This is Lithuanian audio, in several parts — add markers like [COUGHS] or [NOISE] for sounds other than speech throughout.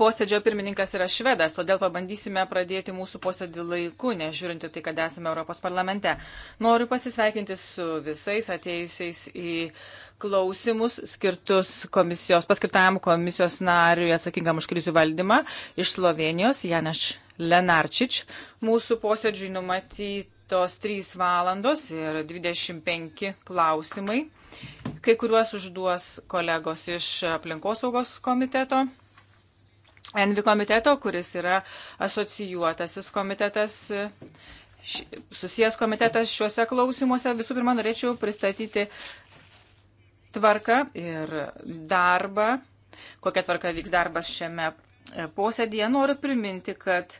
Posėdžio pirmininkas yra švedas, todėl pabandysime pradėti mūsų posėdį laiku, nežiūrinti tai, kad esame Europos parlamente. Noriu pasisveikinti su visais atėjusiais į klausimus skirtus komisijos, paskirtajam komisijos nariui atsakingam už krizių valdymą iš Slovenijos, Janaš Lenarčič. Mūsų posėdžiui numatytos 3 valandos ir 25 klausimai. Kai kuriuos užduos kolegos iš aplinkosaugos komiteto Envi komiteto, kuris yra asocijuotasis komitetas, susijęs komitetas šiuose klausimuose. Visų pirma, norėčiau pristatyti tvarką ir darbą, kokia tvarka vyks darbas šiame e, posėdėje. Noriu priminti, kad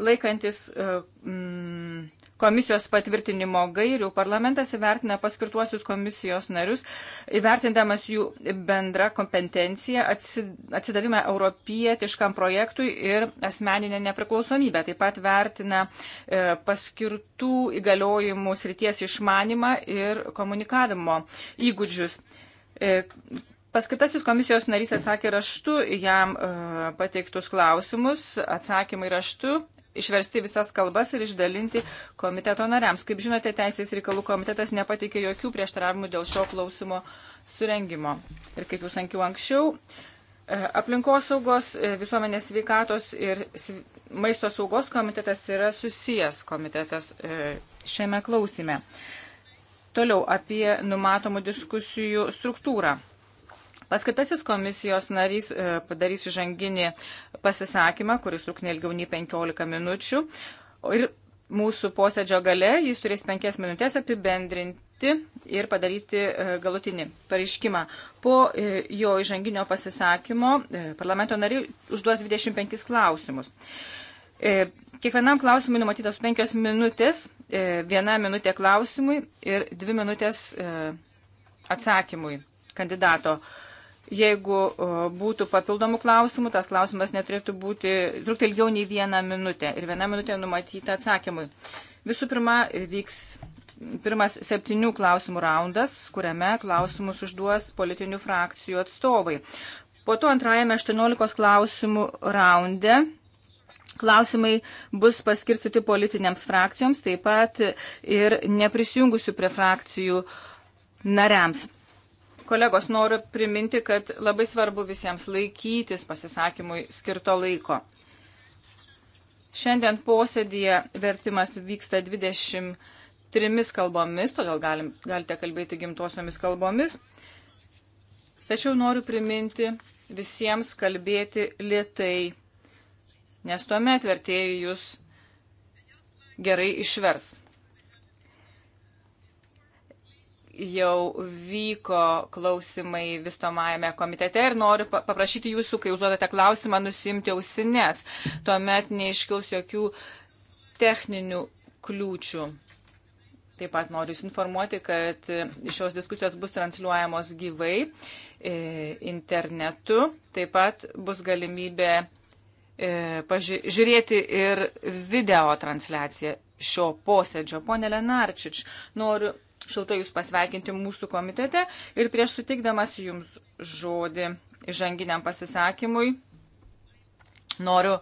laikantis mm, komisijos patvirtinimo gairių parlamentas įvertina paskirtuosius komisijos narius, įvertindamas jų bendrą kompetenciją, atsidavimą europietiškam projektui ir asmeninę nepriklausomybę. Taip pat vertina e, paskirtų įgaliojimų srities išmanimą ir komunikavimo įgūdžius. E, paskirtasis komisijos narys atsakė raštu jam e, pateiktus klausimus. Atsakymai raštu išversti visas kalbas ir išdalinti komiteto nariams. Kaip žinote, Teisės reikalų komitetas nepateikė jokių prieštaravimų dėl šio klausimo surengimo. Ir kaip jūs sankiau anksčiau, e, aplinkosaugos, e, visuomenės sveikatos ir maisto saugos komitetas yra susijęs komitetas e, šiame klausime. Toliau apie numatomų diskusijų struktūrą. Paskirtasis komisijos narys e, padarys įžanginį pasisakymą, kuris truks nelgiau nei 15 minučių. Ir mūsų posėdžio gale jis turės penkias minutės apibendrinti ir padaryti e, galutinį pareiškimą. Po e, jo įžanginio pasisakymo parlamento nariai užduos 25 klausimus. Kiekvienam klausimui numatytos penkios minutės, viena minutė klausimui ir dvi minutės atsakymui kandidato. Jeigu būtų papildomų klausimų, tas klausimas neturėtų būti, trukti ilgiau nei vieną minutę ir viena minutė numatyta atsakymui. Visų pirma, vyks pirmas septynių klausimų raundas, kuriame klausimus užduos politinių frakcijų atstovai. Po to antrajame 18 klausimų raunde Klausimai bus paskirstyti politinėms frakcijoms, taip pat ir neprisijungusių prie frakcijų nariams. Kolegos, noriu priminti, kad labai svarbu visiems laikytis pasisakymui skirto laiko. Šiandien posėdėje vertimas vyksta 23 kalbomis, todėl galim, galite kalbėti gimtosiomis kalbomis. Tačiau noriu priminti visiems kalbėti lietai, nes tuomet vertėjai jūs gerai išvers. jau vyko klausimai vistomajame komitete ir noriu paprašyti jūsų, kai užduodate klausimą, nusimti ausines. Tuomet neiškils jokių techninių kliūčių. Taip pat noriu Jūs informuoti, kad šios diskusijos bus transliuojamos gyvai e, internetu. Taip pat bus galimybė e, pažiūrėti ir video transliaciją šio posėdžio. Pone Lenarčič, noriu šiltai Jūs pasveikinti mūsų komitete ir prieš sutikdamas Jums žodį įžanginiam pasisakymui noriu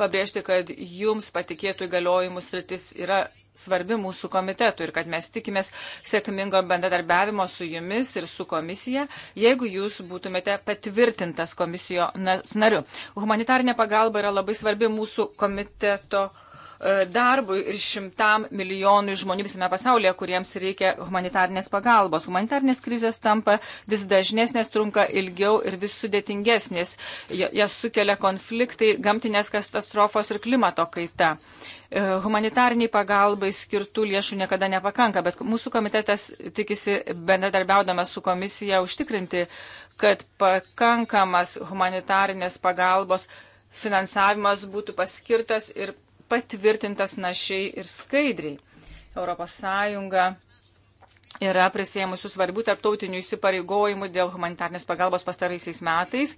pabrėžti, kad Jums patikėtų įgaliojimų sritis yra svarbi mūsų komitetų ir kad mes tikimės sėkmingo bendradarbiavimo su Jumis ir su komisija, jeigu Jūs būtumėte patvirtintas komisijo nariu. Humanitarinė pagalba yra labai svarbi mūsų komiteto komitetų E, darbui ir šimtam milijonų žmonių visame pasaulyje, kuriems reikia humanitarnės pagalbos. Humanitarnės krizės tampa vis dažnesnės, trunka ilgiau ir vis sudėtingesnės. Jas sukelia konfliktai, gamtinės katastrofos ir klimato kaita. E, humanitarniai pagalbai skirtų lėšų niekada nepakanka, bet mūsų komitetas tikisi bendradarbiaudamas su komisija užtikrinti, kad pakankamas humanitarinės pagalbos finansavimas būtų paskirtas ir patvirtintas našiai ir skaidriai. ES yra prisėmusių svarbių tarptautinių įsipareigojimų dėl humanitarnės pagalbos pastaraisiais metais.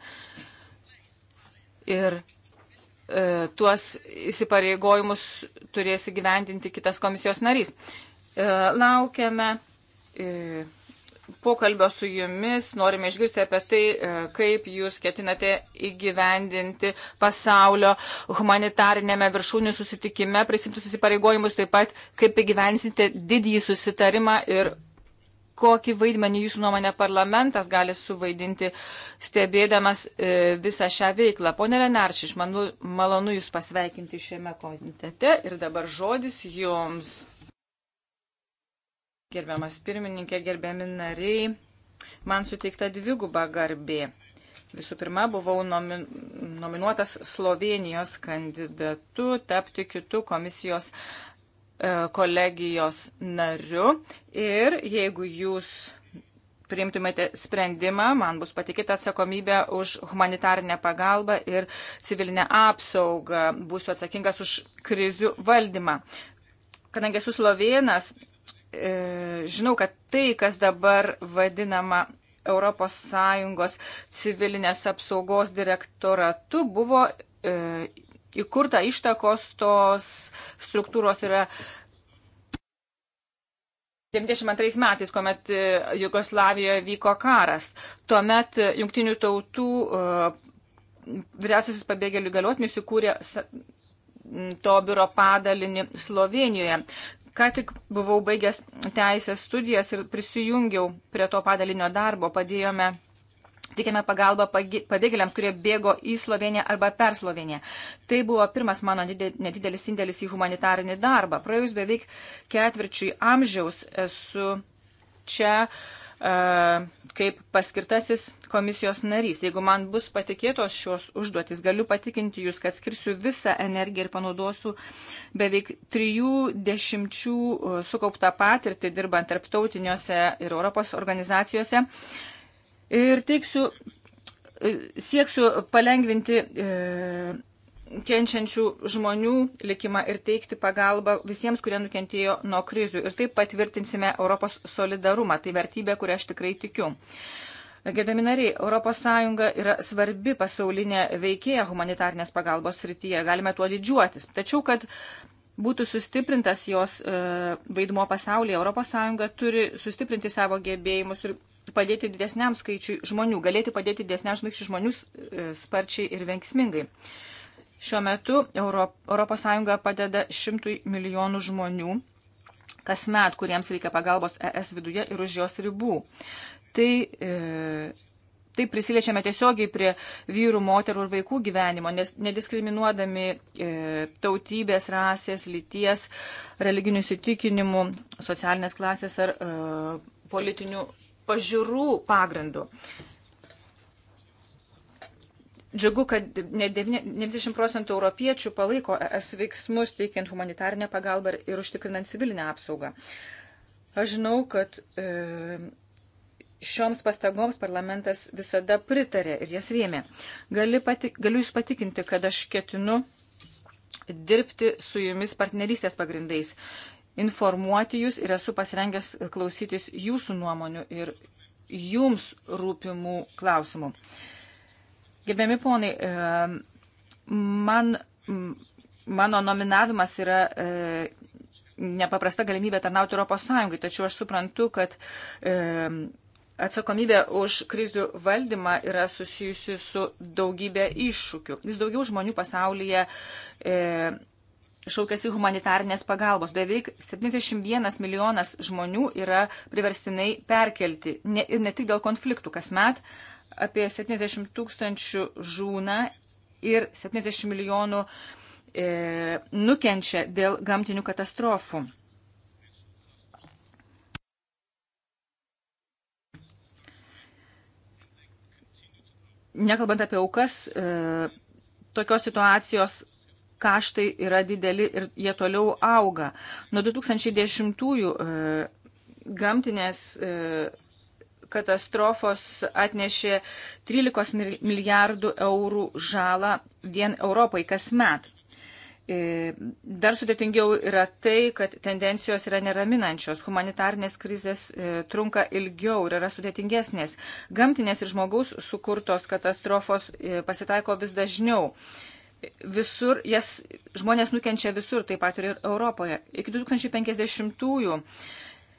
Ir e, tuos įsipareigojimus turės įgyvendinti kitas komisijos narys. E, laukiame. E, pokalbio su jumis norime išgirsti apie tai, e, kaip jūs ketinate įgyvendinti pasaulio humanitarinėme viršūnių susitikime prisimtus įsipareigojimus, taip pat kaip įgyvendinsite didįjį susitarimą ir kokį vaidmenį jūsų nuomonė parlamentas gali suvaidinti, stebėdamas e, visą šią veiklą. Pone Lenarčiš, man malonu jūs pasveikinti šiame komitete ir dabar žodis jums. Gerbiamas pirmininkė, gerbiami nariai, man suteikta dviguba garbė. Visų pirma, buvau nomi nominuotas Slovenijos kandidatu tapti kitų komisijos e, kolegijos nariu ir jeigu jūs priimtumėte sprendimą, man bus patikėta atsakomybė už humanitarinę pagalbą ir civilinę apsaugą. Būsiu atsakingas už krizių valdymą kadangi esu slovėnas, E, žinau, kad tai, kas dabar vadinama ES civilinės apsaugos direktoratu, buvo e, įkurta ištakos tos struktūros yra 92 metais, kuomet e, Jugoslavijoje vyko karas. Tuomet e, jungtinių tautų e, vyriausiasis pabėgėlių galiotinis įkūrė to biuro padalinį Slovenijoje. Ką tik buvau baigęs teisės studijas ir prisijungiau prie to padalinio darbo, padėjome Tikėme pagalbą pabėgėliams, kurie bėgo į Sloveniją arba per Sloveniją. Tai buvo pirmas mano nedidelis indėlis į humanitarinį darbą. Praėjus beveik ketvirčiui amžiaus esu čia E, kaip paskirtasis komisijos narys. Jeigu man bus patikėtos šios užduotis, galiu patikinti Jūs, kad skirsiu visą energiją ir panaudosiu beveik trijų dešimčių e, sukauptą patirtį dirbant tarptautiniuose ir Europos organizacijose. Ir teiksiu, e, sieksiu palengvinti kenčiančių žmonių likimą ir teikti pagalbą visiems, kurie nukentėjo nuo krizių. Ir taip patvirtinsime Europos solidarumą. Tai vertybė, kurią aš tikrai tikiu. Gerbiami nariai, ES yra svarbi pasaulinė veikėja humanitarnės pagalbos srityje, galime tuo didžiuotis. Tačiau, kad būtų sustiprintas jos e, vaidmo pasaulyje, ES turi sustiprinti savo gebėjimus ir padėti didesniam skaičiui žmonių, galėti padėti didesniam skaičiui žmonių e, sparčiai ir vengsmingai. E, Šiuo metu ES padeda šimtui milijonų žmonių kasmet, kuriems reikia pagalbos ES viduje ir už jos ribų. Tai, e, tai prisiliečiame tiesiogiai prie vyrų, moterų ir vaikų gyvenimo, nes nediskriminuodami e, tautybės, rasės, lyties, religinių įsitikinimų, socialinės klasės ar e, politinių pažiūrų pagrindų. E, Džiugu, kad ne 90 procentų europiečių palaiko es veiksmus teikiant humanitarinę pagalbą ir užtikrinant civilinę apsaugą. Aš žinau, kad e, šioms pastagoms parlamentas visada pritarė ir jas rėmė. Gali pati, galiu Jūs patikinti, kad aš ketinu dirbti su Jumis partnerystės pagrindais, informuoti Jūs ir esu pasirengęs klausytis Jūsų nuomonių ir Jums rūpimų klausimų. E, Gerbiami ponai, e, man, mano nominavimas yra e, nepaprasta galimybė tarnauti Europos Sąjungai, tačiau aš suprantu, kad e, Atsakomybė už krizių valdymą yra susijusi su daugybė iššūkių. Vis daugiau žmonių pasaulyje e, šaukėsi humanitarnės pagalbos. Beveik 71 milijonas žmonių yra priverstinai perkelti. Ne, ir ne tik dėl konfliktų. Kasmet apie 70 tūkstančių žūna ir 70 milijonų e, nukenčia dėl gamtinių katastrofų. Nekalbant apie aukas, e, tokios situacijos kaštai yra dideli ir jie toliau auga. Nuo 2010 e, gamtinės e, katastrofos atnešė 13 milijardų eurų žalą vien Europai kasmet. E, dar sudėtingiau yra tai, kad tendencijos yra neraminančios, humanitarnės krizės e, trunka ilgiau ir yra sudėtingesnės. Gamtinės ir žmogaus sukurtos katastrofos e, pasitaiko vis dažniau visur, jas žmonės nukenčia visur, taip pat ir Europoje. Iki 2050-ųjų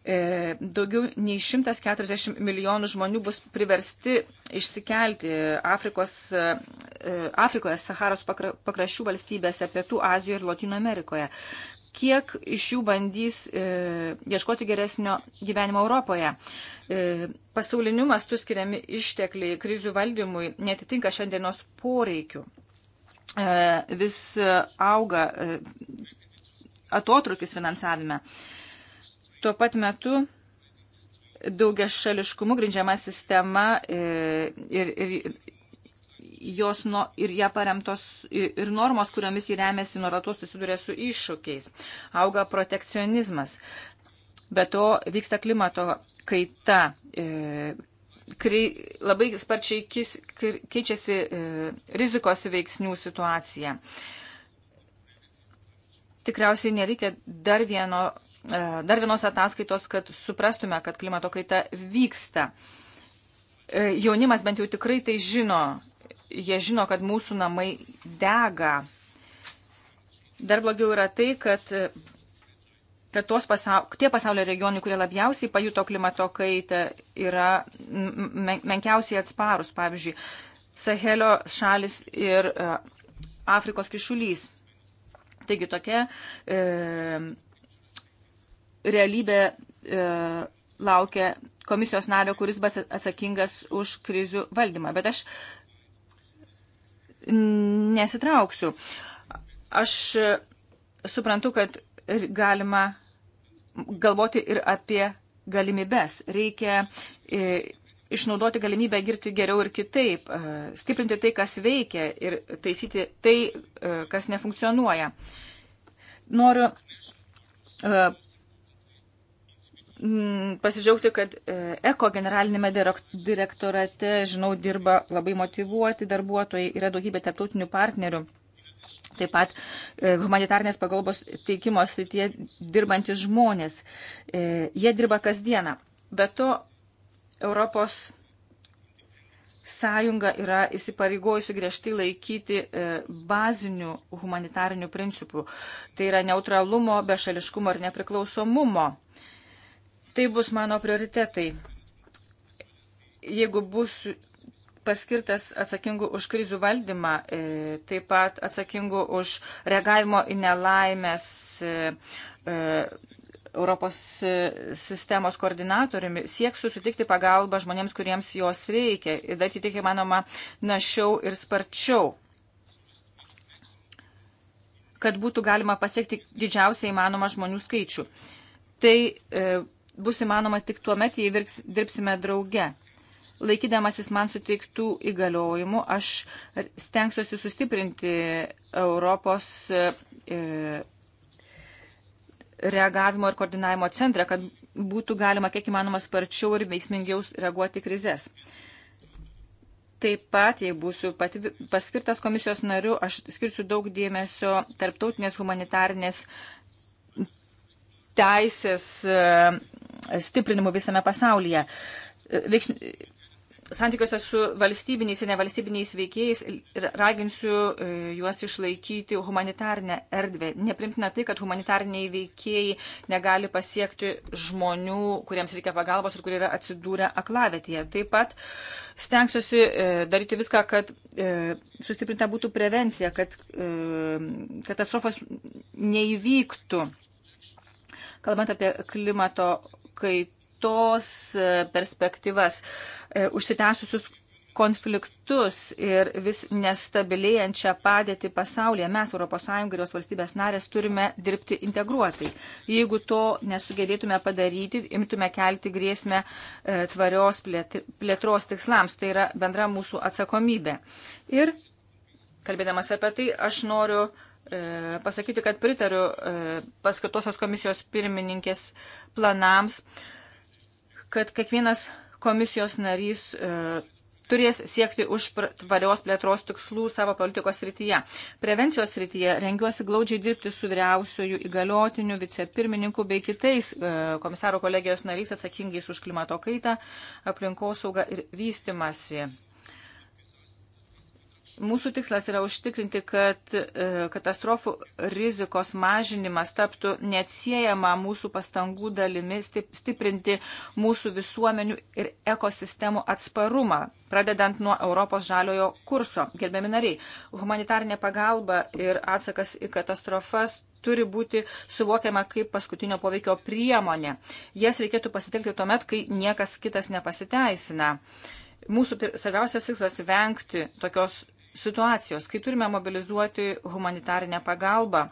E, daugiau nei 140 milijonų žmonių bus priversti išsikelti Afrikos, e, e, Afrikoje, Saharos pakraščių valstybėse, Pietų Azijoje ir Latino Amerikoje. Kiek iš jų bandys ieškoti geresnio gyvenimo Europoje? Pasauliniu mastu skiriami ištekliai krizių valdymui netitinka šiandienos poreikių. Vis auga atotrukis finansavime. Tuo pat metu daugia šališkumu grindžiama sistema e, ir, ir, jos no, ir ją paremtos ir normos, kuriomis jį remiasi nuolatos susiduria su iššūkiais. Auga protekcionizmas. Be to vyksta klimato kaita. E, kri, labai sparčiai kis, kri, keičiasi e, rizikos veiksnių situacija. Tikriausiai nereikia dar vieno E, dar vienos ataskaitos, kad suprastume, kad klimato kaita vyksta. E, jaunimas bent jau tikrai tai žino. Jie žino, kad mūsų namai dega. Dar blogiau yra tai, kad, kad tos pasaul, tie pasaulio regionai, kurie labiausiai pajuto klimato kaitą, yra menkiausiai atsparus. Pavyzdžiui, Sahelio šalis ir e, Afrikos kišulys. Taigi tokia. E, realybė e, laukia komisijos nario, kuris bus atsakingas už krizių valdymą. Bet aš nesitrauksiu. Aš e, suprantu, kad galima galvoti ir apie galimybės. Reikia e, išnaudoti galimybę dirbti geriau ir kitaip, e, stiprinti tai, kas veikia ir taisyti tai, kas nefunkcionuoja. Noriu Mm, pasidžiaugti, kad ECO generalinėme direktorate, žinau, dirba labai motivuoti darbuotojai, yra daugybė tarptautinių partnerių. Taip pat e, humanitarnės pagalbos teikimo srityje dirbantis žmonės. E, jie dirba kasdieną. Be to, Europos sąjunga yra įsipareigojusi griežtai laikyti e, bazinių humanitarinių principų. Tai yra neutralumo, bešališkumo ir nepriklausomumo. Tai bus mano prioritetai. Jeigu bus paskirtas atsakingu už krizių valdymą, e, taip pat atsakingu už reagavimo į nelaimės e, e, Europos sistemos koordinatoriumi, sieksiu sutikti pagalbą žmonėms, kuriems jos reikia ir daryti, kiek įmanoma, našiau ir sparčiau kad būtų galima pasiekti didžiausią įmanomą žmonių skaičių. Tai e, bus įmanoma tik tuo met, jei virks, dirbsime drauge. Laikydamasis man suteiktų įgaliojimų, aš stengsiuosi sustiprinti Europos e, reagavimo ir koordinavimo centrą, kad būtų galima kiek įmanoma sparčiau ir veiksmingiau reaguoti krizės. Taip pat, jei būsiu paskirtas komisijos nariu, aš skirsiu daug dėmesio tarptautinės humanitarnės teisės e, stiprinimu visame pasaulyje. E, veiksm... Santykiuose su valstybiniais ir nevalstybiniais veikėjais raginsiu e, juos išlaikyti humanitarnę erdvę. Neprimtina tai, kad humanitarniai veikėjai negali pasiekti žmonių, kuriems reikia pagalbos ir kurie yra atsidūrę aklavėtėje. Taip pat stengsiuosi daryti viską, kad sustiprinta būtų prevencija, kad katastrofos neįvyktų Kalbant apie klimato kaitos e, perspektyvas, e, užsitęsusius konfliktus ir vis nestabilėjančią padėtį pasaulyje mes, ES ir jos valstybės narės, turime dirbti integruotai. Jeigu to nesugebėtume padaryti, imtume kelti grėsmę e, tvarios plėtros tikslams. Tai yra bendra mūsų atsakomybė. Ir kalbėdamas apie tai, aš noriu uh, E, pasakyti, kad pritariu e, paskirtosios komisijos pirmininkės planams, kad kiekvienas komisijos narys e, turės siekti už tvarios plėtros tikslų savo politikos srityje. Prevencijos srityje rengiuosi glaudžiai dirbti su vyriausiųjų įgaliotiniu, vicepirmininku bei kitais komisaro kolegijos nariais atsakingais už klimato kaitą, aplinkosaugą ir vystimasi. Mūsų tikslas yra užtikrinti, kad e, katastrofų rizikos mažinimas taptų neatsiejama mūsų pastangų dalimi stiprinti mūsų visuomenių ir ekosistemų atsparumą, pradedant nuo Europos žaliojo kurso. Gerbiami nariai, humanitarinė pagalba ir atsakas į katastrofas turi būti suvokiama kaip paskutinio poveikio priemonė. Jas reikėtų pasitelkti tuomet, kai niekas kitas nepasiteisina. Mūsų svarbiausias tikslas vengti tokios situacijos, kai turime mobilizuoti humanitarinę pagalbą,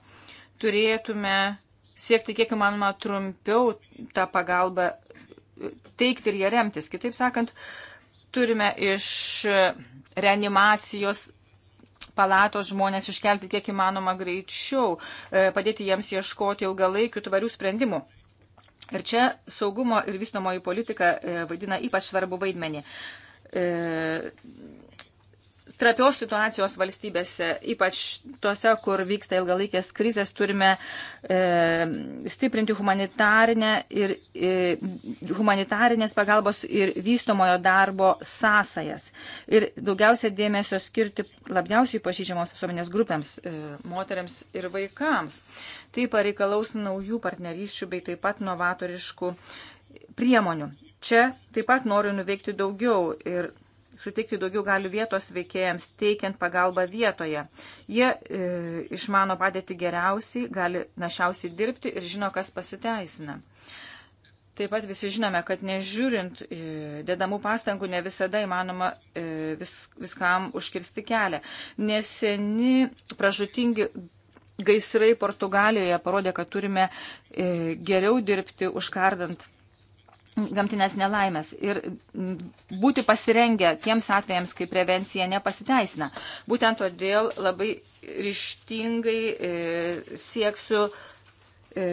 turėtume siekti kiek įmanoma trumpiau tą pagalbą teikti ir ją remtis. Kitaip sakant, turime iš reanimacijos palatos žmonės iškelti kiek įmanoma greičiau, e, padėti jiems ieškoti ilgalaikių tvarių sprendimų. Ir čia saugumo ir vystomoji politika e, vaidina ypač svarbu vaidmenį. E, trapios situacijos valstybėse, ypač tose, kur vyksta ilgalaikės krizės, turime e, stiprinti humanitarinę ir, e, humanitarinės pagalbos ir vystomojo darbo sąsajas. Ir daugiausia dėmesio skirti labiausiai pažydžiamos visuomenės grupėms, e, moteriams ir vaikams. Tai pareikalaus naujų partnerysčių bei taip pat novatoriškų priemonių. Čia taip pat noriu nuveikti daugiau ir suteikti daugiau galių vietos veikėjams, teikiant pagalbą vietoje. Jie e, išmano padėti geriausiai, gali našiausiai dirbti ir žino, kas pasiteisina. Taip pat visi žinome, kad nežiūrint e, dedamų pastangų, ne visada įmanoma e, vis, viskam užkirsti kelią. Neseni pražutingi gaisrai Portugalijoje parodė, kad turime e, geriau dirbti užkardant gamtinės nelaimės ir būti pasirengę tiems atvejams, kai prevencija nepasiteisina. Būtent todėl labai ryštingai e, sieksiu e,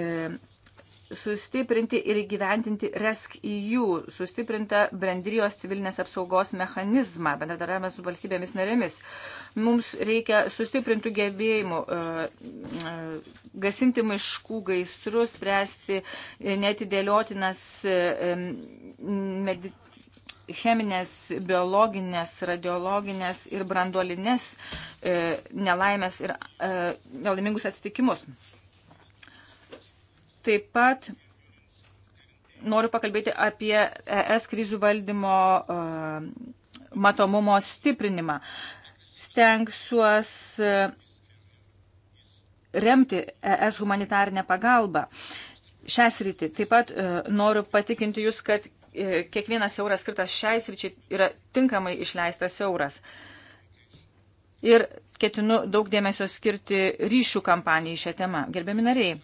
sustiprinti ir įgyvendinti RESC-EU, sustiprintą bendrijos civilinės apsaugos mechanizmą, bendradarbiavimą su valstybėmis narėmis. Mums reikia sustiprintų gebėjimų e, e, gasinti miškų gaisrus, spręsti netidėliotinas e, meditacijas cheminės, biologinės, radiologinės ir branduolinės e, nelaimės ir e, nelaimingus atsitikimus. Taip pat noriu pakalbėti apie ES krizių valdymo uh, matomumo stiprinimą. Stengsiuos e, remti ES humanitarinę pagalbą. Šią sritį taip pat uh, noriu patikinti Jūs, kad uh, kiekvienas euras skirtas šiai sričiai yra tinkamai išleistas euras. Ir ketinu daug dėmesio skirti ryšių kampanijai šią temą. Gerbiami nariai,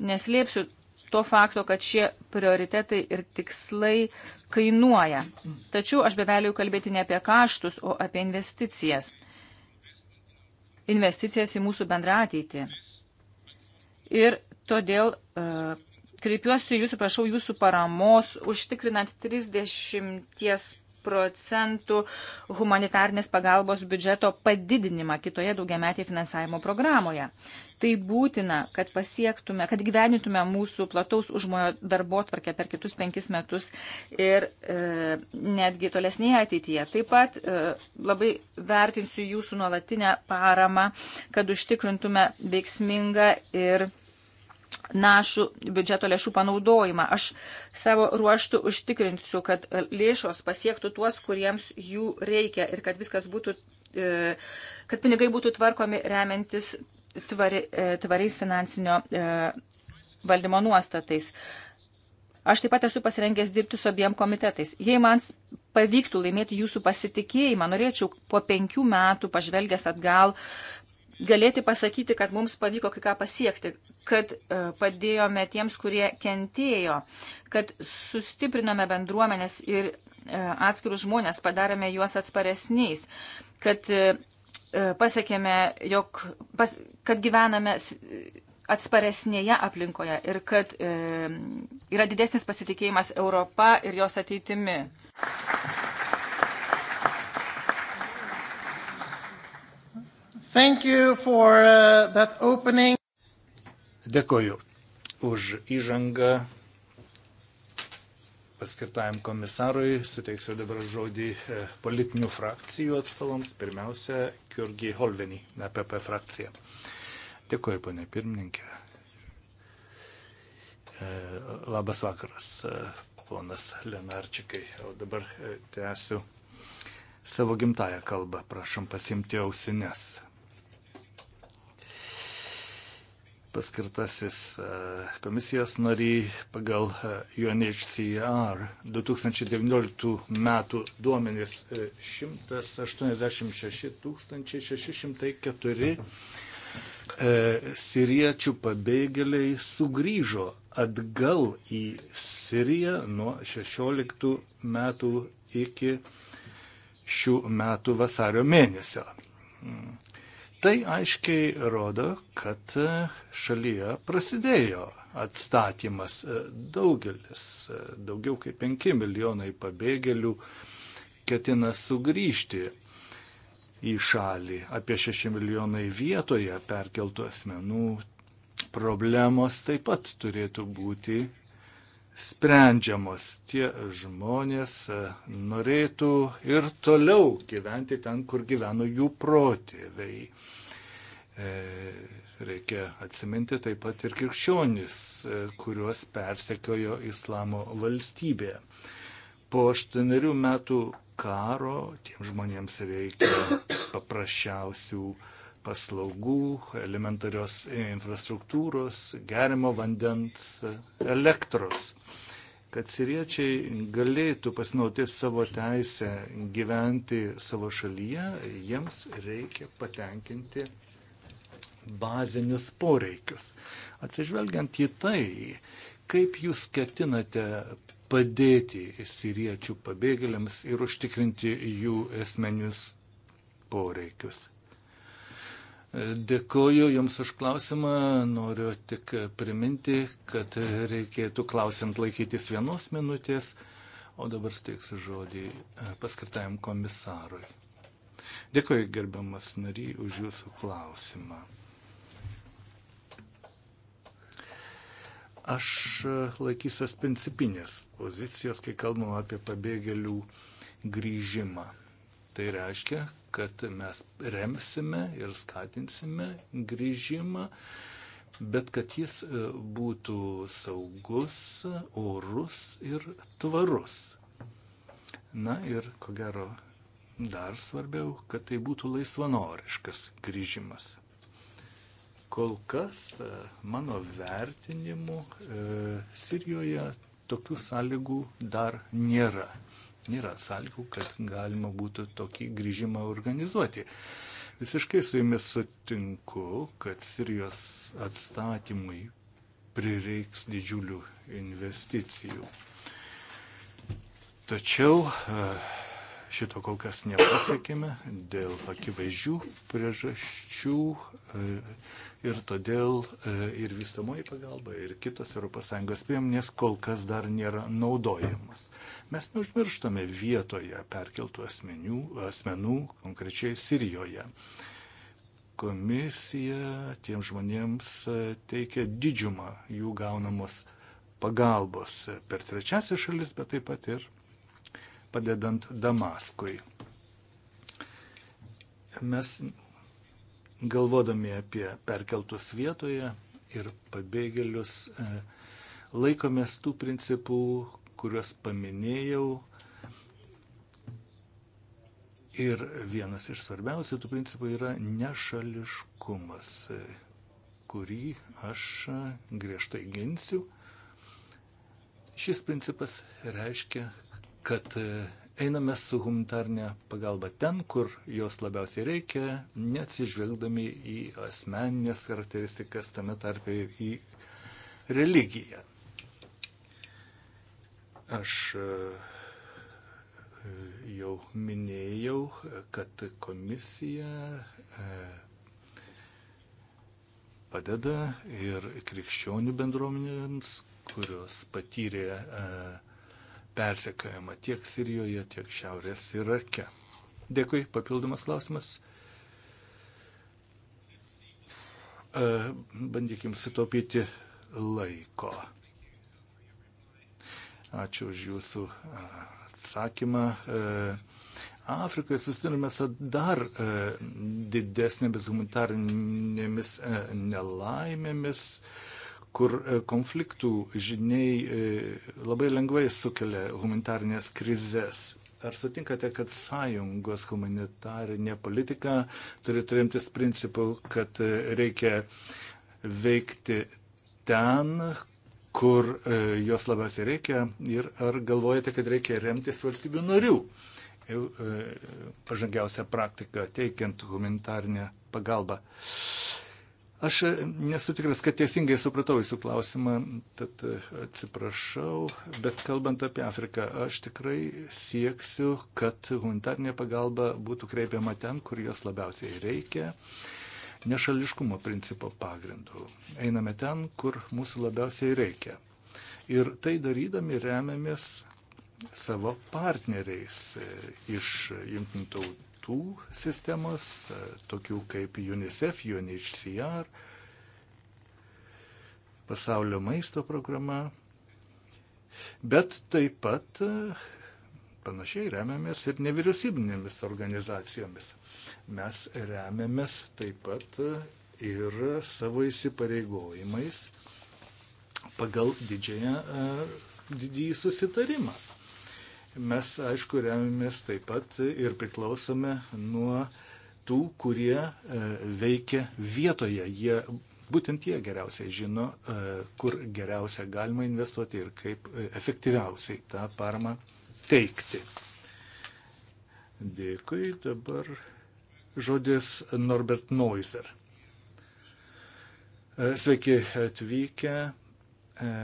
Neslėpsiu to fakto, kad šie prioritetai ir tikslai kainuoja. Tačiau aš beveliu kalbėti ne apie kaštus, o apie investicijas. Investicijas į mūsų bendrą ateitį. Ir todėl uh, kreipiuosi jūsų, prašau jūsų paramos, užtikrinant 30 procentų humanitarnės pagalbos biudžeto padidinimą kitoje daugiametėje finansavimo programoje. Tai būtina, kad pasiektume, kad gyvenintume mūsų plataus užmojo darbo tvarkę per kitus penkis metus ir e, netgi tolesnėje ateityje. Taip pat e, labai vertinsiu jūsų nuolatinę paramą, kad užtikrintume veiksmingą ir našų biudžeto lėšų panaudojimą. Aš savo ruoštų užtikrinsiu, kad lėšos pasiektų tuos, kuriems jų reikia ir kad viskas būtų, e, kad pinigai būtų tvarkomi remiantis tvari, e, tvariais finansinio e, valdymo nuostatais. Aš taip pat esu pasirengęs dirbti su abiem komitetais. Jei man pavyktų laimėti jūsų pasitikėjimą, norėčiau po penkių metų pažvelgęs atgal galėti pasakyti, kad mums pavyko kai ką pasiekti, kad e, padėjome tiems, kurie kentėjo, kad sustiprinome bendruomenės ir e, atskirus žmonės, padarėme juos atsparesniais, kad e, pasiekėme, jog, pas, kad gyvename atsparesnėje aplinkoje ir kad e, yra didesnis pasitikėjimas Europa ir jos ateitimi. Thank you for uh, that opening. Dėkoju už įžangą paskirtajam komisarui. Suteiksiu dabar žodį e, politinių frakcijų atstovams. Pirmiausia, Kirgi Holvenį, APP e frakcija. Dėkoju, ponė pirmininkė. E, labas vakaras, ponas Lenarčikai. O dabar tęsiu savo gimtają kalbą. Prašom pasimti ausinės. paskirtasis e, komisijos nariai pagal e, UNHCR e 2019 metų duomenys 186 604 siriečių pabėgėliai sugrįžo atgal į Siriją nuo 16 metų iki šių metų vasario mėnesio. Mm. Tai aiškiai rodo, kad e, šalyje prasidėjo atstatymas e, daugelis, e, daugiau kaip 5 milijonai pabėgėlių ketina sugrįžti į šalį, apie 6 milijonai vietoje perkeltų asmenų problemos taip pat turėtų būti sprendžiamos. Tie žmonės e, norėtų ir toliau gyventi ten, kur gyveno jų protėviai. E, reikia atsiminti taip pat ir krikščionis, e, kuriuos persekiojo islamo valstybė. Po aštuonerių metų karo tiem žmonėms reikia paprasčiausių uh, paslaugų, elementarios infrastruktūros, gerimo vandens, elektros, kad siriečiai galėtų pasinauti savo teisę gyventi savo šalyje, jiems reikia patenkinti bazinius poreikius. Atsižvelgiant į tai, kaip jūs ketinate padėti siriečių pabėgėliams ir užtikrinti jų esmenius poreikius. Dėkoju Jums už klausimą. Noriu tik priminti, kad reikėtų klausant laikytis vienos minutės, o dabar steiksiu žodį e, paskirtajam komisarui. Dėkoju gerbiamas nary už Jūsų klausimą. Aš e, laikysiuos principinės pozicijos, kai kalbam apie pabėgėlių grįžimą. Tai reiškia, kad mes remsime ir skatinsime grįžimą, bet kad jis e, būtų saugus, orus ir tvarus. Na ir ko gero dar svarbiau, kad tai būtų laisvanoriškas grįžimas. Kol kas e, mano vertinimu e, Sirijoje tokių sąlygų dar nėra nėra sąlygų, kad galima būtų tokį grįžimą organizuoti. Visiškai su jumis sutinku, kad Sirijos atstatymui prireiks didžiulių investicijų. Tačiau uh, Šito kol kas nepasiekime dėl akivaizdžių priežasčių e, ir todėl e, ir vystamoji pagalba, ir kitos ES priemonės kol kas dar nėra naudojamas. Mes neužmirštame vietoje perkeltų asmenių, asmenų, konkrečiai Sirijoje komisija tiem žmonėms e, teikia didžiumą jų gaunamos pagalbos per trečiasis šalis, bet taip pat ir padedant Damaskui. Mes galvodami apie perkeltus vietoje ir pabėgėlius e, laikomės tų principų, kuriuos paminėjau. Ir vienas iš svarbiausių tų principų yra nešališkumas, e, kurį aš e, griežtai ginsiu. Šis principas reiškia, kad e, einame su humanitarne pagalba ten, kur jos labiausiai reikia, neatsižvelgdami į asmeninės charakteristikas, tame tarpe ir į religiją. Aš e, jau minėjau, kad komisija e, padeda ir krikščionių bendruomenėms, kurios patyrė uh, persekiojama tiek Sirijoje, tiek Šiaurės Irake. Dėkui, papildomas klausimas. E, bandykim sutaupyti laiko. Ačiū už jūsų atsakymą. E, Afrikoje susidurime su dar e, didesnėmis humanitarinėmis nelaimėmis. E, kur e, konfliktų žiniai e, labai lengvai sukelia humanitarnės krizės. Ar sutinkate, kad sąjungos humanitarinė politika turi turimtis principų, kad e, reikia veikti ten, kur jos labiausiai reikia ir ar galvojate, kad reikia remtis valstybių narių pažangiausią praktiką teikiant humanitarnę pagalbą? Aš nesu tikras, kad teisingai supratau jūsų klausimą, tad atsiprašau, bet kalbant apie Afriką, aš tikrai sieksiu, kad humanitarnė pagalba būtų kreipiama ten, kur jos labiausiai reikia, nešališkumo principo pagrindu. Einame ten, kur mūsų labiausiai reikia. Ir tai darydami remiamės savo partneriais iš jungtinių kitų sistemos, e, tokių kaip UNICEF, UNHCR, pasaulio maisto programa. Bet taip pat e, panašiai remiamės ir nevyriausybinėmis organizacijomis. Mes remiamės taip pat e, ir savo įsipareigojimais pagal didžiąją, didįjį susitarimą mes, aišku, remiamės taip pat ir priklausome nuo tų, kurie e, veikia vietoje. Jie, būtent jie geriausiai žino, e, kur geriausia galima investuoti ir kaip e, efektyviausiai tą paramą teikti. Dėkui, dabar žodis Norbert Noiser. Sveiki atvykę. E,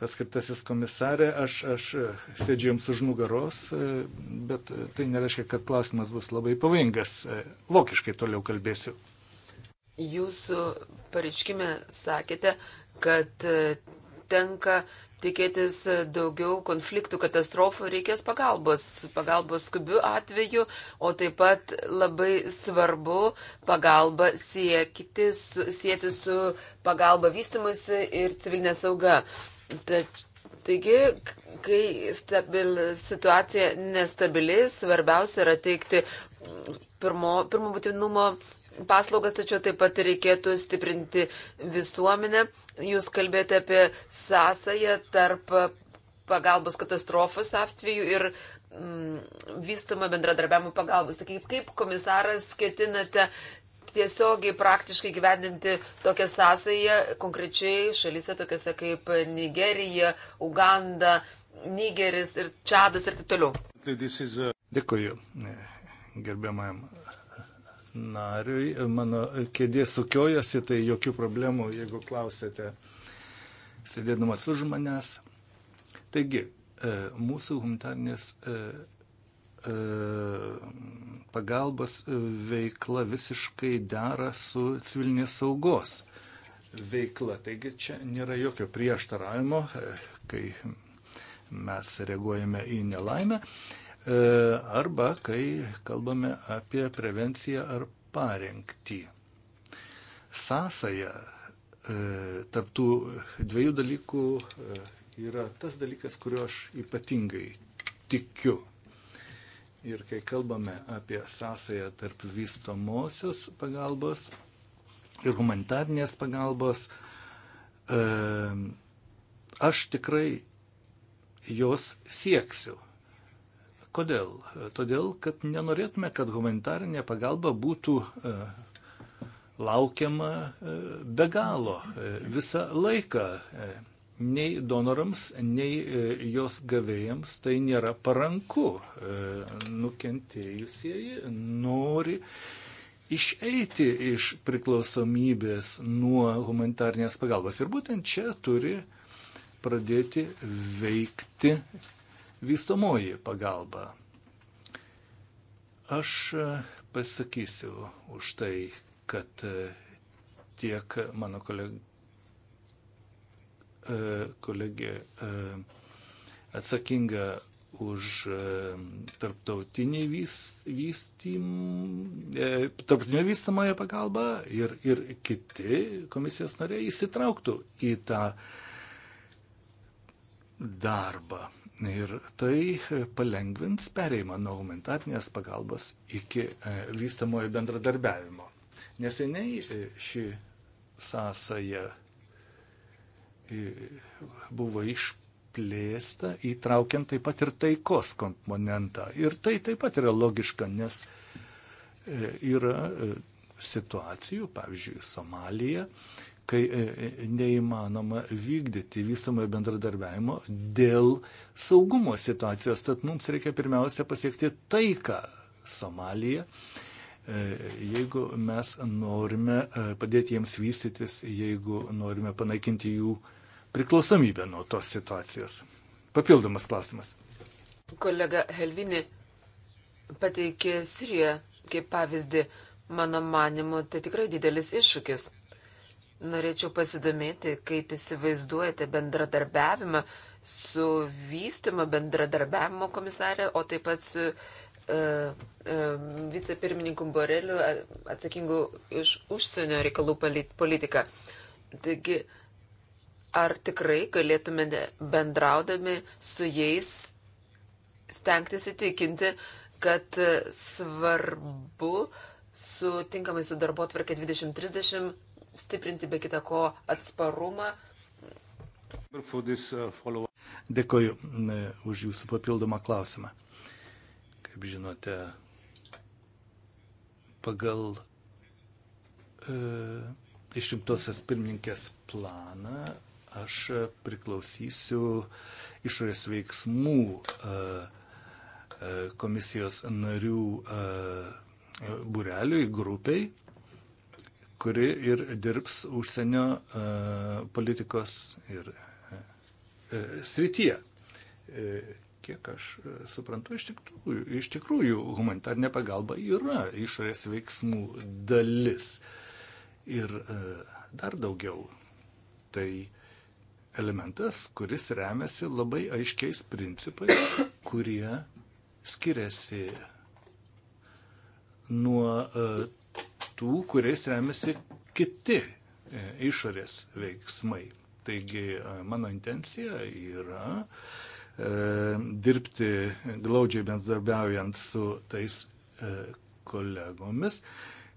paskirtasis komisarė, aš, aš e, sėdžiu jums už nugaros, e, bet e, tai nereiškia, kad klausimas bus labai pavojingas. Vokiškai toliau kalbėsiu. Jūsų pareiškime sakėte, kad tenka tikėtis daugiau konfliktų, katastrofų, reikės pagalbos, pagalbos skubių atveju, o taip pat labai svarbu pagalba siekti, su, sieti su pagalba vystimusi ir civilinė sauga. Taigi, kai stabil, situacija nestabili, svarbiausia yra teikti pirmo, pirmo būtinumo paslaugas, tačiau taip pat reikėtų stiprinti visuomenę. Jūs kalbėjote apie sąsąją tarp pagalbos katastrofos atveju ir mm, vystomą bendradarbiavimo pagalbos. Taigi, kaip komisaras ketinate tiesiogiai praktiškai gyvendinti tokią sąsąją konkrečiai šalyse tokiuose kaip Nigerija, Uganda, Nigeris ir Čadas ir taip toliau. Dėkuoju e, gerbiamajam nariui. Mano kėdė sukiojasi, tai jokių problemų, jeigu klausėte sėdėdamas už manęs. Taigi, e, mūsų humanitarnės e, E, pagalbos veikla visiškai dera su civilinės saugos veikla. Taigi čia nėra jokio prieštaravimo, e, kai mes reaguojame į nelaimę e, arba kai kalbame apie prevenciją ar parengtį. Sąsaja tarptų dviejų dalykų yra tas dalykas, kuriuo aš ypatingai tikiu. Ir kai kalbame apie sąsąją tarp vystomosios pagalbos ir humanitarnės pagalbos, aš tikrai jos sieksiu. Kodėl? Todėl, kad nenorėtume, kad humanitarinė pagalba būtų e, laukiama e, be galo e, visą laiką nei donorams, nei e, jos gavėjams tai nėra paranku. E, nukentėjusieji nori išeiti iš priklausomybės nuo humanitarnės pagalbos. Ir būtent čia turi pradėti veikti vystomoji pagalba. Aš e, pasakysiu už tai, kad tiek mano kolega E, kolegė e, atsakinga už e, tarptautinį vystymą, vystamąją pagalbą ir, ir kiti komisijos nariai įsitrauktų į tą darbą. Ir tai palengvins pereimą nuo humanitarnės pagalbos iki vystamojo bendradarbiavimo. Neseniai ši sąsaja E, buvo išplėsta, įtraukiant taip pat ir taikos komponentą. Ir tai taip pat yra logiška, nes e, yra e, situacijų, pavyzdžiui, Somalija, kai neįmanoma vykdyti vystamojo bendradarbiavimo dėl saugumo situacijos. Tad mums reikia pirmiausia pasiekti taiką Somalija, jeigu mes norime padėti jiems vystytis, jeigu norime panaikinti jų uh, priklausomybę nuo tos situacijos. Papildomas klausimas. Kolega Helvini pateikė Siriją kaip pavyzdį. Mano manimu, tai tikrai didelis iššūkis. Norėčiau pasidomėti, kaip įsivaizduojate bendradarbiavimą su vystimo bendradarbiavimo komisarė, o taip pat su uh, uh, vicepirmininku Boreliu atsakingu iš užsienio reikalų politiką. Taigi, uh, ar tikrai galėtume bendraudami su jais stengtis įtikinti, kad e, svarbu su tinkamai su darbo tvarkė 2030 stiprinti be kita ko atsparumą. Uh, Dėkoju e, už jūsų papildomą klausimą. Kaip žinote, pagal e, išrinktosios pirmininkės planą aš e, priklausysiu išorės veiksmų e, e, komisijos narių bureliui, grupiai, kuri ir dirbs užsienio politikos ir srityje. Kiek aš suprantu, iš tikrųjų, iš tikrųjų humanitarinė pagalba yra išorės veiksmų dalis. Ir dar daugiau. Tai elementas, kuris remiasi labai aiškiais principais, [COUGHS] kurie skiriasi nuo e, tų, kuriais remiasi kiti e, išorės veiksmai. Taigi e, mano intencija yra dirbti glaudžiai bendradarbiaujant su tais kolegomis,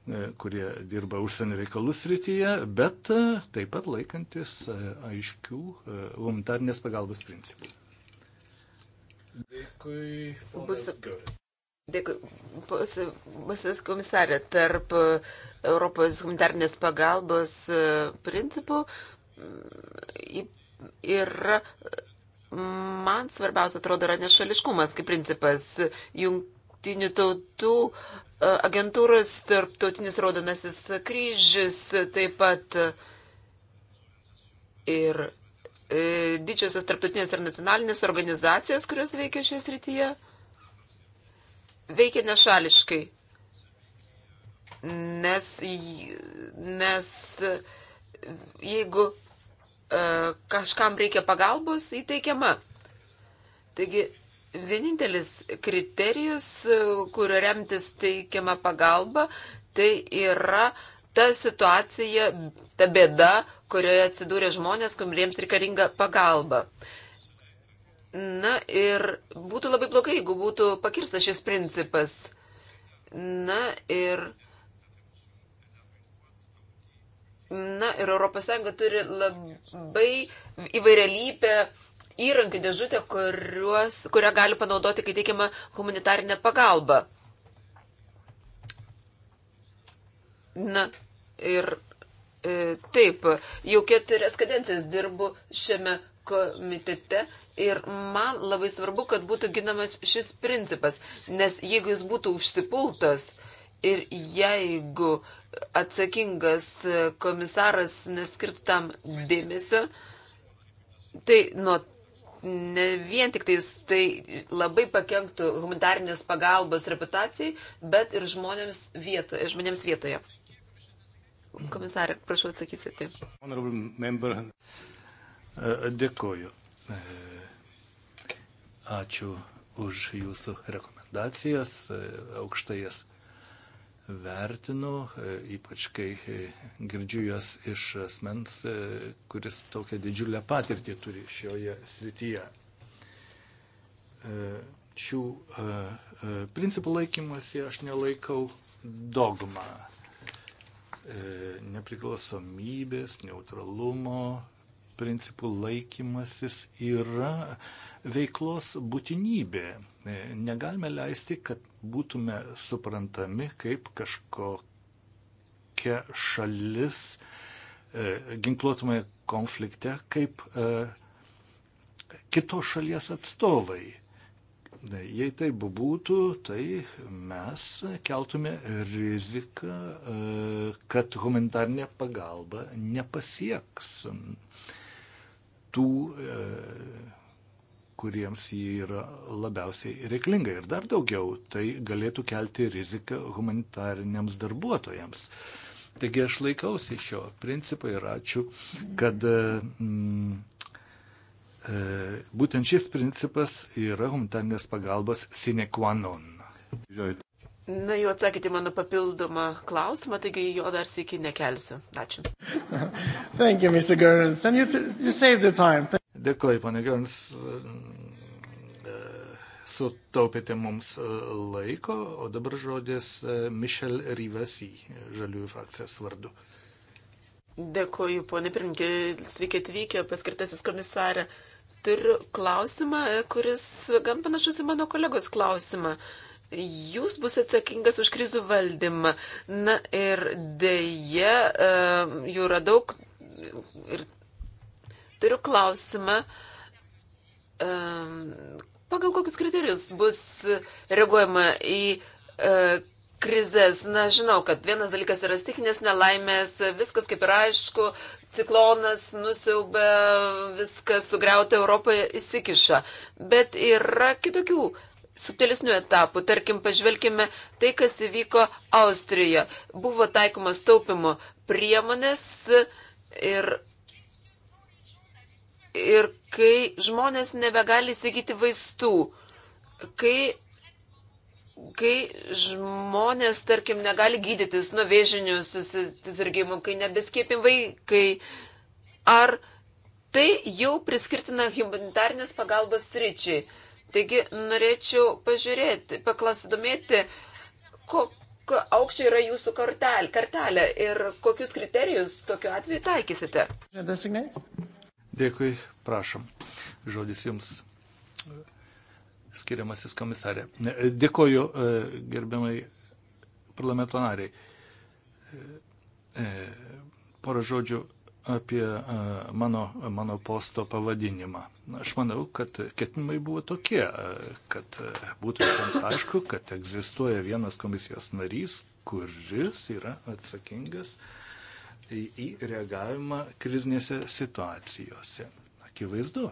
E, kurie dirba užsienio reikalų srityje, bet e, taip pat laikantis e, aiškių humanitarnės pagalbos principų. Dėkui. Bus, dėkui. Bus, bus komisarė, tarp Europos humanitarnės pagalbos principų yra mm, man svarbiausia atrodo yra nešališkumas kaip principas. Jungtinių tautų uh, agentūros, tarptautinis raudonasis kryžius, taip pat e, ir e, didžiosios tarptautinės ir nacionalinės organizacijos, kurios veikia šioje srityje, veikia nešališkai. Nes, nes jeigu e, kažkam reikia pagalbos, įteikiama. Taigi vienintelis kriterijus, kurio remtis teikiama pagalba, tai yra ta situacija, ta bėda, kurioje atsidūrė žmonės, kuriems reikalinga pagalba. Na ir būtų labai blogai, jeigu būtų pakirstas šis principas. Na ir. Na ir ES turi labai įvairialypę įrankių dėžutę, kuriuos, kurią gali panaudoti, kai teikiama humanitarinė pagalba. Na ir e, taip, jau keturias kadencijas dirbu šiame komitete ir man labai svarbu, kad būtų ginamas šis principas, nes jeigu jis būtų užsipultas ir jeigu atsakingas komisaras neskirtam dėmesio, Tai nuo ne vien tik tais tai labai pakenktų humanitarnės pagalbos reputacijai, bet ir žmonėms vietoje. Žmonėms vietoje. Komisarė, prašau atsakysite. E, dėkoju. E, ačiū už jūsų rekomendacijas. E, aukštai jas vertinu, e, ypač kai e, girdžiu juos iš asmens, e, kuris tokią didžiulę patirtį turi šioje srityje. Šių principų laikymasi aš nelaikau dogma nepriklausomybės, neutralumo, principų laikymasis yra veiklos būtinybė. E, negalime leisti, kad būtume suprantami kaip kažkokia šalis e, ginkluotume konflikte, kaip e, kitos šalies atstovai. Jei taip būtų, tai mes keltume riziką, kad humanitarnė pagalba nepasieks tų, e, kuriems jį yra labiausiai reiklinga. Ir dar daugiau, tai galėtų kelti riziką humanitariniams darbuotojams. Taigi aš laikausi šio principo ir ačiū, kad mm, e, būtent šis principas yra humanitarnės pagalbos sine qua non. Na, jau atsakėte mano papildomą klausimą, taigi jo dar sėki nekelsiu. Ačiū. [LAUGHS] Thank you, Mr. Gerns. And you, you saved the time. Dėkoju, pane Gerns. Sutaupėte mums e, laiko, o dabar žodis e, Mišel Rivasi, žaliųjų frakcijos vardu. Dėkoju, ponė Pirminkė, sveiki atvykę, paskirtasis komisarė. Turiu klausimą, e, kuris gan panašus į mano kolegos klausimą. Uh, jūs bus atsakingas už krizių valdymą. Na ir dėje jų yra daug. Ir turiu klausimą, pagal kokius kriterijus bus reaguojama į e, krizės. Na, žinau, kad vienas dalykas yra stikinės nelaimės, viskas kaip ir aišku, ciklonas nusiaubė, viskas sugriauta Europoje įsikiša. Bet yra kitokių subtilesnių etapų. Tarkim, pažvelkime tai, kas įvyko Austrijoje. Buvo taikomas taupimo priemonės ir ir kai žmonės nebegali įsigyti vaistų, kai, kai žmonės, tarkim, negali gydytis nuo vėžinių susirgymų, kai nebeskėpim vaikai, ar tai jau priskirtina humanitarnės pagalbos ryčiai. Taigi norėčiau pažiūrėti, paklasidomėti, kokio aukščio yra jūsų kartelė, kartelė ir kokius kriterijus tokiu atveju taikysite. Dėkui, prašom. Žodis jums e, skiriamasis komisarė. E, dėkoju e, gerbiamai parlamento nariai. Porą žodžių apie e, mano, mano posto pavadinimą. Aš manau, kad ketinimai buvo tokie, e, kad e, būtų visiems aišku, kad egzistuoja vienas komisijos narys, kuris yra atsakingas į reagavimą krizinėse situacijose. Akivaizdu,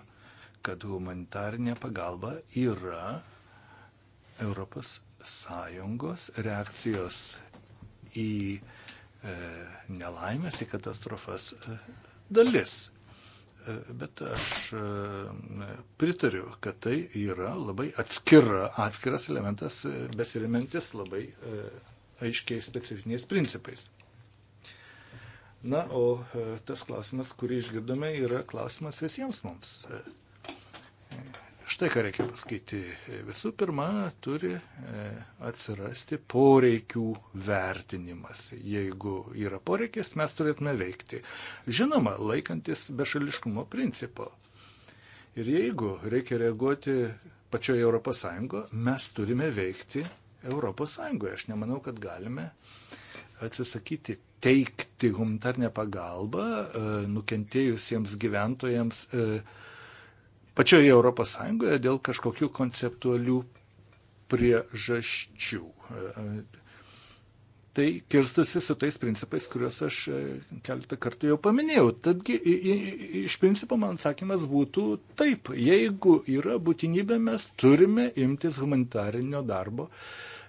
kad humanitarinė pagalba yra Europos Sąjungos reakcijos į uh, E, nelaimės, į katastrofas e, dalis. E, bet aš pritariu, kad tai yra labai atskira, atskiras elementas, besirimintis labai aiškiais specifiniais principais. Na, o tas klausimas, kurį išgirdome, yra klausimas visiems mums. Štai ką reikia pasakyti. Visų pirma, turi e, atsirasti poreikių vertinimas. Jeigu yra poreikis, mes turėtume veikti. Žinoma, laikantis bešališkumo principo. Ir jeigu reikia reaguoti pačioje ES, mes turime veikti ES. Aš nemanau, kad galime atsisakyti teikti humanitarnę pagalbą e, nukentėjusiems gyventojams. E, pačioje Europos Sąjungoje dėl kažkokių konceptualių priežasčių. Tai kirstusi su tais principais, kuriuos aš e, keletą kartų jau paminėjau. Tadgi, iš principo, man atsakymas būtų taip. Jeigu yra būtinybė, mes turime imtis humanitarinio darbo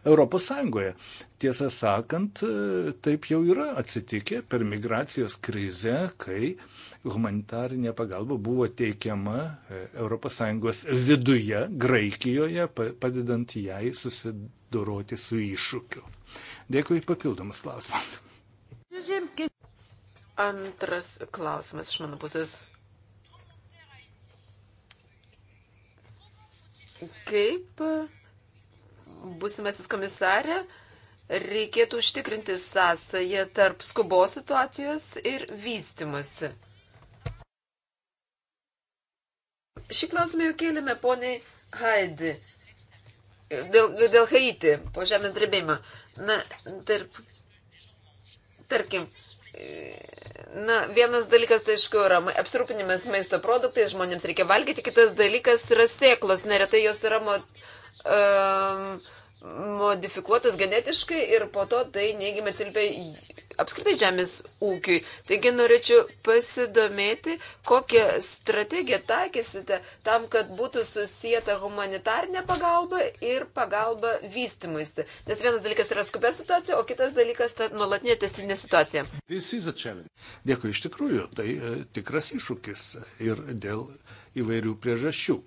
Europos Sąjungoje. Tiesą sakant, e, taip jau yra atsitikę per migracijos krizę, kai uh, humanitarinė pagalba buvo teikiama ES viduje, Graikijoje, padedant jai susidoroti su iššūkiu. Dėkui papildomas klausimas. Antras klausimas iš mano pusės. Kaip busimasis komisarė reikėtų užtikrinti sąsąją tarp skubos situacijos ir vystimosi. Šį klausimą jau kėlėme poniai Haidi. Dėl, dėl Haiti, po žemės drebėjimo. Na, tarp, tarkim, na, vienas dalykas, tai aišku, yra apsirūpinimas maisto produktais, žmonėms reikia valgyti, kitas dalykas yra sėklos, neretai jos yra mo, um, modifikuotos genetiškai ir po to tai neigiamai atsilpia apskritai žemės ūkiui. Taigi norėčiau pasidomėti, kokią strategiją taikysite tam, kad būtų susijęta humanitarnė pagalba ir pagalba vystimuisi. Nes vienas dalykas yra skubė situacija, o kitas dalykas ta nuolatinė tiesinė situacija. Dėkui, iš tikrųjų, tai e, tikras iššūkis ir dėl įvairių priežasčių.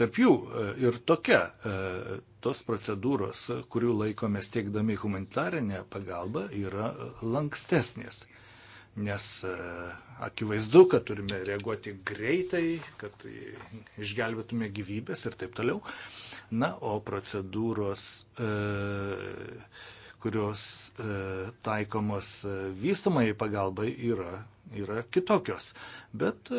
Tarp jų e, ir tokia e, tos procedūros, kurių laikomės tiekdami humanitarinę pagalbą, yra e, lankstesnės. Nes e, akivaizdu, kad turime reaguoti greitai, kad išgelbėtume gyvybės ir taip toliau. Na, o procedūros, e, kurios taikomos vystamai pagalbai, yra yra kitokios. Bet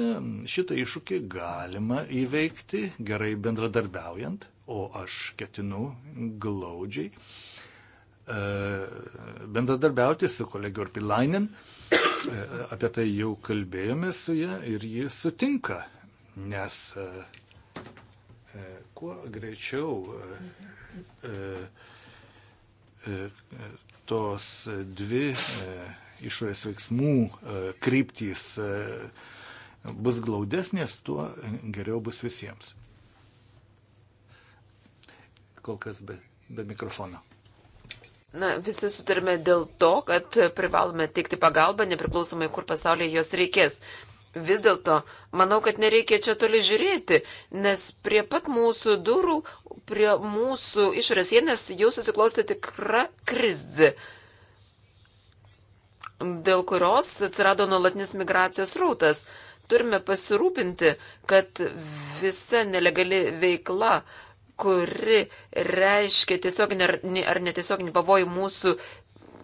šitą iššūkį galima įveikti gerai bendradarbiaujant o aš ketinu glaudžiai e, bendradarbiauti su kolegiu Orpilainen. E, apie tai jau kalbėjome su ją ir ji sutinka, nes e, kuo greičiau tos dvi išorės veiksmų kryptys bus glaudesnės, tuo geriau bus visiems kol kas be, be mikrofono. Na, visi sutarime dėl to, kad privalome teikti pagalbą, nepriklausomai kur pasaulyje jos reikės. Vis dėlto, manau, kad nereikia čia toli žiūrėti, nes prie pat mūsų durų, prie mūsų išrasienės jau susiklosti tikra krizė, dėl kurios atsirado nuolatinis migracijos rautas. Turime pasirūpinti, kad visa nelegali veikla uh, kuri reiškia tiesioginį ar netiesioginį pavojų mūsų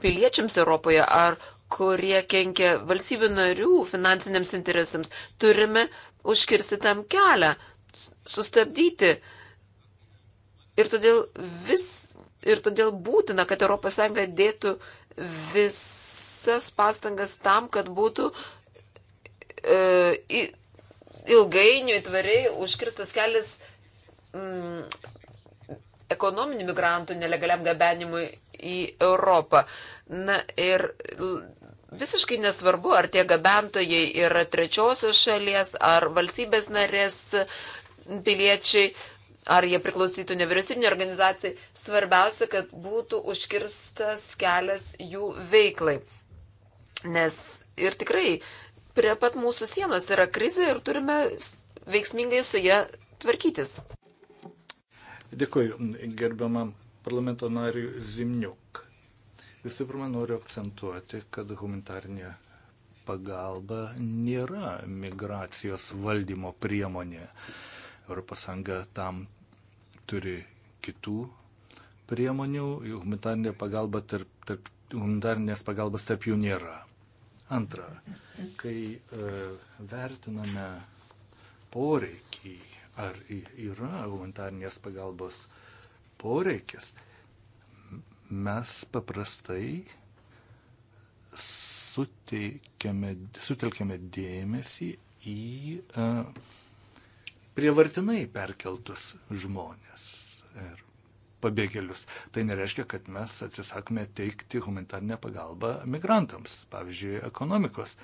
piliečiams Europoje ar kurie kenkia valstybių narių finansiniams interesams, turime užkirsti tam kelią, sustabdyti. Ir todėl, vis, ir todėl būtina, kad ES dėtų visas pastangas tam, kad būtų e, ilgainiui tvariai užkirstas kelias mm, ekonominių migrantų nelegaliam gabenimui į Europą. Na ir visiškai nesvarbu, ar tie gabentojai yra trečiosios šalies, ar valstybės narės piliečiai, ar jie priklausytų nevyriausybinė organizacijai. Svarbiausia, kad būtų užkirstas kelias jų veiklai. Nes ir tikrai prie pat mūsų sienos yra krizė ir turime veiksmingai su ją tvarkytis. Dėkuoju gerbiamam parlamento nariui Zimniuk. Visų pirma, noriu akcentuoti, kad humanitarinė pagalba nėra migracijos valdymo priemonė. ES tam turi kitų priemonių, humanitarinė pagalba tarp, tarp, humanitarinės pagalbas tarp jų nėra. Antra, kai e, vertiname poreikį ar yra humanitarnės pagalbos poreikis, mes paprastai suteikiame, sutelkiame dėmesį į a, e, prievartinai perkeltus žmonės ir pabėgėlius. Tai nereiškia, kad mes atsisakome teikti humanitarnę pagalbą migrantams, pavyzdžiui, ekonomikos,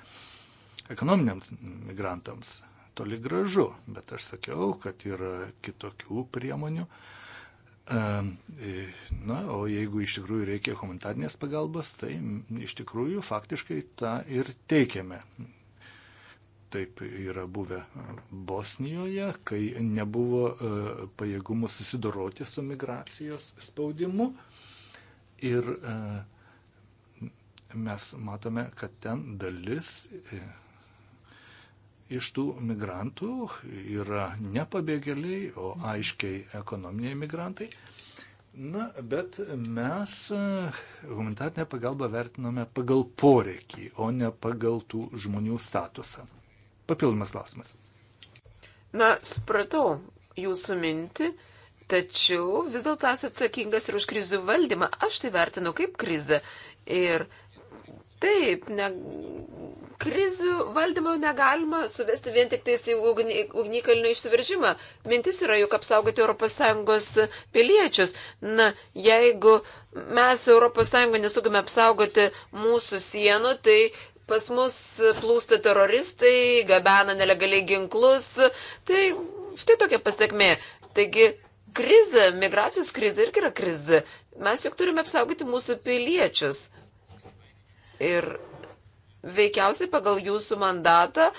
ekonominiams migrantams toli gražu, bet aš sakiau, kad yra kitokių priemonių. E, e, na, o jeigu iš tikrųjų reikia humanitarnės pagalbos, tai iš tikrųjų faktiškai tą ir teikiame. Taip yra buvę Bosnijoje, kai nebuvo e, pajėgumų susidoroti su migracijos spaudimu. Ir mes matome, kad ten dalis iš tų migrantų yra ne pabėgėliai, o aiškiai ekonominiai migrantai. Na, bet mes e, humanitarnę pagalbą vertiname pagal poreikį, o ne pagal tų žmonių statusą. Papildomas klausimas. Na, supratau jūsų mintį, tačiau vis dėlto esate atsakingas ir už krizių valdymą. Aš tai vertinu kaip krizę. Ir Taip, ne, Krizių valdymo negalima suvesti vien tik tais į ugnį, ugnikalnio išsiveržimą. Mintis yra juk apsaugoti ES piliečius. Na, jeigu mes ES nesugime apsaugoti mūsų sienų, tai pas mus plūsta teroristai, gabena nelegaliai ginklus. Tai štai tokia pasiekmė. Taigi, krizė, migracijos krizė irgi yra krizė. Mes juk turime apsaugoti mūsų piliečius. Ir veikiausiai pagal jūsų mandatą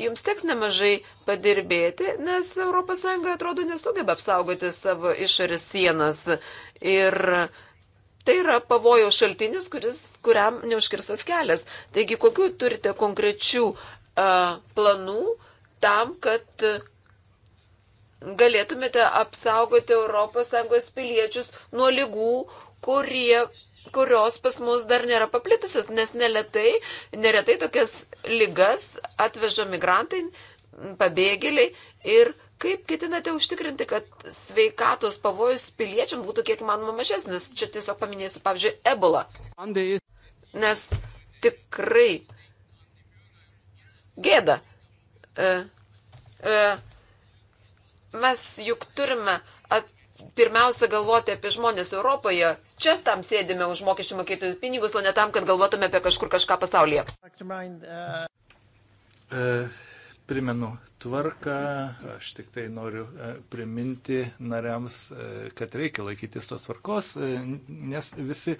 jums teks nemažai padirbėti, nes ES atrodo nesugeba apsaugoti savo išorės sienas. Ir tai yra pavojo šaltinis, kuris, kuriam neužkirstas kelias. Taigi, kokiu turite konkrečių uh, planų tam, kad galėtumėte apsaugoti ES piliečius nuo lygų, kurie kurios pas mus dar nėra paplitusios, nes neletai, neretai tokias lygas atveža migrantai, pabėgėliai ir kaip ketinate užtikrinti, kad sveikatos pavojus piliečiam būtų kiek manoma mažesnis? Čia tiesiog paminėsiu, pavyzdžiui, ebola. Nes tikrai gėda. E, e, mes juk turime pirmiausia galvoti apie žmonės Europoje. Čia tam sėdime už mokesčių mokėtojų pinigus, o ne tam, kad galvotume apie kažkur kažką pasaulyje. E, primenu tvarką, aš tik tai noriu e, priminti nariams, e, kad reikia laikytis tos tvarkos, nes visi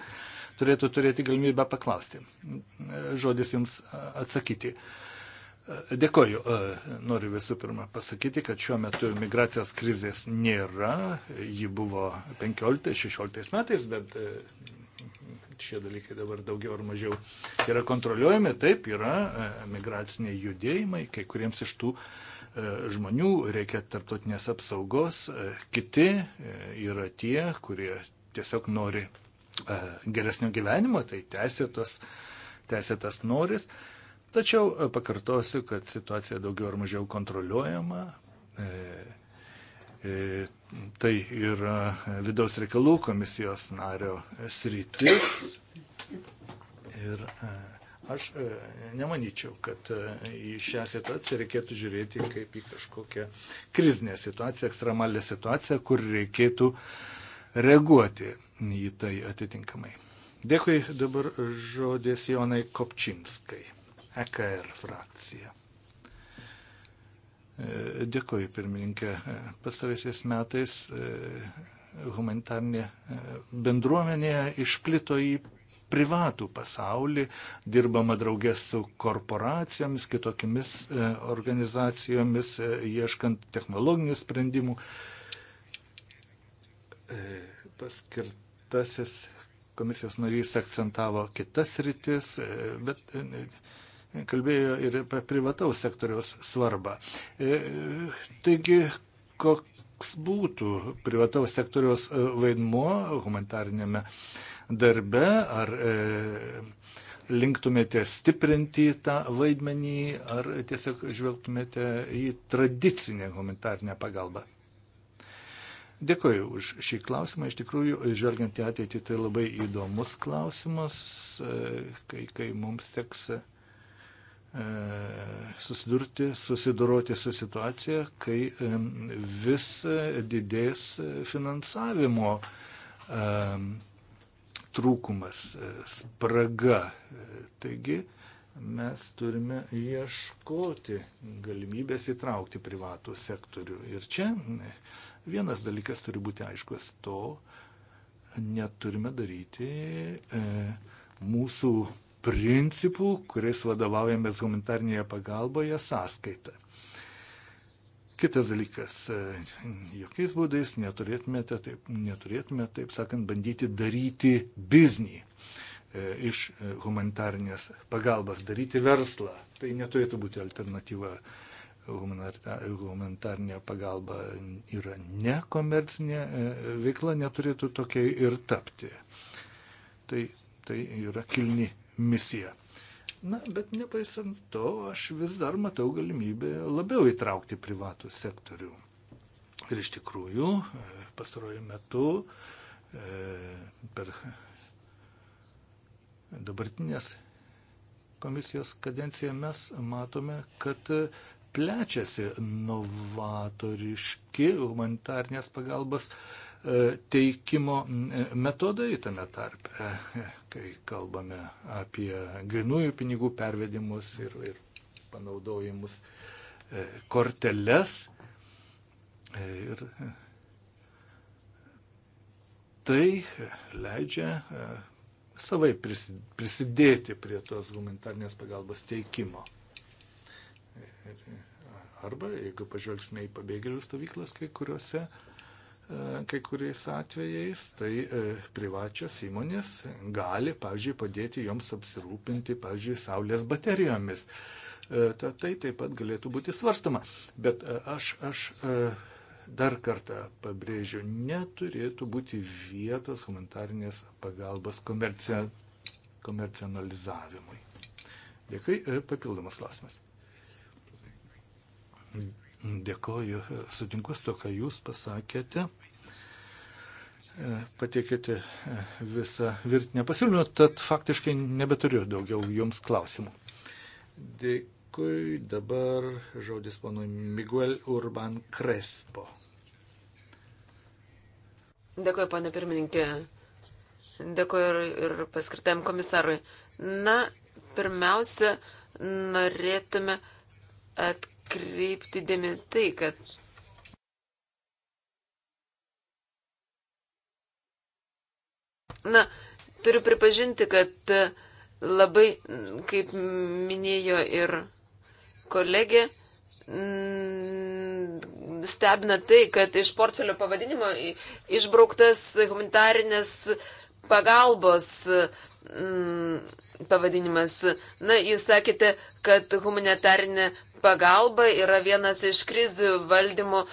turėtų turėti galimybę paklausti. Žodis jums atsakyti. Uh, Dėkoju. E, noriu visų pirma pasakyti, kad šiuo metu migracijos krizės nėra. Ji buvo 15-16 metais, bet e, šie dalykai dabar daugiau ar mažiau yra kontroliuojami. Taip, yra e, migraciniai judėjimai, kai kuriems iš tų žmonių reikia tarptautinės apsaugos, kiti yra tie, kurie tiesiog nori geresnio gyvenimo, tai tęsėtas, tęsėtas noris. Tačiau e, pakartosiu, kad situacija daugiau ar mažiau kontroliuojama. E, e, tai yra e, vidaus reikalų komisijos nario e, sritis. Ir e, aš e, nemanyčiau, kad e, į šią situaciją reikėtų žiūrėti kaip į kažkokią krizinę situaciją, ekstremalią situaciją, kur reikėtų reaguoti į tai atitinkamai. Dėkui dabar žodės Jonai Kopčinskai. EKR frakcija. E, dėkoju, pirmininkė. E, pastaraisiais metais e, humanitarnė bendruomenė išplito į privatų pasaulį, dirbama draugė su korporacijomis, kitokiamis organizacijomis, ieškant technologinių sprendimų. Paskirtasis komisijos narys akcentavo kitas rytis, bet kalbėjo ir apie privataus sektoriaus svarbą. E, taigi, koks būtų privataus sektoriaus e, vaidmuo humanitarinėme darbe, ar e, linktumėte stiprinti tą vaidmenį, ar tiesiog žvelgtumėte į tradicinę humanitarinę pagalbą? Dėkoju už šį klausimą. Iš tikrųjų, žvelgiant į ateitį, tai labai įdomus klausimas, kai, kai mums teks E, susidurti, susidoroti su situacija, kai e, vis e, didės finansavimo trūkumas, spraga. Taigi mes turime ieškoti galimybės įtraukti privatų sektorių. Ir čia vienas dalykas turi būti aiškus, to neturime daryti mūsų principų, kuriais vadovaujamės humanitarnėje pagalboje sąskaita. Kitas dalykas, e, jokiais būdais neturėtumėte taip, neturėtume, taip sakant, bandyti daryti biznį e, iš e, humanitarnės pagalbas, daryti verslą. Tai neturėtų būti alternatyva humanitarinė pagalba yra nekomercinė veikla, neturėtų tokia ir tapti. Tai, tai yra kilni misiją. Na, bet nepaisant to, aš vis dar matau galimybę labiau įtraukti privatų sektorių. Ir iš tikrųjų, e, pastaruoju metu e, per dabartinės komisijos kadenciją mes matome, kad plečiasi novatoriški humanitarnės pagalbos uh, E, teikimo e, metodai tame tarpe, e, kai kalbame apie grinųjų pinigų pervedimus ir, ir panaudojimus korteles. Ir tai leidžia savai prisidėti prie tos humanitarnės pagalbos teikimo. Arba, jeigu pažvelgsime į pabėgėlių stovyklas kai kuriuose, uh, E, kai kuriais atvejais, tai e, privačios įmonės gali, pavyzdžiui, padėti joms apsirūpinti, pavyzdžiui, saulės baterijomis. E, Tad tai taip pat galėtų būti svarstama. Bet aš, aš dar kartą pabrėžiu, neturėtų būti vietos humanitarinės pagalbos komercia, komercionalizavimui. Dėkui, papildomas klausimas. Dėkoju, sutinku su to, ką jūs pasakėte. E, Pateikėte e, visą virtinę pasiūlymą, tad faktiškai nebeturiu daugiau jums klausimų. Dėkui, dabar žodis ponui Miguel Urban Crespo. Dėkui, ponė pirmininkė. Dėkui ir, ir paskirtam komisarui. Na, pirmiausia, norėtume atkreipti kreipti dėmesį tai, kad Na, turiu pripažinti, kad labai, kaip minėjo ir kolegė, mm, stebina tai, kad iš portfelio pavadinimo išbrauktas humanitarinės pagalbos mm, pavadinimas. Na, jūs sakėte, kad humanitarinė pagalba yra vienas iš krizių valdymo e,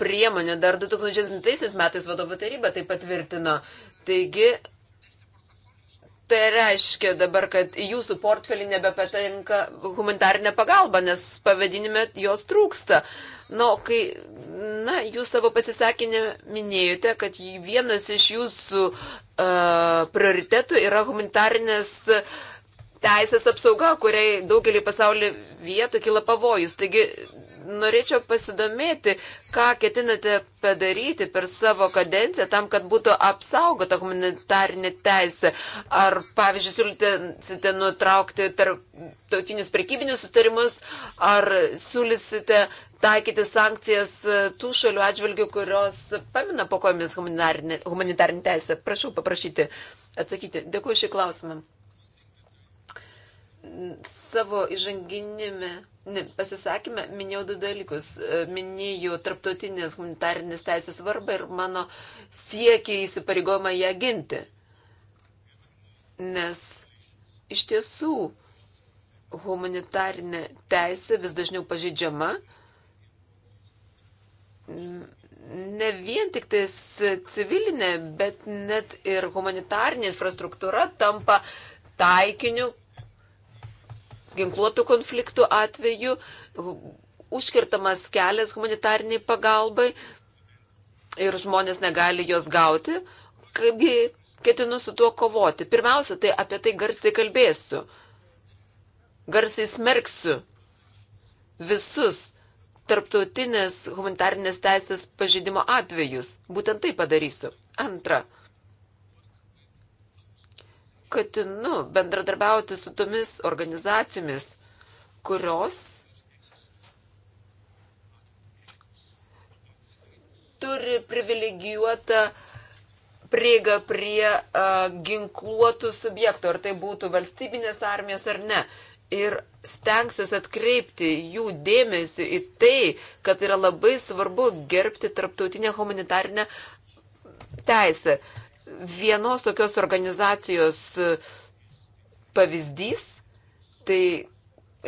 priemonių. Dar 2007 metais vadovų taryba tai patvirtino. Taigi, tai reiškia dabar, kad jūsų portfelį nebepatenka humanitarinė pagalba, nes pavadinime jos trūksta. Na, kai, na, jūs savo pasisakinę minėjote, kad vienas iš jūsų uh, prioritetų yra humanitarinės uh, teisės apsauga, kuriai daugelį pasaulio vietų kila pavojus. Taigi norėčiau pasidomėti, ką ketinate padaryti per savo kadenciją tam, kad būtų apsaugota humanitarinė teisė. Ar, pavyzdžiui, siūlysite nutraukti tarptautinius prekybinius sustarimus, ar siūlysite taikyti sankcijas tų šalių atžvilgių, kurios pamina po kojomis humanitarinę teisę. Prašau paprašyti atsakyti. Dėkuoju šį klausimą savo įžanginėme ne, pasisakymę minėjau du dalykus. E, minėjau tarptautinės humanitarinės teisės svarbą ir mano siekį įsipareigojimą ją ginti. Nes iš tiesų humanitarinė teisė vis dažniau pažydžiama. Ne vien tik tais civilinė, bet net ir humanitarinė infrastruktūra tampa taikiniu, ginkluotų konfliktų atveju užkirtamas kelias humanitariniai pagalbai ir žmonės negali jos gauti, kaipgi ketinu su tuo kovoti. Pirmiausia, tai apie tai garsiai kalbėsiu, garsiai smerksiu visus tarptautinės humanitarinės teisės pažydimo atvejus. Būtent tai padarysiu. Antra, katinu bendradarbiauti su tomis organizacijomis, kurios turi privilegijuotą prieiga prie uh, ginkluotų subjektų, ar tai būtų valstybinės armijos ar ne. Ir stengsiuosi atkreipti jų dėmesį į tai, kad yra labai svarbu gerbti tarptautinę humanitarinę teisę vienos tokios organizacijos e, pavyzdys tai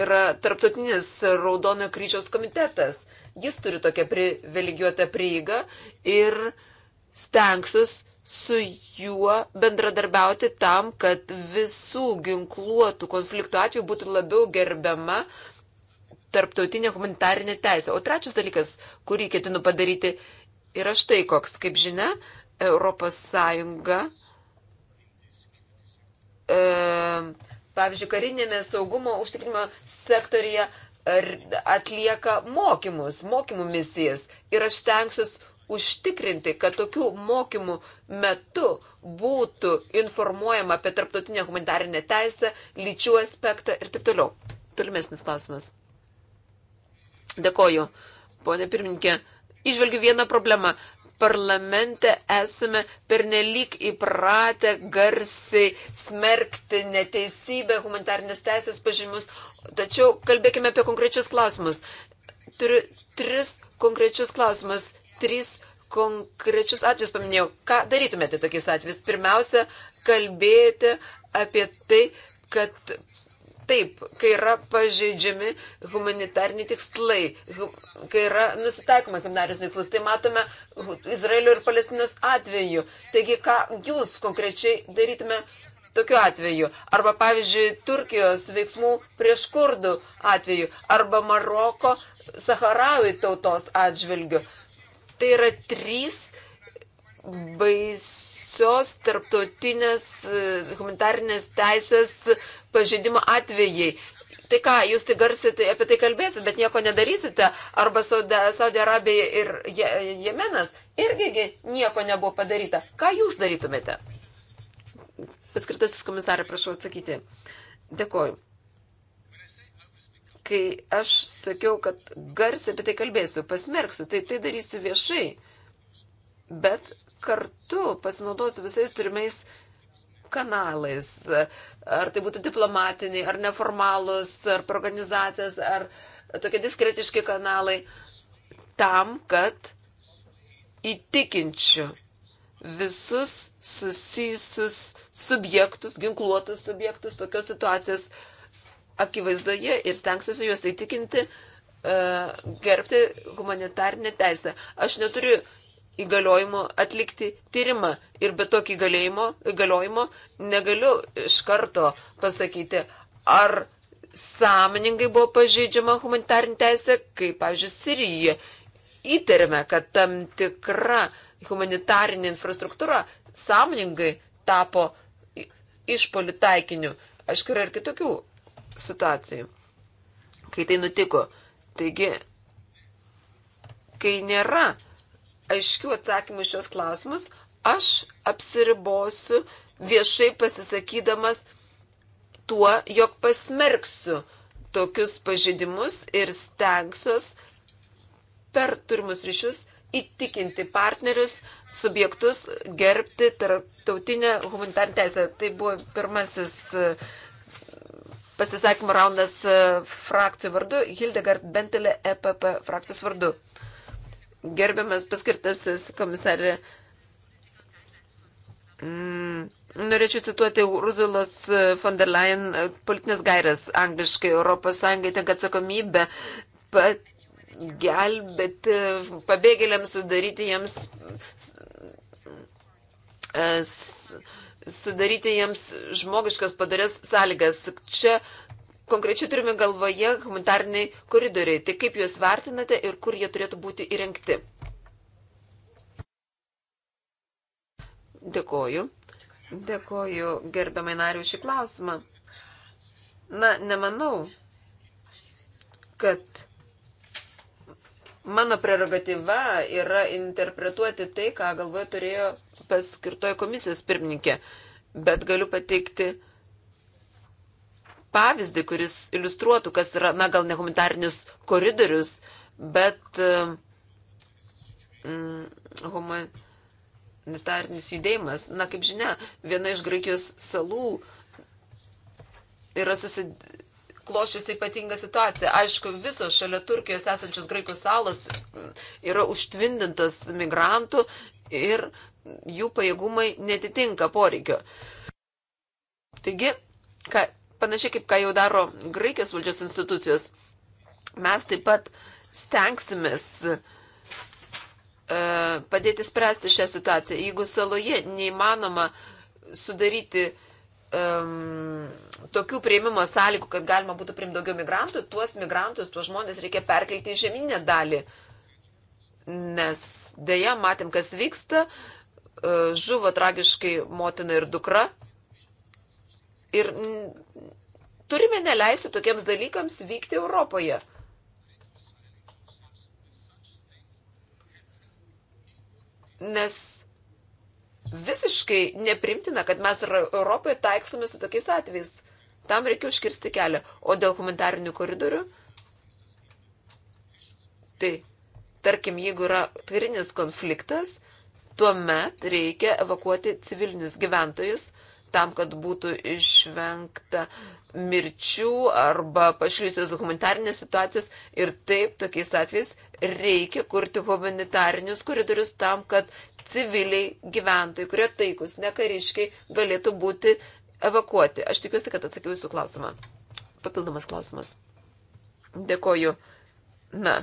yra Tarptautinis Raudono kryžiaus komitetas. Jis turi tokią privilegijuotą prieigą ir stengsis su juo bendradarbiauti tam, kad visų ginkluotų konfliktų atveju būtų labiau gerbiama tarptautinė humanitarinė teisė. O trečias dalykas, kurį ketinu padaryti, yra štai koks, kaip žinia, Europos Sąjunga, e, pavyzdžiui, karinėme saugumo užtikrimo sektorija atlieka mokymus, mokymų misijas. Ir aš tenksiuos užtikrinti, kad tokių mokymų metu būtų informuojama apie tarptautinę humanitarinę teisę, lyčių aspektą ir taip toliau. Tolimesnis klausimas. Dėkoju, ponė pirmininkė. Išvelgiu vieną problemą parlamente esame pernelyg įpratę garsiai smerkti neteisybę, humanitarnės teisės pažymus. Tačiau kalbėkime apie konkrečius klausimus. Turiu tris konkrečius klausimus, trys konkrečius atvejus paminėjau. Ką darytumėte tokiais atvejais? Pirmiausia, kalbėjote apie tai, kad Taip, kai yra pažeidžiami humanitarniai tikslai, kai yra nusitaikoma humanitarinius tikslus, tai matome Izraelio ir Palestinos atveju. Taigi, ką jūs konkrečiai darytume tokiu atveju? Arba, pavyzdžiui, Turkijos veiksmų prieš kurdų atveju, arba Maroko Saharaui tautos atžvilgiu. Tai yra trys baisios tarptautinės e, humanitarinės teisės pažeidimo atvejai. Tai ką, jūs tik garsiai tai apie tai kalbėsite, bet nieko nedarysite, arba Saudė Arabija ir Je Jemenas irgi nieko nebuvo padaryta. Ką jūs darytumėte? Paskirtasis komisarė, prašau atsakyti. Dėkoju. Kai aš sakiau, kad garsiai apie tai kalbėsiu, pasmerksiu, tai tai darysiu viešai, bet kartu pasinaudosiu visais turimais kanalais. Uh, ar tai būtų diplomatiniai, ar neformalus, ar organizacijas, ar tokie diskretiški kanalai, tam, kad įtikinčiau visus susijusius subjektus, ginkluotus subjektus tokios situacijos akivaizdoje ir stengsiuosi juos įtikinti uh, gerbti humanitarnę teisę. Aš neturiu įgaliojimu atlikti tyrimą. Ir be tokio įgaliojimo, įgaliojimo negaliu iš karto pasakyti, ar sąmoningai buvo pažeidžiama humanitarinė teisė, kaip, pavyzdžiui, Sirijoje. Įtarėme, kad tam tikra humanitarinė infrastruktūra sąmoningai tapo išpolių taikiniu. Aišku, yra ir kitokių situacijų, kai tai nutiko. Taigi, kai nėra aiškių atsakymų šios klausimus, aš apsiribosiu viešai pasisakydamas tuo, jog pasmerksiu tokius pažydimus ir stengsiuos per turimus ryšius įtikinti partnerius, subjektus gerbti tarptautinę humanitarnę teisę. Tai buvo pirmasis e, pasisakymo raundas e, frakcijų vardu, Hildegard Bentelė EPP frakcijos vardu. Gerbiamas paskirtasis komisarė. Mm, norėčiau cituoti Urzulos von der Leyen e, politinės gairės angliškai. Europos Sąjungai tenka atsakomybė gelbėti pabėgėliams, sudaryti jiems, e, sudaryti jiems žmogiškas padarės sąlygas. Čia konkrečiai turime galvoje humanitariniai koridoriai. Tai kaip juos vertinate ir kur jie turėtų būti įrengti? Dėkoju. Dėkoju gerbiamai nariu šį klausimą. Na, nemanau, kad mano prerogatyva yra interpretuoti tai, ką galvoje turėjo paskirtoji komisijos pirmininkė, bet galiu pateikti uh, pavyzdį, kuris iliustruotų, kas yra, na, gal ne humanitarnis koridorius, bet mm, humanitarnis judėjimas. Na, kaip žinia, viena iš Graikijos salų yra susikloščiusi ypatinga situacija. Aišku, visos šalia Turkijos esančios Graikijos salos mm, yra užtvindintos migrantų ir jų pajėgumai netitinka poreikio. Taigi, ką panašiai kaip ką jau daro Graikijos valdžios institucijos. Mes taip pat stengsimės e, padėti spręsti šią situaciją. Jeigu saloje neįmanoma sudaryti um, tokių prieimimo sąlygų, kad galima būtų priimti daugiau migrantų, tuos migrantus, tuos žmonės reikia perkelti į žemynę dalį. Nes dėja matėm, kas vyksta, e, žuvo tragiškai motina ir dukra, Ir turime neleisti tokiems dalykams vykti Europoje. Nes visiškai neprimtina, kad mes Europoje taiksome su tokiais atvejais. Tam reikia užkirsti kelią. O dėl humanitarinių koridorių, tai tarkim, jeigu yra karinis konfliktas, tuomet reikia evakuoti civilinius gyventojus – tam, kad būtų išvengta mirčių arba pašlysios humanitarinės situacijos ir taip tokiais atvejais reikia kurti humanitarinius koridorius tam, kad civiliai gyventojai, kurie taikus, nekariškiai, galėtų būti evakuoti. Aš tikiuosi, kad atsakiau jūsų klausimą. Papildomas klausimas. Dėkoju. Na,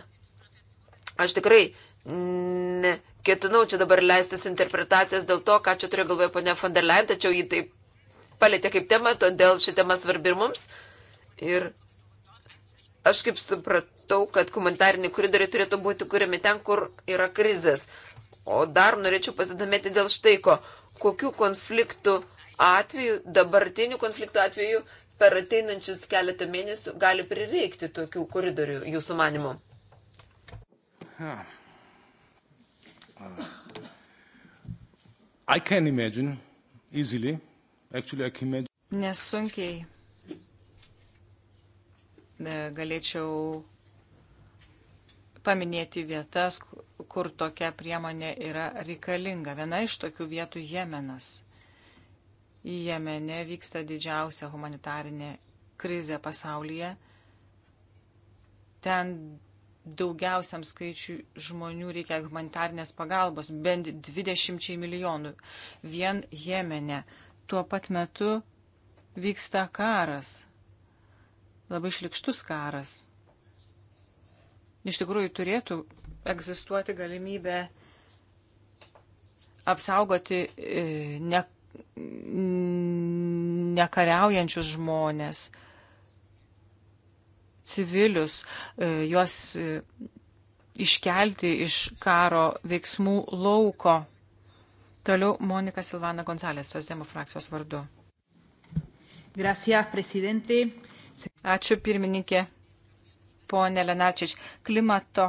aš tikrai ne, ketinau čia dabar leistis interpretacijas dėl to, ką čia turėjo galvoje ponia von der Leyen, tačiau jį taip palėtė kaip temą, todėl ši tema svarbi ir mums. Ir aš kaip supratau, kad humanitariniai koridoriai turėtų būti kuriami ten, kur yra krizės. O dar norėčiau pasidomėti dėl štai ko. Kokių konfliktų atveju, dabartinių konfliktų atveju per ateinančius keletą mėnesių gali prireikti tokių koridorių jūsų manimu? Yeah. Uh, I can imagine easily Nesunkiai e, galėčiau paminėti vietas, kur tokia priemonė yra reikalinga. Viena iš tokių vietų Jemenas. Į Jemene vyksta didžiausia humanitarinė krizė pasaulyje. Ten daugiausiam skaičiui žmonių reikia humanitarnės pagalbos, bent 20 milijonų vien Jemene tuo pat metu vyksta karas, labai šlikštus karas. Iš tikrųjų turėtų egzistuoti galimybė apsaugoti e, ne, nekariaujančius žmonės, civilius, e, juos e, iškelti iš karo veiksmų lauko. Toliau Monika Silvana Gonzalės, Sosdemo frakcijos vardu. Gracias, prezidentė. Ačiū pirmininkė, ponė Lenarčič. Klimato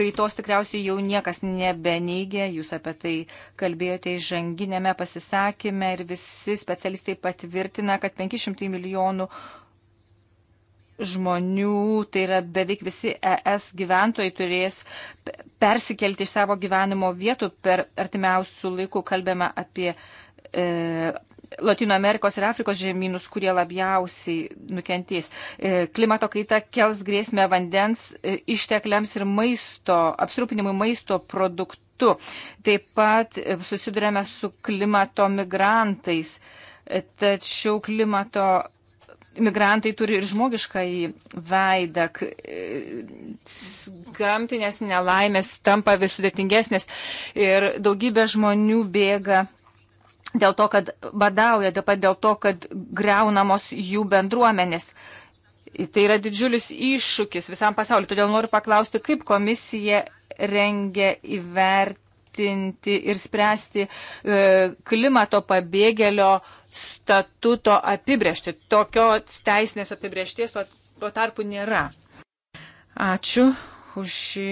kaitos tikriausiai jau niekas nebeneigė, jūs apie tai kalbėjote įžanginėme pasisakymė ir visi specialistai patvirtina, kad 500 milijonų žmonių, tai yra beveik visi ES gyventojai turės persikelti iš savo gyvenimo vietų per artimiausių laikų. Kalbame apie e, Latino Amerikos ir Afrikos žemynus, kurie labiausiai nukentės. E, klimato kaita kels grėsmę vandens e, ištekliams ir maisto, apsirūpinimui maisto produktu. Taip pat e, susidurėme su klimato migrantais, tačiau klimato migrantai turi ir žmogiškąjį veidą, e, gamtinės nelaimės tampa vis sudėtingesnės ir daugybė žmonių bėga dėl to, kad badauja, taip pat dėl to, kad greunamos jų bendruomenės. Tai yra didžiulis iššūkis visam pasauliu, todėl noriu paklausti, kaip komisija rengia įvertinti vertinti ir spręsti e, klimato pabėgėlio statuto apibriešti. Tokios teisinės apibriešties tuo tarpu nėra. Ačiū už šį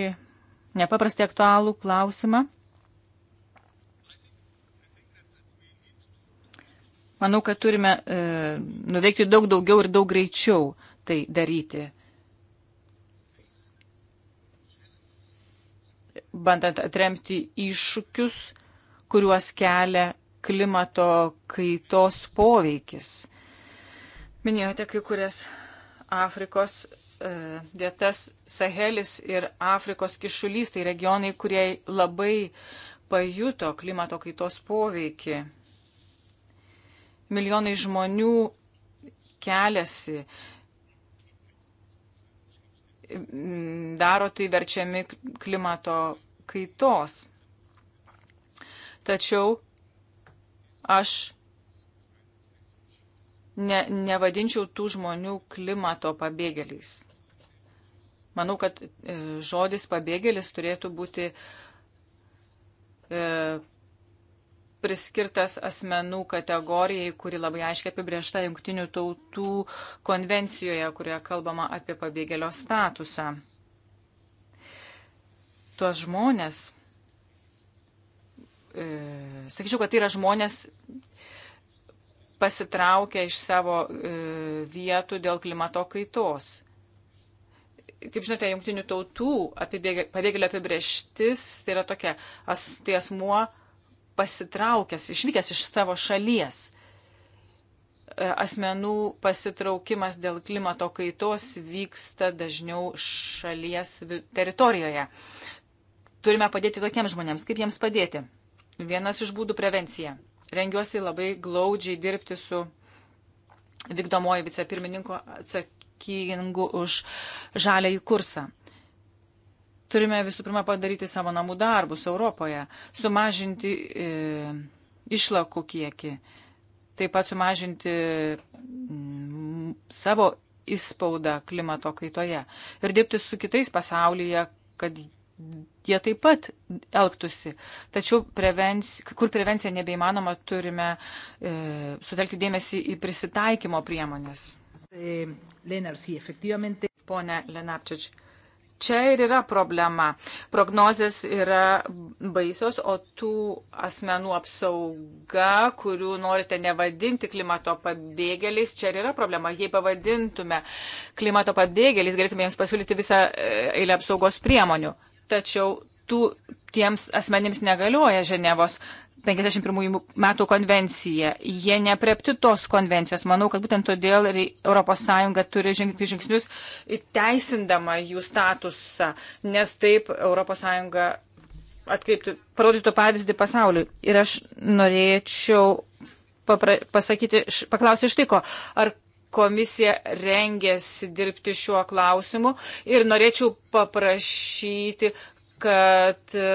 nepaprastai aktualų klausimą. Manau, kad turime e, nuveikti daug daugiau ir daug greičiau tai daryti. bandant atremti iššūkius, kuriuos kelia klimato kaitos poveikis. Minėjote kai kurias Afrikos e, vietas Sahelis ir Afrikos kišulys, tai regionai, kurie labai pajuto klimato kaitos poveikį. Milijonai žmonių keliasi, daro tai verčiami klimato kaitos. Tačiau aš ne, nevadinčiau tų žmonių klimato pabėgėliais. Manau, kad e, žodis pabėgėlis turėtų būti e, priskirtas asmenų kategorijai, kuri labai aiškiai apibriešta Junktinių tautų konvencijoje, kurioje kalbama apie pabėgėlio statusą tuos žmonės, e, sakyčiau, kad tai yra žmonės pasitraukę iš savo e, vietų dėl klimato kaitos. Kaip žinote, jungtinių tautų pabėgėlio apibrieštis tai yra tokia, as, tai asmuo pasitraukęs, išvykęs iš savo šalies e, asmenų pasitraukimas dėl klimato kaitos vyksta dažniau šalies teritorijoje turime padėti tokiems žmonėms. Kaip jiems padėti? Vienas iš būdų - prevencija. Rengiuosi labai glaudžiai dirbti su vykdomoji vicepirmininko atsakingu už žalėjį kursą. Turime visų pirma padaryti savo namų darbus Europoje, sumažinti e, išlakų kiekį, taip pat sumažinti m, savo įspaudą klimato kaitoje ir dirbti su kitais pasaulyje, kad jie taip pat elgtųsi. Tačiau, prevenci, kur prevencija nebeįmanoma, turime e, sutelkti dėmesį į prisitaikymo priemonės. Eh, Pone Lenapčič, čia ir yra problema. Prognozės yra baisios, o tų asmenų apsauga, kurių norite nevadinti klimato pabėgėliais, čia ir yra problema. Jei pavadintume klimato pabėgėliais, galėtume jiems pasiūlyti visą e, eilę apsaugos priemonių tačiau tų, tiems asmenims negalioja Ženevos 51 metų konvencija. Jie neprepti tos konvencijos. Manau, kad būtent todėl ES turi žengti žingsnius teisindama jų statusą, nes taip ES atkreiptų, parodytų pavyzdį pasauliui. Ir aš norėčiau papra, pasakyti, š, paklausti iš tai, ko, ar komisija rengėsi dirbti šiuo klausimu ir norėčiau paprašyti, kad e,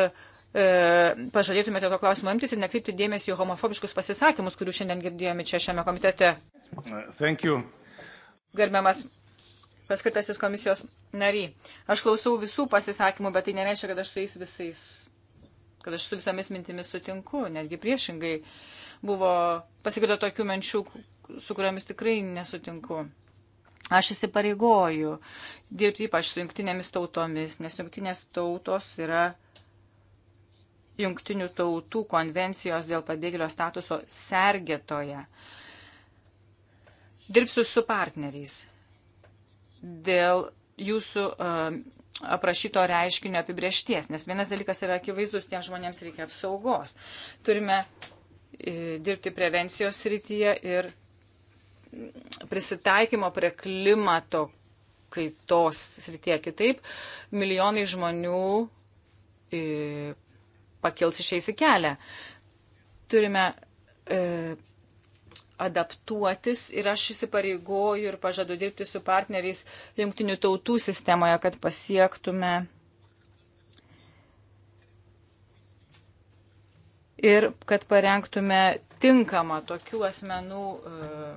pažadėtumėte to klausimo imtis ir nekreipti dėmesį į homofobiškus pasisakymus, kurių šiandien girdėjome čia šiame komitete. Gerbiamas paskirtasis komisijos nariai. Aš klausau visų pasisakymų, bet tai nereiškia, kad aš su jais visais, kad aš su visomis mintimis sutinku, netgi priešingai. Buvo pasigirdo tokių minčių, su kuriomis tikrai nesutinku. Aš įsipareigoju dirbti ypač su jungtinėmis tautomis, nes jungtinės tautos yra jungtinių tautų konvencijos dėl pabėgėlio statuso sergėtoje. Dirbsiu su partneriais dėl jūsų uh, aprašyto reiškinio apibriešties, nes vienas dalykas yra akivaizdus, tiems žmonėms reikia apsaugos. Turime e, dirbti prevencijos srityje ir prisitaikymo prie klimato kaitos srityje. Kitaip milijonai žmonių e, pakils išeis į kelią. Turime e, adaptuotis ir aš įsipareigoju ir pažadu dirbti su partneriais jungtinių tautų sistemoje, kad pasiektume ir kad parengtume tinkama tokių asmenų e,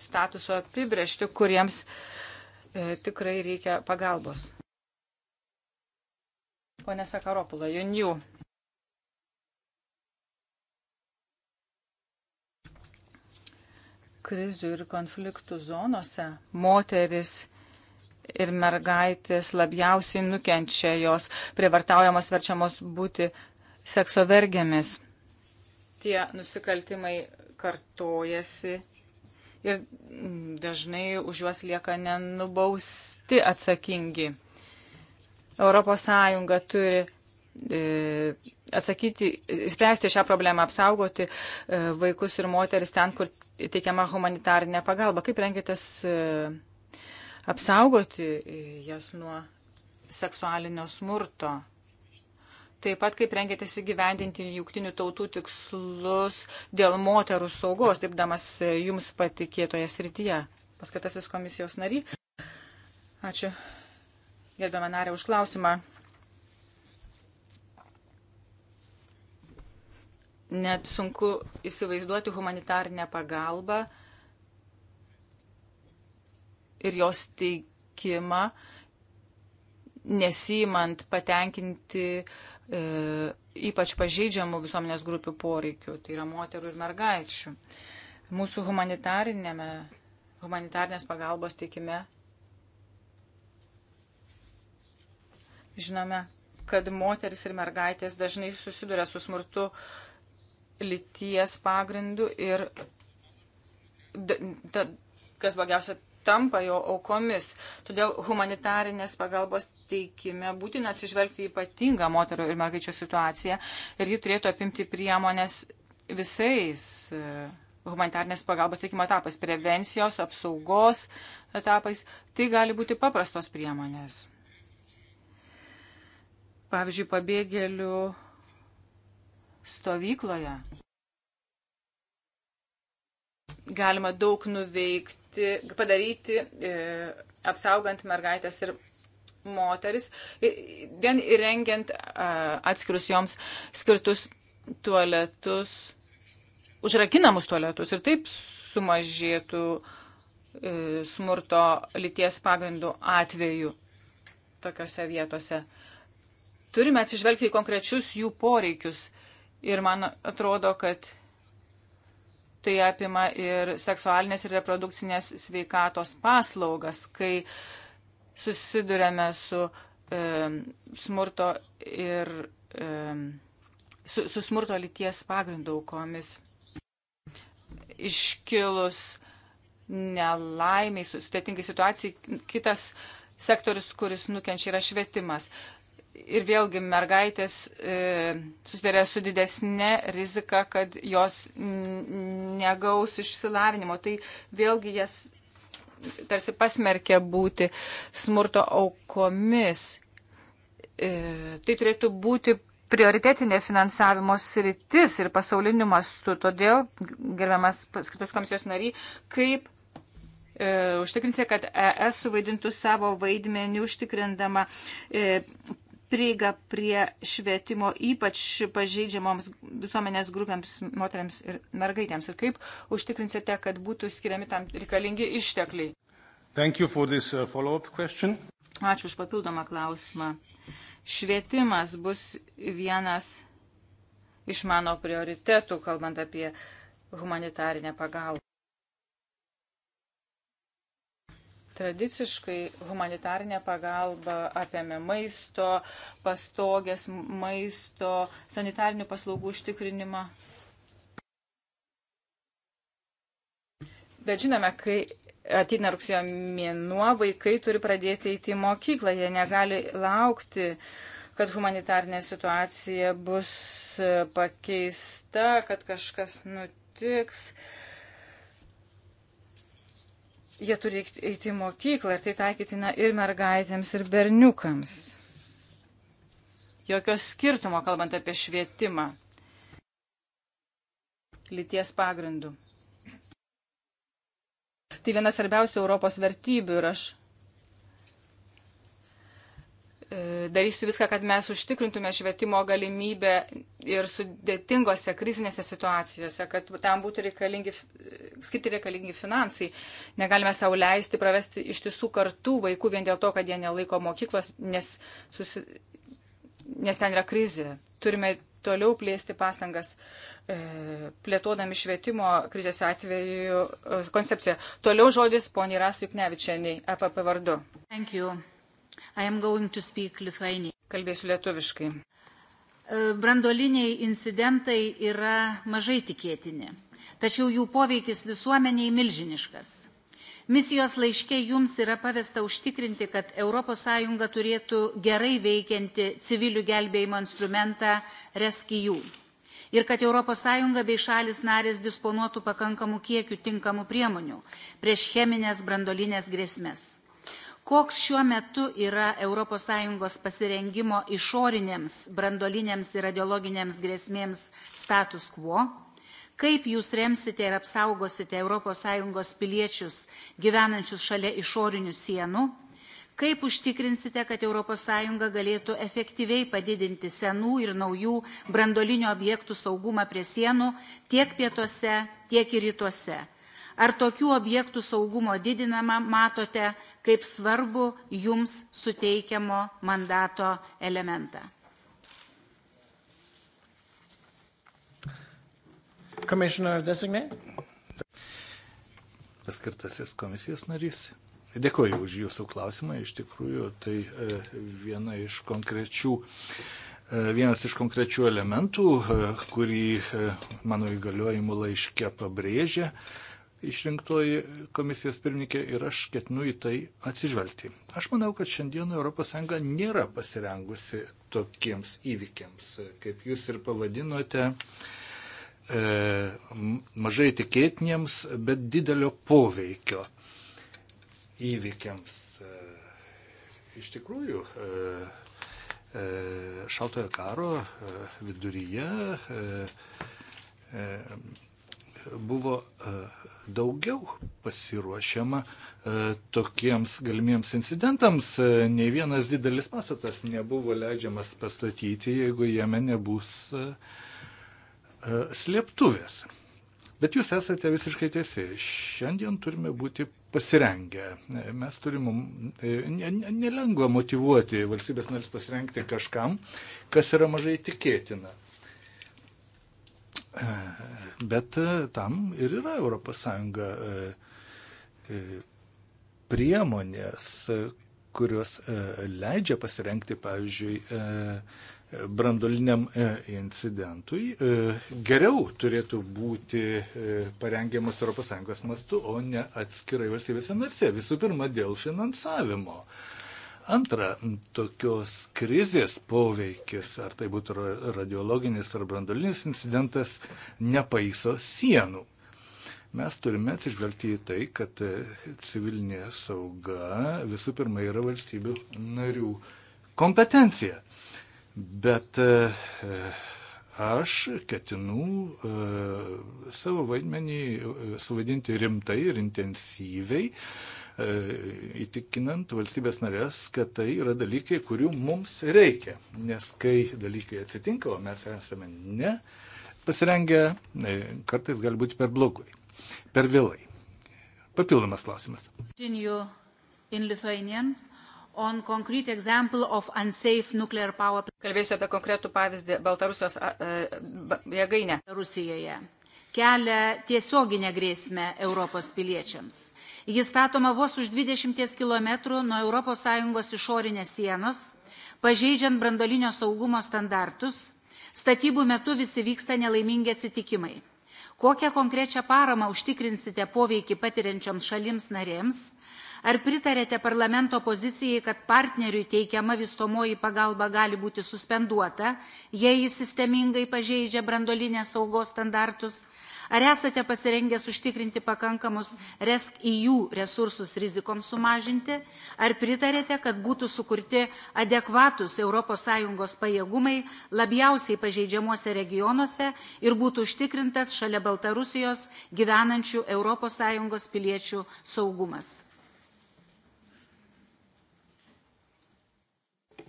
statuso apibrėžti, kuriems e, tikrai reikia pagalbos. Pone Sakaropula, Junijų. Krizių ir konfliktų zonose moteris ir mergaitės labiausiai nukenčia jos, prievartaujamos verčiamos būti sekso vergėmis tie nusikaltimai kartojasi ir dažnai už juos lieka nenubausti atsakingi. ES turi e, atsakyti, spręsti šią problemą, apsaugoti e, vaikus ir moteris ten, kur teikiama humanitarinė pagalba. Kaip rengitės e, apsaugoti jas nuo seksualinio smurto? taip pat kaip rengėtės įgyvendinti jungtinių tautų tikslus dėl moterų saugos, dirbdamas jums patikėtoje srityje. Paskatasis komisijos nary. Ačiū. Gerbiamą narę už klausimą. Net sunku įsivaizduoti humanitarinę pagalbą ir jos teikimą, nesijimant patenkinti uh, e, ypač pažeidžiamų visuomenės grupių poreikių, tai yra moterų ir mergaičių. Mūsų humanitarnės pagalbos teikime žinome, kad moteris ir mergaitės dažnai susiduria su smurtu lyties pagrindu ir da, da, kas blogiausia, tampa jo aukomis. Todėl humanitarinės pagalbos teikime būtina atsižvelgti ypatingą moterų ir mergaičių situaciją ir ji turėtų apimti priemonės visais e, humanitarnės pagalbos teikimo etapais - prevencijos, apsaugos etapais. Tai gali būti paprastos priemonės. Pavyzdžiui, pabėgėlių stovykloje galima daug nuveikti, padaryti, e, apsaugant mergaitės ir moteris, vien įrengiant atskirus joms skirtus tualetus, užrakinamus tualetus ir taip sumažėtų e, smurto lyties pagrindų atveju tokiuose vietose. Turime atsižvelgti į konkrečius jų poreikius ir man atrodo, kad tai apima ir seksualinės ir reprodukcinės sveikatos paslaugas, kai susidurėme su e, smurto ir e, su, su smurto lyties pagrindų aukomis. Iškilus nelaimiai, sudėtingai situacijai, kitas sektorius, kuris nukenčia, yra švietimas ir vėlgi mergaitės e, susidarė su didesnė rizika, kad jos negaus išsilavinimo. Tai vėlgi jas tarsi pasmerkė būti smurto aukomis. E, tai turėtų būti prioritetinė finansavimo sritis ir pasauliniu mastu. Todėl, gerbiamas paskirtas komisijos nariai, kaip e, užtikrinsite, kad ES suvaidintų savo vaidmenį užtikrindama e, prieiga prie švietimo ypač pažeidžiamoms visuomenės grupėms, moteriams ir mergaitėms? Ir kaip užtikrinsite, kad būtų skiriami tam reikalingi ištekliai? This, uh, Ačiū už papildomą klausimą. Švietimas bus vienas iš mano prioritetų, kalbant apie humanitarinę pagalbą. Tradiciškai humanitarinė pagalba apėmė maisto, pastogės maisto, sanitarinių paslaugų užtikrinimą. Bet žinome, kai ateina rugsėjo mėnuo, vaikai turi pradėti eiti į mokyklą, jie negali laukti, kad humanitarinė situacija bus pakeista, kad kažkas nutiks. Uh, jie turi eiti į mokyklą ir tai taikytina ir mergaitėms, ir berniukams. Jokios skirtumo, kalbant apie švietimą. Lyties pagrindų. Tai vienas svarbiausių Europos vertybių ir aš E, darysiu viską, kad mes užtikrintume švietimo galimybę ir sudėtingose krizinėse situacijose, kad tam būtų reikalingi, e, skirti reikalingi finansai. Negalime savo leisti pravesti iš tiesų kartų vaikų vien dėl to, kad jie nelaiko mokyklos, nes, susi, nes ten yra krizė. Turime toliau plėsti pastangas, e, plėtodami švietimo krizės atveju koncepciją. Toliau žodis poniai Rasuknevičianiai, APP vardu. Thank you. Kalbėsiu lietuviškai. E, brandoliniai incidentai yra mažai tikėtini, tačiau jų poveikis visuomeniai milžiniškas. Misijos laiškė jums yra pavesta užtikrinti, kad ES turėtų gerai veikianti civilių gelbėjimo instrumentą Rescue ir kad ES bei šalis narės disponuotų pakankamų kiekių tinkamų priemonių prieš cheminės brandolinės grėsmės koks šiuo metu yra ES pasirengimo išorinėms brandolinėms ir radiologinėms grėsmėms status quo, kaip jūs remsite ir apsaugosite ES piliečius gyvenančius šalia išorinių sienų, kaip užtikrinsite, kad ES galėtų efektyviai padidinti senų ir naujų brandolinio objektų saugumą prie sienų tiek pietuose, tiek ir rytuose. Ar tokių objektų saugumo didinama matote kaip svarbu jums suteikiamo mandato elementą? Commissioner designate. Paskirtasis komisijos narys. Dėkoju už jūsų klausimą. Iš tikrųjų, tai e, viena iš konkrečių, e, vienas iš konkrečių elementų, e, kurį mano įgaliojimų laiške pabrėžia išrinktoji komisijos pirmininkė ir aš ketinu į tai atsižvelgti. Aš manau, kad šiandien ES nėra pasirengusi tokiems įvykiams, kaip jūs ir pavadinote, e, mažai tikėtiniems, bet didelio poveikio įvykiams. E, iš tikrųjų, e, e šaltojo karo e, viduryje e, buvo e, daugiau pasiruošiama e, tokiems galimiems incidentams. E, ne vienas didelis pastatas nebuvo leidžiamas pastatyti, jeigu jame nebus slėptuvės. Bet jūs esate visiškai tiesi. Šiandien turime būti pasirengę. Mes turime nelengva motivuoti valstybės narys pasirengti kažkam, kas yra mažai tikėtina. Bet e, tam ir yra ES e, e, priemonės, kurios leidžia pasirengti, pavyzdžiui, brandoliniam incidentui, geriau turėtų būti parengiamas ES mastu, o ne atskirai valstybėse narse. Visų pirma, dėl finansavimo. Antra, tokios krizės poveikis, ar tai būtų radiologinis ar brandolinis incidentas, nepaiso sienų. Mes turime atsižvelgti į tai, kad e, civilinė sauga visų pirma yra valstybių narių kompetencija. Bet e, e, aš ketinu savo vaidmenį suvaidinti rimtai ir intensyviai E, įtikinant valstybės narės, kad tai yra dalykai, kurių mums reikia. Nes kai dalykai atsitinka, o mes esame ne pasirengę, e, kartais gali būti per blogai, per vėlai. Papildomas klausimas. Kalbėsiu apie konkretų pavyzdį Baltarusijos e, jėgainę. Rusijoje kelia tiesioginę grėsmę Europos piliečiams. Jis statoma vos už 20 km nuo ES išorinės sienos, pažeidžiant brandolinio saugumo standartus, statybų metu visi vyksta nelaimingi atsitikimai. Kokią konkrečią paramą užtikrinsite poveikį patiriančioms šalims narėms? Ar pritarėte parlamento pozicijai, kad partneriui teikiama vystomoji pagalba gali būti suspenduota, jei jis sistemingai pažeidžia brandolinės saugos standartus? Ar esate pasirengęs užtikrinti pakankamus resk į jų resursus rizikoms sumažinti? Ar pritarėte, kad būtų sukurti adekvatus ES pajėgumai labiausiai pažeidžiamuose regionuose ir būtų užtikrintas šalia Baltarusijos gyvenančių ES piliečių saugumas?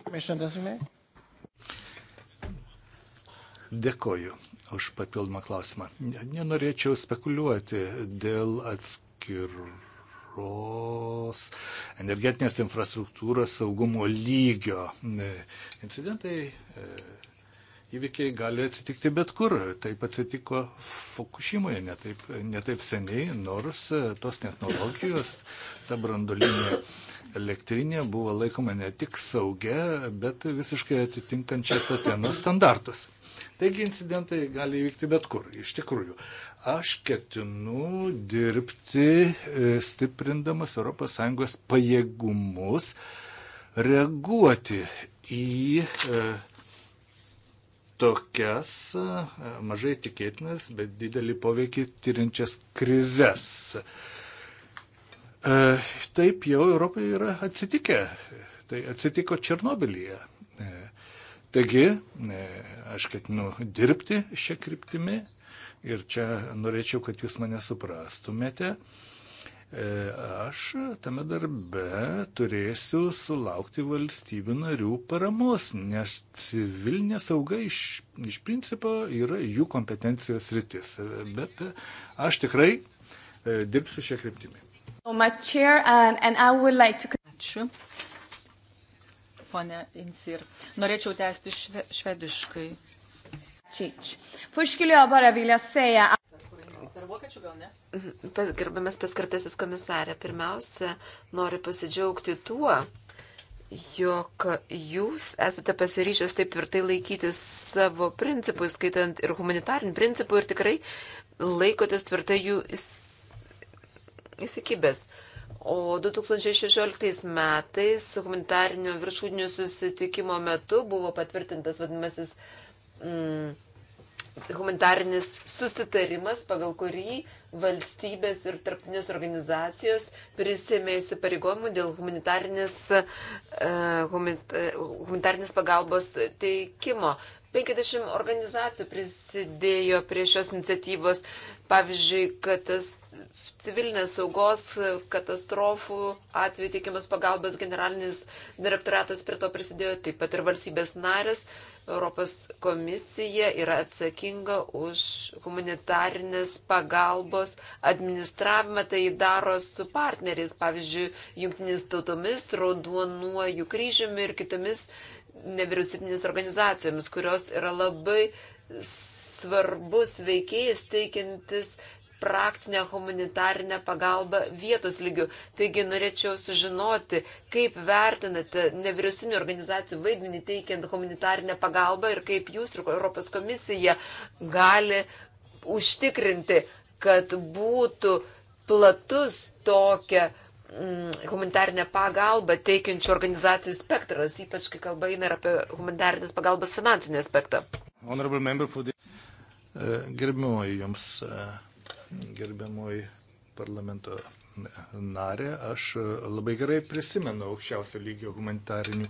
Commissioner Designate. Dėkoju už papildomą klausimą. Nenorėčiau spekuliuoti dėl atskiros energetinės infrastruktūros saugumo lygio. Incidentai, e, įvykiai gali atsitikti bet kur. Taip atsitiko Fukushimoje netaip, netaip seniai, nors e, tos technologijos, ta brandolinė elektrinė buvo laikoma ne tik saugia, bet visiškai atitinkančia Tateno standartus. Taigi incidentai gali įvykti bet kur, iš tikrųjų. Aš ketinu dirbti e, stiprindamas ES pajėgumus reaguoti į e, tokias e, mažai tikėtinas, bet didelį poveikį tyrinčias krizes. Taip jau Europai yra atsitikę. Tai atsitiko Černobilyje. Taigi, e, aš ketinu dirbti šią kryptimį ir čia norėčiau, kad jūs mane suprastumėte. E, aš tame darbe turėsiu sulaukti valstybių narių paramos, nes civilinė sauga iš, iš principo yra jų kompetencijos rytis. E, bet aš tikrai dirbsiu šią kryptimį. Um, Ačiū ponė Insir. Norėčiau tęsti šve, švediškai. Čič. Fuškilio bara vilėsėja. Per vokiečių gal ne? Gerbiamas paskartasis komisarė, pirmiausia, noriu pasidžiaugti tuo, jog jūs esate pasiryžęs taip tvirtai laikytis savo principų, skaitant ir humanitarinių principų, ir tikrai laikotės tvirtai jų įsikibęs. Is O 2016 metais humanitarnio viršūdinių susitikimo metu buvo patvirtintas vadinamasis mm, humanitarinis susitarimas, pagal kurį valstybės ir tarptinės organizacijos prisėmė įsipareigojimų dėl humanitarnės, uh, e, humanit, uh, e, humanitarnės pagalbos teikimo. 50 organizacijų prisidėjo prie šios iniciatyvos. Pavyzdžiui, kad tas civilinės saugos katastrofų atveju teikiamas pagalbas generalinis direktoratas prie to prisidėjo, taip pat ir valstybės narės. Europos komisija yra atsakinga už humanitarinės pagalbos administravimą, tai daro su partneriais, pavyzdžiui, jungtinis tautomis, raudonuoju kryžiumi ir kitomis nevyriausybinės organizacijomis, kurios yra labai svarbus veikėjas teikiantis praktinę humanitarinę pagalbą vietos lygių. Taigi norėčiau sužinoti, kaip vertinate nevyriausinių organizacijų vaidmenį teikiant humanitarinę pagalbą ir kaip jūs ir Europos komisija gali užtikrinti, kad būtų platus tokia mm, humanitarinę pagalbą teikiančių organizacijų spektras, ypač kai kalba eina ir apie humanitarinės pagalbos finansinį aspektą. E, gerbimoji jums e, gerbiamoji parlamento narė. Aš labai gerai prisimenu aukščiausio lygio humanitarinių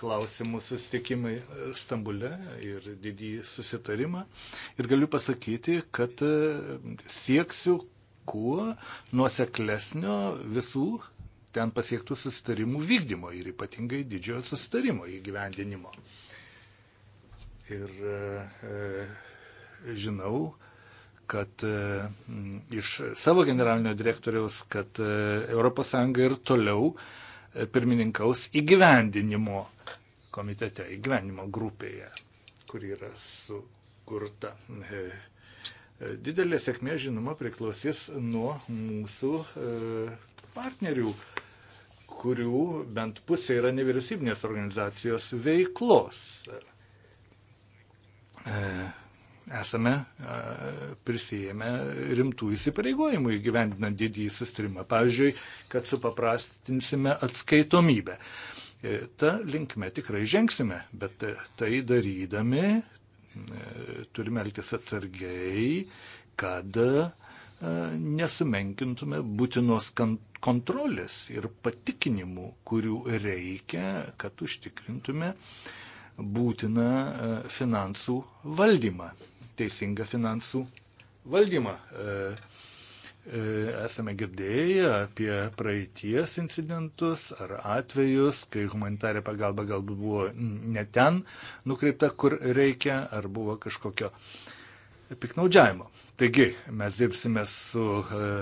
klausimų sustikimai Stambule ir didįjį susitarimą. Ir galiu pasakyti, kad sieksiu kuo nuoseklesnio visų ten pasiektų susitarimų vykdymo ir ypatingai didžiojo susitarimo įgyvendinimo. Ir e, žinau, kad e, iš savo generalinio direktoriaus, kad ES ir toliau e, pirmininkaus įgyvendinimo komitete, įgyvendinimo grupėje, kur yra sukurta. E, didelė sėkmė, žinoma, priklausys nuo mūsų partnerių, kurių bent pusė yra nevyriausybinės organizacijos veiklos esame prisijėmę rimtų įsipareigojimų įgyvendinant didįjį sustarimą. Pavyzdžiui, kad supaprastinsime atskaitomybę. E, ta linkme tikrai žengsime, bet e, tai darydami e, turime elgtis atsargiai, kad nesumenkintume būtinos kontrolės ir patikinimų, kurių reikia, kad užtikrintume būtiną finansų valdymą teisingą finansų valdymą. E, e, esame girdėję apie praeities incidentus ar atvejus, kai humanitarė pagalba galbūt buvo ne ten nukreipta, kur reikia, ar buvo kažkokio piknaudžiavimo. Taigi, mes dirbsime su e,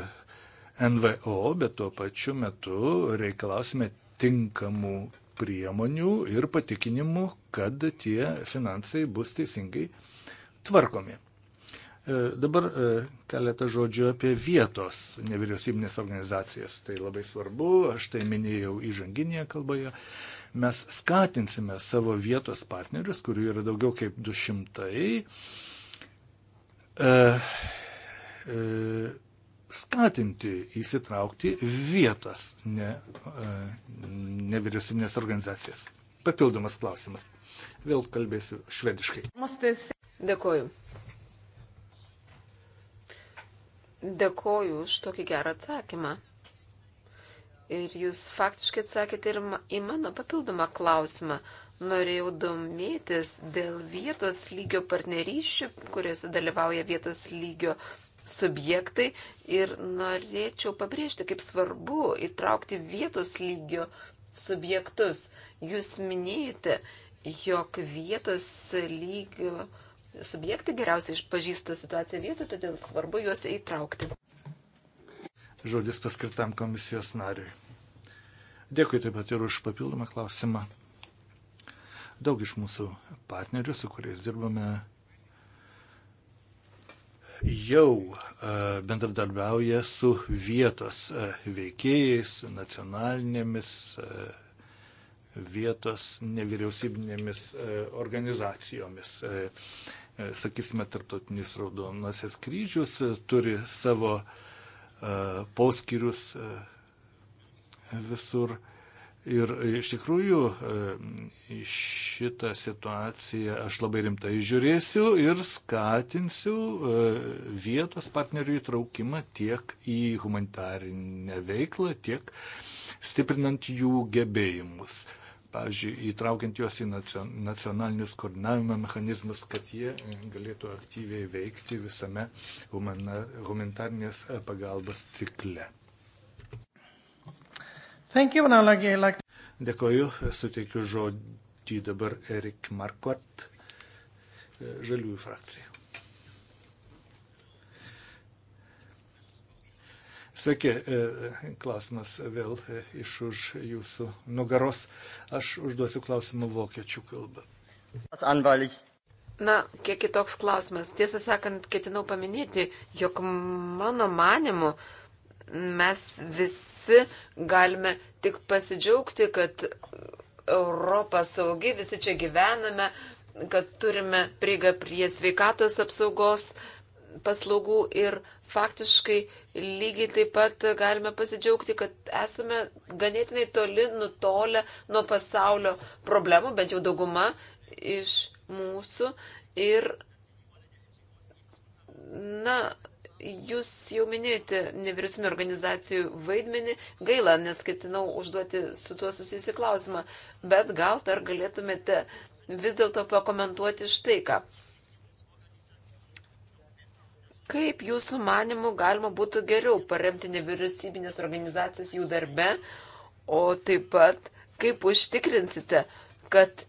NVO, bet tuo pačiu metu reikalausime tinkamų priemonių ir patikinimų, kad tie finansai bus teisingai tvarkomi. E, dabar e, keletą žodžių apie vietos nevyriausybinės organizacijas. Tai labai svarbu, aš tai minėjau įžanginėje kalboje. Mes skatinsime savo vietos partnerius, kurių yra daugiau kaip 200, e, skatinti įsitraukti vietos ne, nevyriausybinės organizacijas. Papildomas klausimas. Vėl kalbėsiu švediškai. Dėkoju. Dėkoju už tokį gerą atsakymą. Ir jūs faktiškai atsakėte ir į mano papildomą klausimą. Norėjau domėtis dėl vietos lygio partnerysčių, kuriuose dalyvauja vietos lygio subjektai ir norėčiau pabrėžti, kaip svarbu įtraukti vietos lygio partnerysčių subjektus. Jūs minėjote, jog vietos lygio subjektai geriausiai išpažįsta situaciją vietoje, todėl svarbu juos įtraukti. Žodis paskirtam komisijos nariui. Dėkui taip pat ir už papildomą klausimą. Daug iš mūsų partnerių, su kuriais dirbame, jau e, bendradarbiauja su vietos e, veikėjais, nacionalinėmis e, vietos nevyriausybinėmis organizacijomis. Sakysime, Tarptautinis Raudonasis kryžius turi savo poskirius visur Ir e, iš tikrųjų e, šitą situaciją aš labai rimtai žiūrėsiu ir skatinsiu e, vietos partnerių įtraukimą tiek į humanitarinę veiklą, tiek stiprinant jų gebėjimus pavyzdžiui, įtraukiant juos į nacionalinius koordinavimo mechanizmus, kad jie galėtų aktyviai veikti visame humanitarnės pagalbos cikle. Thank you, Nalagė. Like... Dėkoju, suteikiu žodį dabar Erik Markvart, e, Žaliųjų frakcija. Sveiki, e, klausimas vėl e, iš už jūsų nugaros. Aš užduosiu klausimą vokiečių kalbą. Na, kiek kitoks klausimas. Tiesą sakant, ketinau paminėti, jog mano manimu, uh, mes visi galime tik pasidžiaugti, kad Europa saugi, visi čia gyvename, kad turime prieigą prie sveikatos apsaugos paslaugų ir faktiškai lygiai taip pat galime pasidžiaugti, kad esame ganėtinai toli nutolę nuo pasaulio problemų, bent jau dauguma iš mūsų. Ir, na, Jūs jau minėjote nevyriausybinio organizacijų vaidmenį, gaila, nes ketinau užduoti su tuo susijusi klausimą, bet gal dar galėtumėte vis dėlto pakomentuoti štai ką. Kaip jūsų manimų galima būtų geriau paremti nevyriausybinės organizacijas jų darbe, o taip pat kaip užtikrinsite, kad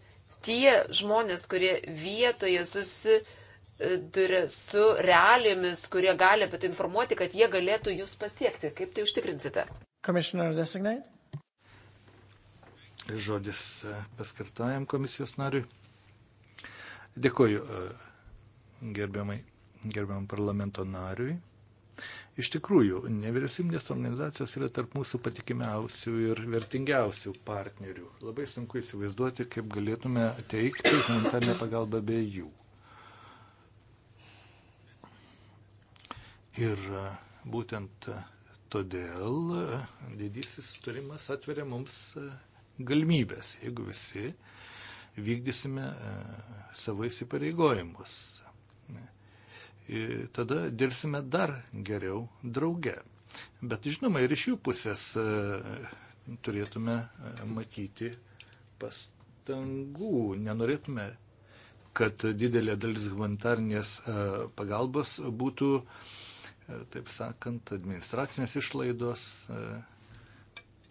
tie žmonės, kurie vietoje susitikė, su realėmis, kurie gali apie tai informuoti, kad jie galėtų jūs pasiekti. Kaip tai užtikrinsite? Žodis e, paskirtajam komisijos nariui. Dėkoju e, gerbiamai, gerbiamam parlamento nariui. Iš tikrųjų, nevyriausybinės organizacijos yra tarp mūsų patikimiausių ir vertingiausių partnerių. Labai sunku įsivaizduoti, kaip galėtume teikti humanitarinę pagalbą be jų. Ir e, būtent e, todėl e, didysis sutarimas atveria mums galimybės, jeigu visi vykdysime savo įsipareigojimus. Ir tada dirbsime dar geriau drauge. Bet žinoma, ir iš jų pusės turėtume matyti pastangų. Nenorėtume, kad didelė dalis humanitarnės pagalbos būtų uh, E, taip sakant, administracinės išlaidos, e,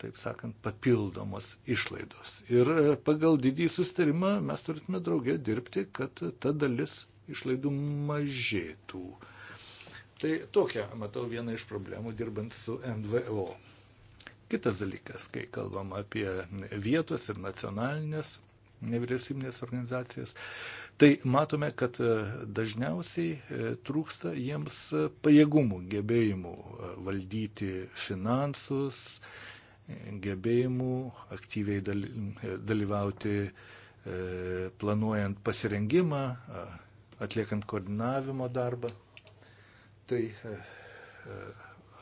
taip sakant, papildomos išlaidos. Ir e, pagal didįjį sustarimą mes turėtume draugė dirbti, kad ta dalis išlaidų mažėtų. Tai tokia, matau, viena iš problemų dirbant su NVO. Kitas dalykas, kai kalbam apie vietos ir nacionalinės nevyriausybinės organizacijas, tai matome, kad e, dažniausiai e, trūksta jiems e, pajėgumų, gebėjimų valdyti finansus, gebėjimų aktyviai dalyvauti planuojant pasirengimą, atliekant koordinavimo darbą. Tai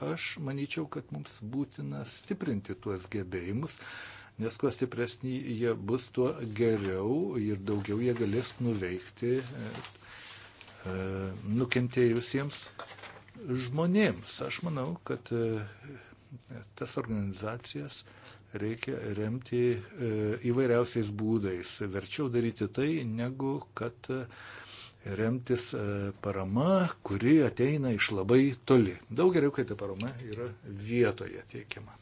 aš manyčiau, kad mums būtina stiprinti tuos gebėjimus, nes kuo stipresni jie bus, tuo geriau ir daugiau jie galės nuveikti e, e, nukentėjusiems žmonėms. Aš manau, kad e, tas organizacijas reikia remti įvairiausiais būdais. Verčiau daryti tai, negu kad remtis parama, kuri ateina iš labai toli. Daug geriau, kai ta parama yra vietoje teikiama.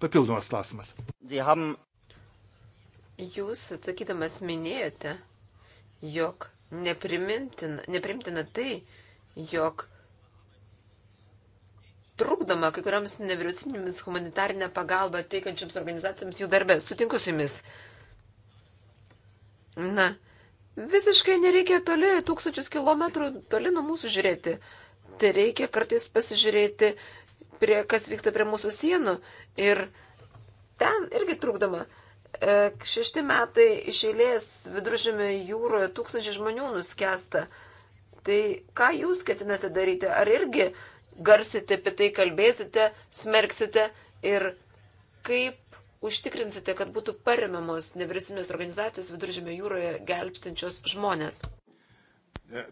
Papildomas klausimas. Jūs atsakydamas minėjote, jog neprimtina, neprimtina tai, jog trukdoma kai kuriams nevyriausybinėms humanitarinę pagalbą teikiančiams organizacijams jų darbę. Sutinku su jumis. Na, visiškai nereikia toli, tūkstančius kilometrų toli nuo mūsų žiūrėti. Tai reikia kartais pasižiūrėti prie, kas vyksta prie mūsų sienų. Ir ten irgi trukdoma. E, šešti metai išėlės viduržėmio jūroje tūkstančiai žmonių nuskesta. Tai ką jūs ketinate daryti? Ar irgi garsite apie tai, kalbėsite, smerksite ir kaip užtikrinsite, kad būtų paremiamos nevyriausybinės organizacijos viduržėmio jūroje gelbstinčios žmonės? Yeah,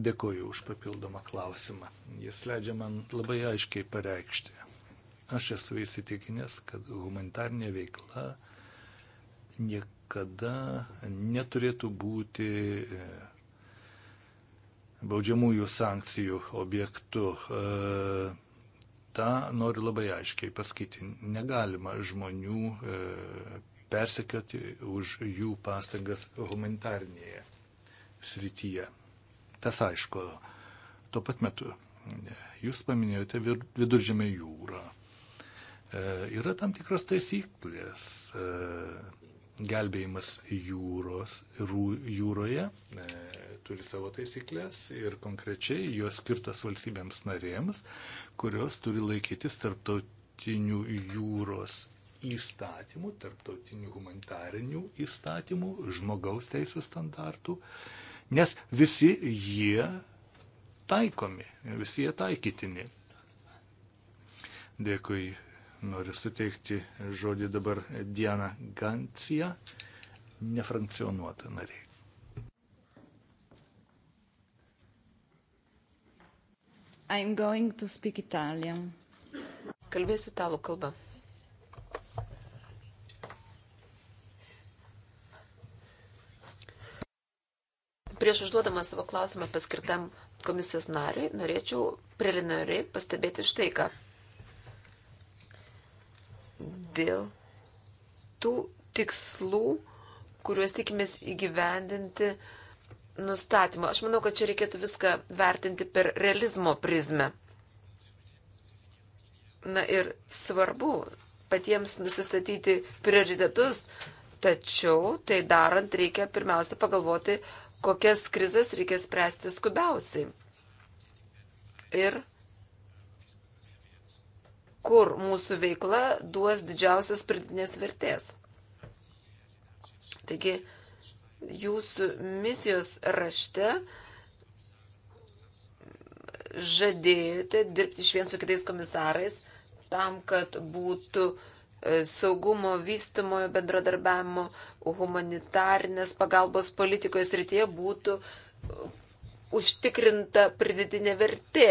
Dėkoju už papildomą klausimą. Jis leidžia man labai aiškiai pareikšti. Aš esu įsitikinęs, kad humanitarnė veikla niekada neturėtų būti e, baudžiamųjų sankcijų objektu. E, Ta noriu labai aiškiai pasakyti. Negalima žmonių e, persekioti už jų pastangas humanitarnėje srityje. Tas aišku, tuo pat metu jūs paminėjote viduržėmę jūrą. E, yra tam tikras taisyklės e, gelbėjimas jūros, rū, jūroje, e, turi savo taisyklės ir konkrečiai jos skirtos valstybėms narėms, kurios turi laikytis tarptautinių jūros įstatymų, tarptautinių humanitarinių įstatymų, žmogaus teisų standartų. E, nes visi jie taikomi, visi jie taikytini. Dėkui, noriu suteikti žodį dabar Diana Gancija, nefrankcionuota nariai. I'm going to speak Italian. Kalbėsiu italų kalbą. Prieš užduodama savo klausimą paskirtam komisijos nariui, norėčiau preliminariai pastebėti štai ką. Dėl tų tikslų, kuriuos tikimės įgyvendinti nustatymą. Aš manau, kad čia reikėtų viską vertinti per realizmo prizmę. Na ir svarbu patiems nusistatyti prioritetus, tačiau tai darant reikia pirmiausia pagalvoti kokias krizas reikia spręsti skubiausiai ir kur mūsų veikla duos didžiausios pridinės vertės. Taigi, jūsų misijos rašte žadėjote dirbti iš vien su kitais komisarais tam, kad būtų e, saugumo, vystimojo bendradarbiavimo uh, humanitarnės pagalbos politikoje srityje būtų uh, užtikrinta pridėtinė vertė.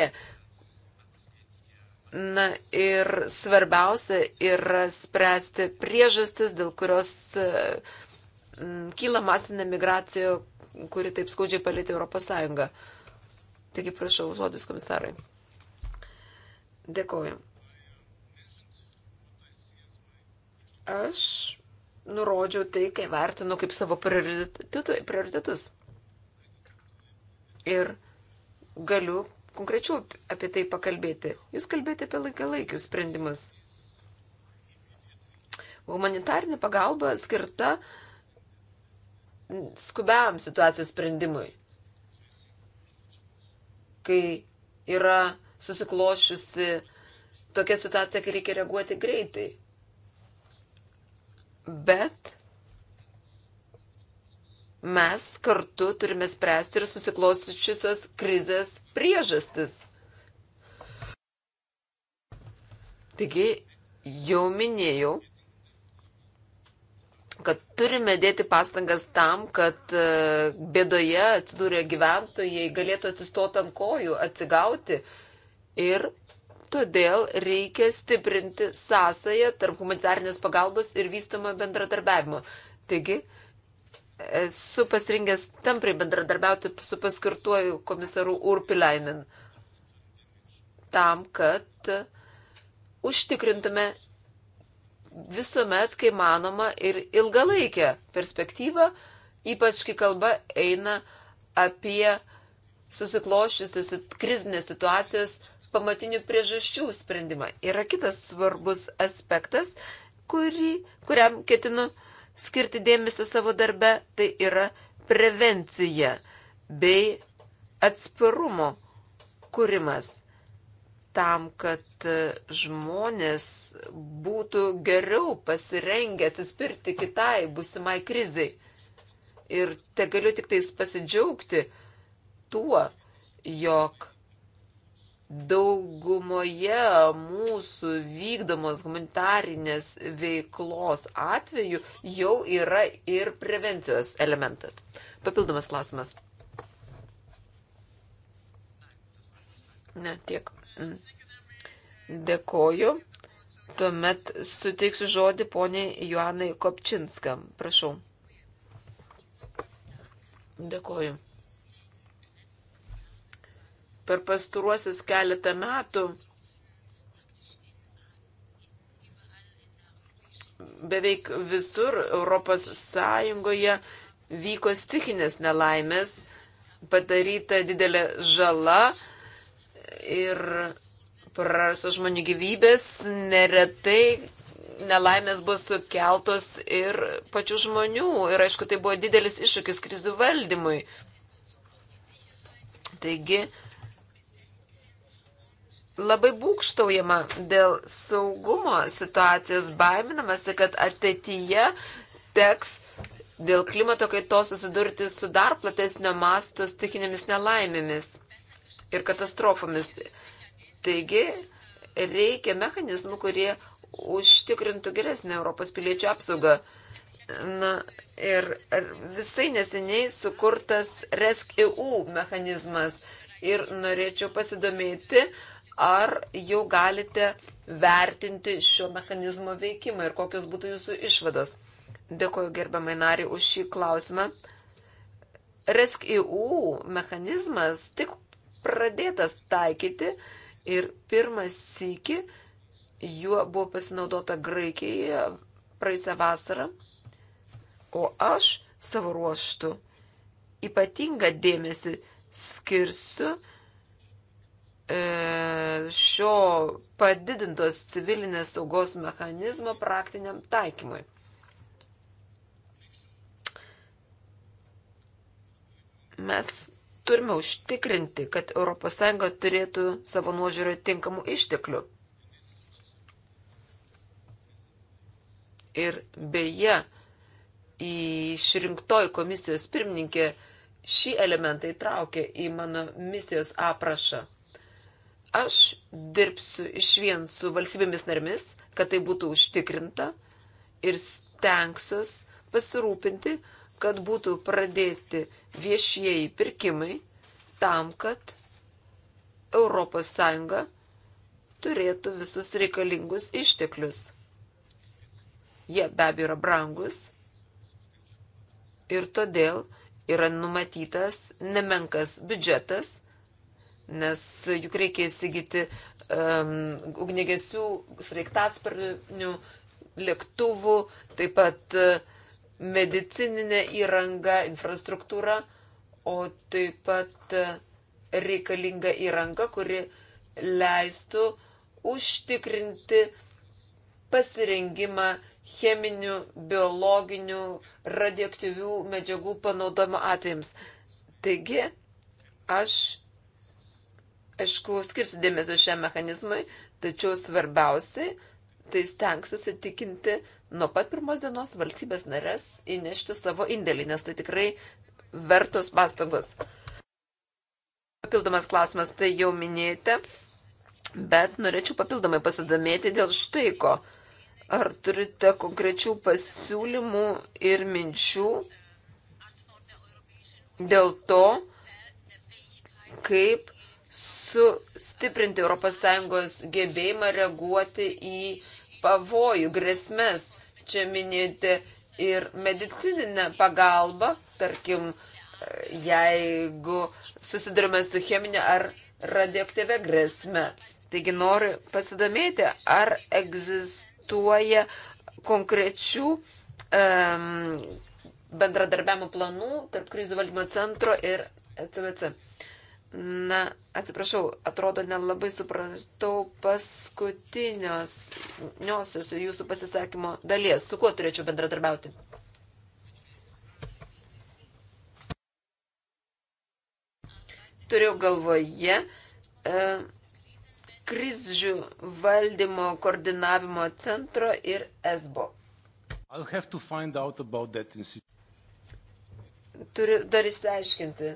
Na ir svarbiausia yra spręsti priežastis, dėl kurios uh, kyla masinė migracija, kuri taip skaudžiai palėtė Europos Sąjungą. Taigi prašau, žodis komisarai. Dėkoju. Aš nurodžiau tai, kai vertinu kaip savo prioritetus. Ir galiu konkrečiau apie tai pakalbėti. Jūs kalbėjote apie laikalaikius sprendimus. Humanitarinė pagalba skirta skubiam situacijos sprendimui, kai yra susiklošusi tokia situacija, kai reikia reaguoti greitai bet mes kartu turime spręsti ir susiklostusios krizės priežastis. Taigi, jau minėjau, kad turime dėti pastangas tam, kad e, bėdoje atsidūrę gyventojai galėtų atsistoti ant kojų, atsigauti ir todėl reikia stiprinti sąsają tarp humanitarnės pagalbos ir vystomo bendradarbiavimo. Taigi, esu pasirinkęs tamprai bendradarbiauti su paskirtuoju komisaru Urpilainen tam, kad užtikrintume visuomet, kai manoma, ir ilgalaikę perspektyvą, ypač kai kalba eina apie susikloščiusios krizinės situacijos pamatinių priežasčių sprendimą. Yra kitas svarbus aspektas, kuri, kuriam ketinu skirti dėmesį savo darbe, tai yra prevencija bei atsparumo kūrimas tam, kad žmonės būtų geriau pasirengę atsispirti kitai būsimai krizai. Ir te galiu tik tais pasidžiaugti tuo, jog Daugumoje mūsų vykdomos humanitarinės veiklos atveju jau yra ir prevencijos elementas. Papildomas klausimas. Ne, tiek. Mm. Dėkoju. Tuomet suteiksiu žodį poniai Joanai Kopčinskam. Prašau. Dėkoju per pastaruosius keletą metų beveik visur Europos Sąjungoje vyko stichinės nelaimės, padaryta didelė žala ir prarasto žmonių gyvybės, neretai nelaimės buvo sukeltos ir pačių žmonių. Ir aišku, tai buvo didelis iššūkis krizių valdymui. Taigi, Labai būkštaujama dėl saugumo situacijos baiminamasi, kad ateityje teks dėl klimato kaitos susidurti su dar platesnio masto stikinėmis nelaimėmis ir katastrofomis. Taigi reikia mechanizmų, kurie užtikrintų geresnę Europos piliečių apsaugą. Na, ir, ir visai neseniai sukurtas RESC-EU mechanizmas. Ir norėčiau pasidomėti, ar jau galite vertinti šio mechanizmo veikimą ir kokios būtų jūsų išvados. Dėkuoju gerbiamai nariai už šį klausimą. RESC-EU mechanizmas tik pradėtas taikyti ir pirmas sįki juo buvo pasinaudota Graikijoje praeisę vasarą, o aš savo ruoštų ypatingą dėmesį skirsiu E, šio padidintos civilinės saugos mechanizmo praktiniam taikymui. Mes turime užtikrinti, kad ES turėtų savo nuožiūrą tinkamų išteklių. Ir beje, išrinktoji komisijos pirmininkė šį elementą įtraukė į mano misijos aprašą. Aš dirbsiu iš vien su valstybėmis narmis, kad tai būtų užtikrinta ir stengsiuos pasirūpinti, kad būtų pradėti viešieji pirkimai tam, kad ES turėtų visus reikalingus išteklius. Jie be abejo yra brangus ir todėl yra numatytas nemenkas biudžetas nes juk reikia įsigyti um, ugnigesių, sraigtasparnių, lėktuvų, taip pat e, medicininė įranga, infrastruktūra, o taip pat e, reikalinga įranga, kuri leistų užtikrinti pasirengimą cheminių, biologinių, radioaktyvių medžiagų panaudojimo atvejams. Taigi, aš aišku, skirsiu dėmesio šiam mechanizmui, tačiau svarbiausiai, tai stengsiuosi tikinti nuo pat pirmos dienos valstybės narės įnešti savo indėlį, nes tai tikrai vertos pastangos. Papildomas klausimas, tai jau minėjote, bet norėčiau papildomai pasidomėti dėl štai ko. Ar turite konkrečių pasiūlymų ir minčių dėl to, kaip sustiprinti ES gebėjimą reaguoti į pavojų, grėsmės. Čia minėjote ir medicininę pagalbą, tarkim, jeigu susidurime su cheminė ar radioaktyvia grėsme. Taigi noriu pasidomėti, ar egzistuoja konkrečių um, bendradarbiavimo planų tarp krizių valdymo centro ir ECVC. Na, atsiprašau, atrodo nelabai supratau paskutinios jūsų pasisakymo dalies. Su kuo turėčiau bendradarbiauti? Turiu galvoje e, krizių valdymo koordinavimo centro ir ESBO. Turiu dar išsiaiškinti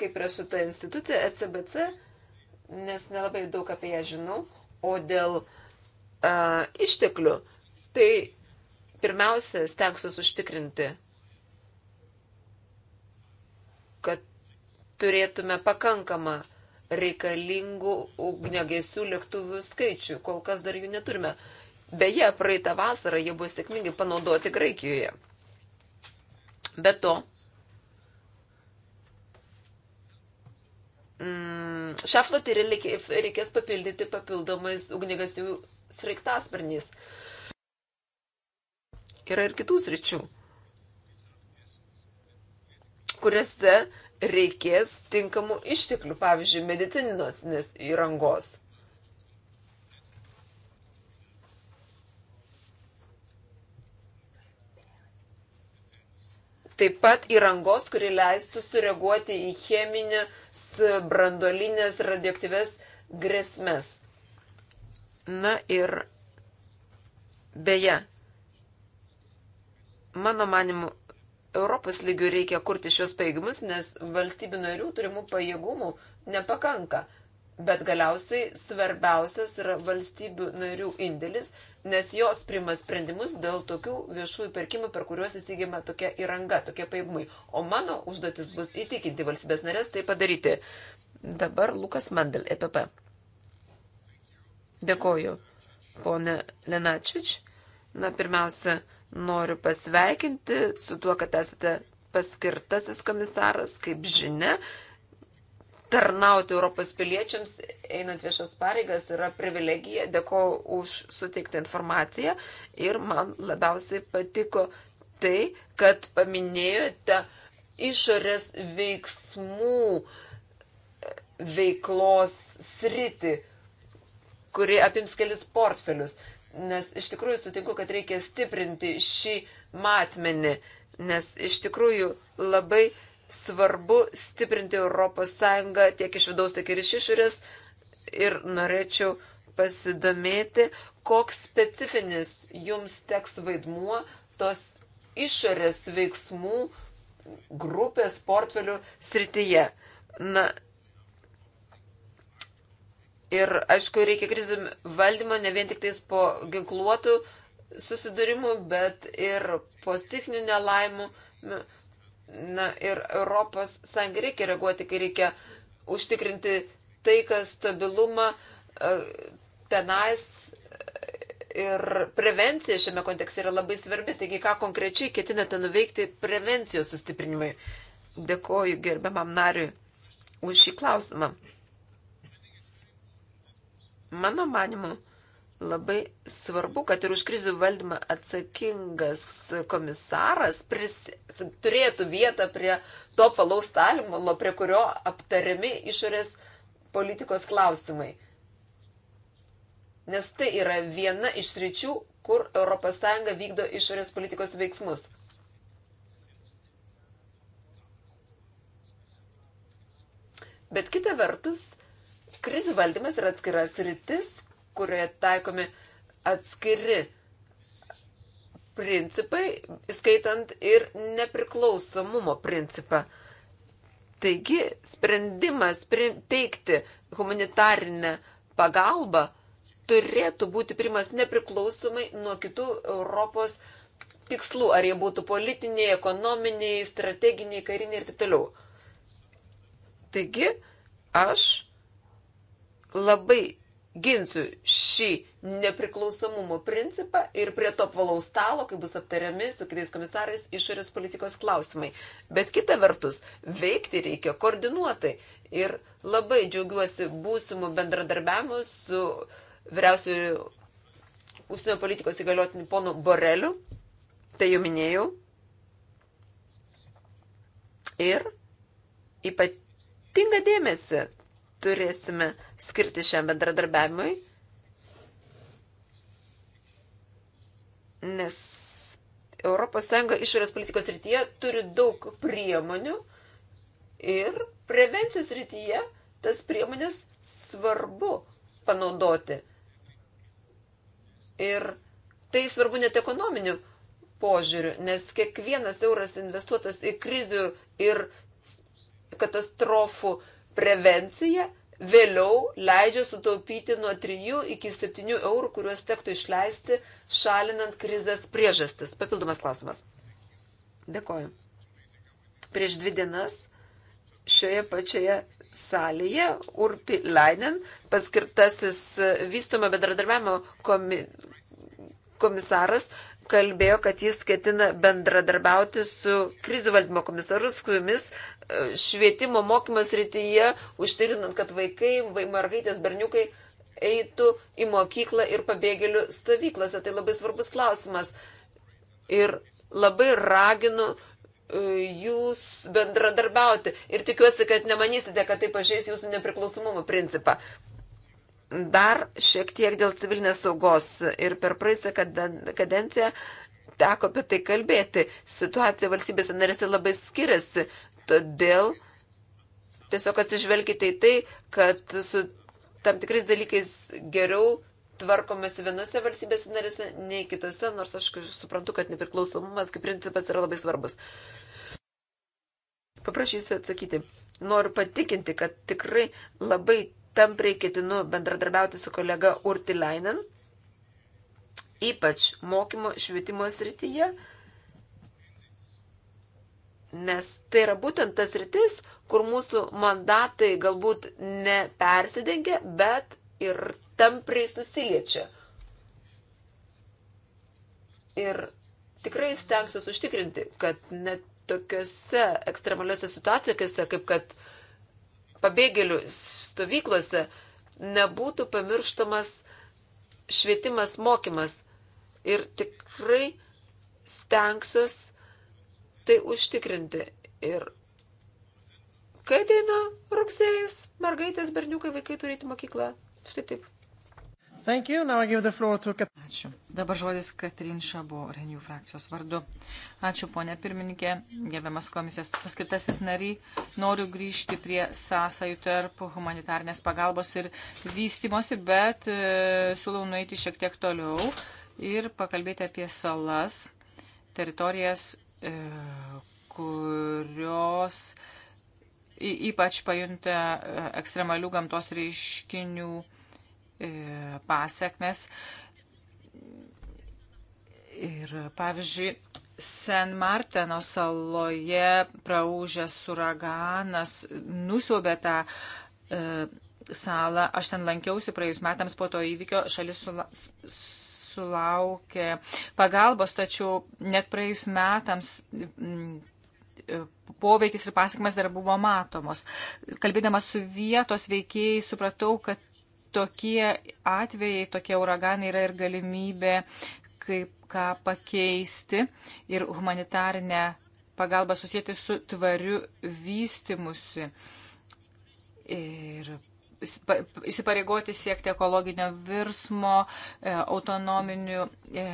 kaip yra šita institucija, ECBC, nes nelabai daug apie ją žinau, o dėl a, išteklių, tai pirmiausia, stengsiuosi užtikrinti, kad turėtume pakankamą reikalingų ugnegesių lėktuvų skaičių. Kol kas dar jų neturime. Beje, praeitą vasarą jie buvo sėkmingai panaudoti Graikijoje. Be to, mm, šią flotilę reikės papildyti papildomais ugnigasių sraigtasparniais. Yra ir kitų sričių, kuriuose reikės tinkamų išteklių, pavyzdžiui, medicininos įrangos. taip pat įrangos, kuri leistų sureaguoti į cheminės, brandolinės, radioaktyves grėsmės. Na ir beje, mano manimu, Europos lygių reikia kurti šios pajėgumus, nes valstybių narių turimų pajėgumų nepakanka. Bet galiausiai svarbiausias yra valstybių narių indėlis, nes jos priima sprendimus dėl tokių viešųjų pirkimų, per kuriuos įsigyma tokia įranga, tokie pajėgumai. O mano užduotis bus įtikinti valstybės narės tai padaryti. Dabar Lukas Mandel, EPP. Dėkoju, ponė Lenačič. Na, pirmiausia, noriu pasveikinti su tuo, kad esate paskirtasis komisaras, kaip žinia, tarnauti Europos piliečiams, einant viešas pareigas, yra privilegija. Dėkoju už suteiktą informaciją ir man labiausiai patiko tai, kad paminėjote išorės veiksmų e, veiklos sritį, kuri apims kelis portfelius. Nes iš tikrųjų sutinku, kad reikia stiprinti šį matmenį, nes iš tikrųjų labai svarbu stiprinti ES tiek iš vidaus, tiek ir iš išorės. Ir norėčiau pasidomėti, koks specifinis jums teks vaidmuo tos išorės veiksmų grupės portfelių srityje. Na, ir aišku, reikia krizių valdymo ne vien tik tais po ginkluotų susidūrimų, bet ir po stichinių nelaimų. Na ir Europos Sąjunga reikia reaguoti, kai reikia užtikrinti taiką, stabilumą e, tenais e, ir prevencija šiame kontekste yra labai svarbi. Taigi, ką konkrečiai ketinate nuveikti prevencijos sustiprinimui? Dėkoju gerbiamam nariui už šį klausimą. Mano manimu, labai svarbu, kad ir už krizių valdymą atsakingas komisaras pris, turėtų vietą prie to palaus talimo, prie kurio aptariami išorės politikos klausimai. Nes tai yra viena iš sričių, kur ES vykdo išorės politikos veiksmus. Bet kita vertus, krizių valdymas yra atskiras rytis, kurioje taikomi atskiri principai, skaitant ir nepriklausomumo principą. Taigi sprendimas teikti humanitarinę pagalbą turėtų būti primas nepriklausomai nuo kitų Europos tikslų, ar jie būtų politiniai, ekonominiai, strateginiai, kariniai ir taip toliau. Taigi, aš labai ginsiu šį nepriklausomumo principą ir prie to apvalaus stalo, kai bus aptariami su kitais komisarais išorės politikos klausimai. Bet kita vertus, veikti reikia koordinuotai ir labai džiaugiuosi būsimų bendradarbiavimų su vyriausiu užsienio politikos įgaliotiniu ponu Boreliu, tai jau minėjau. Ir ypatingą dėmesį turėsime skirti šiam bendradarbiavimui, nes ES išorės politikos rytyje turi daug priemonių ir prevencijos rytyje tas priemonės svarbu panaudoti. Ir tai svarbu net ekonominiu požiūriu, nes kiekvienas euras investuotas į krizių ir katastrofų prevencija vėliau leidžia sutaupyti nuo 3 iki 7 eurų, kuriuos tektų išleisti šalinant krizės priežastis. Papildomas klausimas. Dėkoju. Prieš dvi dienas šioje pačioje salėje Urpi Leinen, paskirtasis vystumo bendradarbiavimo komi komisaras, kalbėjo, kad jis ketina bendradarbiauti su krizių valdymo komisaru, su jumis, švietimo mokymas rytyje, užtirinant, kad vaikai, mergaitės, berniukai eitų į mokyklą ir pabėgėlių stovyklose. Tai labai svarbus klausimas. Ir labai raginu e, jūs bendradarbiauti. Ir tikiuosi, kad nemanysite, kad tai pažeis jūsų nepriklausomumo principą. Dar šiek tiek dėl civilinės saugos. Ir per praeisą kadenciją teko apie tai kalbėti. Situacija valstybėse narėse labai skiriasi. Todėl tiesiog atsižvelkite į tai, kad su tam tikrais dalykais geriau tvarkomės vienose valstybėse narėse, nei kitose, nors aš suprantu, kad nepriklausomumas kaip principas yra labai svarbus. Paprašysiu atsakyti. Noriu patikinti, kad tikrai labai tampriai ketinu bendradarbiauti su kolega Urtilainen, ypač mokymo švietimo srityje nes tai yra būtent tas rytis, kur mūsų mandatai galbūt nepersidengia, bet ir tampriai susiliečia. Ir tikrai stengsiuosi užtikrinti, kad net tokiuose ekstremaliuose situacijose, kaip kad pabėgėlių stovyklose, nebūtų pamirštamas švietimas, mokymas. Ir tikrai stengsiuosi tai užtikrinti. Ir kai ateina rugsėjas, mergaitės, berniukai, vaikai turėti mokyklą. Štai taip. To... Ačiū. Dabar žodis Katrin Šabo, Renijų frakcijos vardu. Ačiū, ponė pirmininkė, gerbiamas komisijos paskirtasis nariai. Noriu grįžti prie sąsajų tarp humanitarnės pagalbos ir vystimosi, bet e, siūlau nueiti šiek tiek toliau ir pakalbėti apie salas, teritorijas E, kurios ypač pajunta e, ekstremalių gamtos reiškinių e, pasiekmes. Ir pavyzdžiui, Sen Marteno saloje praužęs suraganas nusiaubė tą e, salą. Aš ten lankiausi praėjus metams po to įvykio. Šalis sula, sulaukė pagalbos, tačiau net praėjus metams mm, poveikis ir pasiekmes dar buvo matomos. Kalbėdamas su vietos veikėjai, supratau, kad tokie atvejai, tokie uraganai yra ir galimybė kaip ką pakeisti ir humanitarinę pagalbą susijęti su tvariu vystimusi. Ir įsipareigoti siekti ekologinio virsmo, e, autonominių e,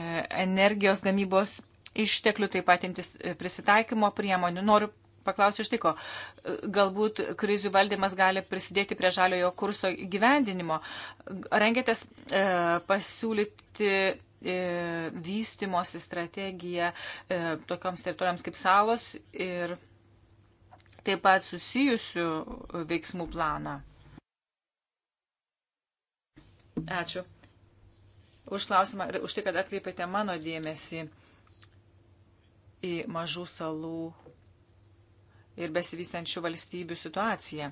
energijos gamybos išteklių, taip pat imtis e, prisitaikymo priemonių. Noriu paklausiu iš tai, ko galbūt krizių valdymas gali prisidėti prie žaliojo kurso gyvendinimo. Rengėtės e, pasiūlyti e, vystimosi strategiją e, tokioms teritorijoms kaip salos ir taip pat susijusių veiksmų planą. Ačiū už klausimą ir už tai, kad atkreipėte mano dėmesį į mažų salų ir besivystančių valstybių situaciją.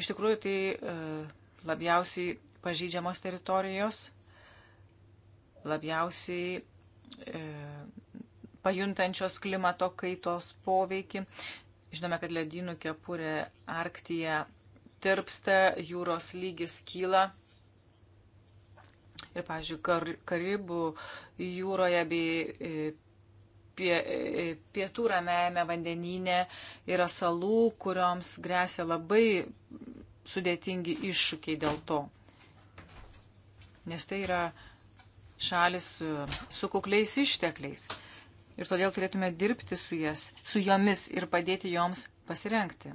Iš tikrųjų, tai e, labiausiai pažydžiamos teritorijos, labiausiai e, pajuntančios klimato kaitos poveikį. Žinome, kad ledynų kepurė Arktyje tirpsta, jūros lygis kyla Ir, pavyzdžiui, kar, Karibų jūroje bei e, pie, e, e, pietų ramėjame vandenyne yra salų, kurioms grėsia labai sudėtingi iššūkiai dėl to. Nes tai yra šalis su, su kukliais ištekliais. Ir todėl turėtume dirbti su, jas, su jomis ir padėti joms pasirenkti.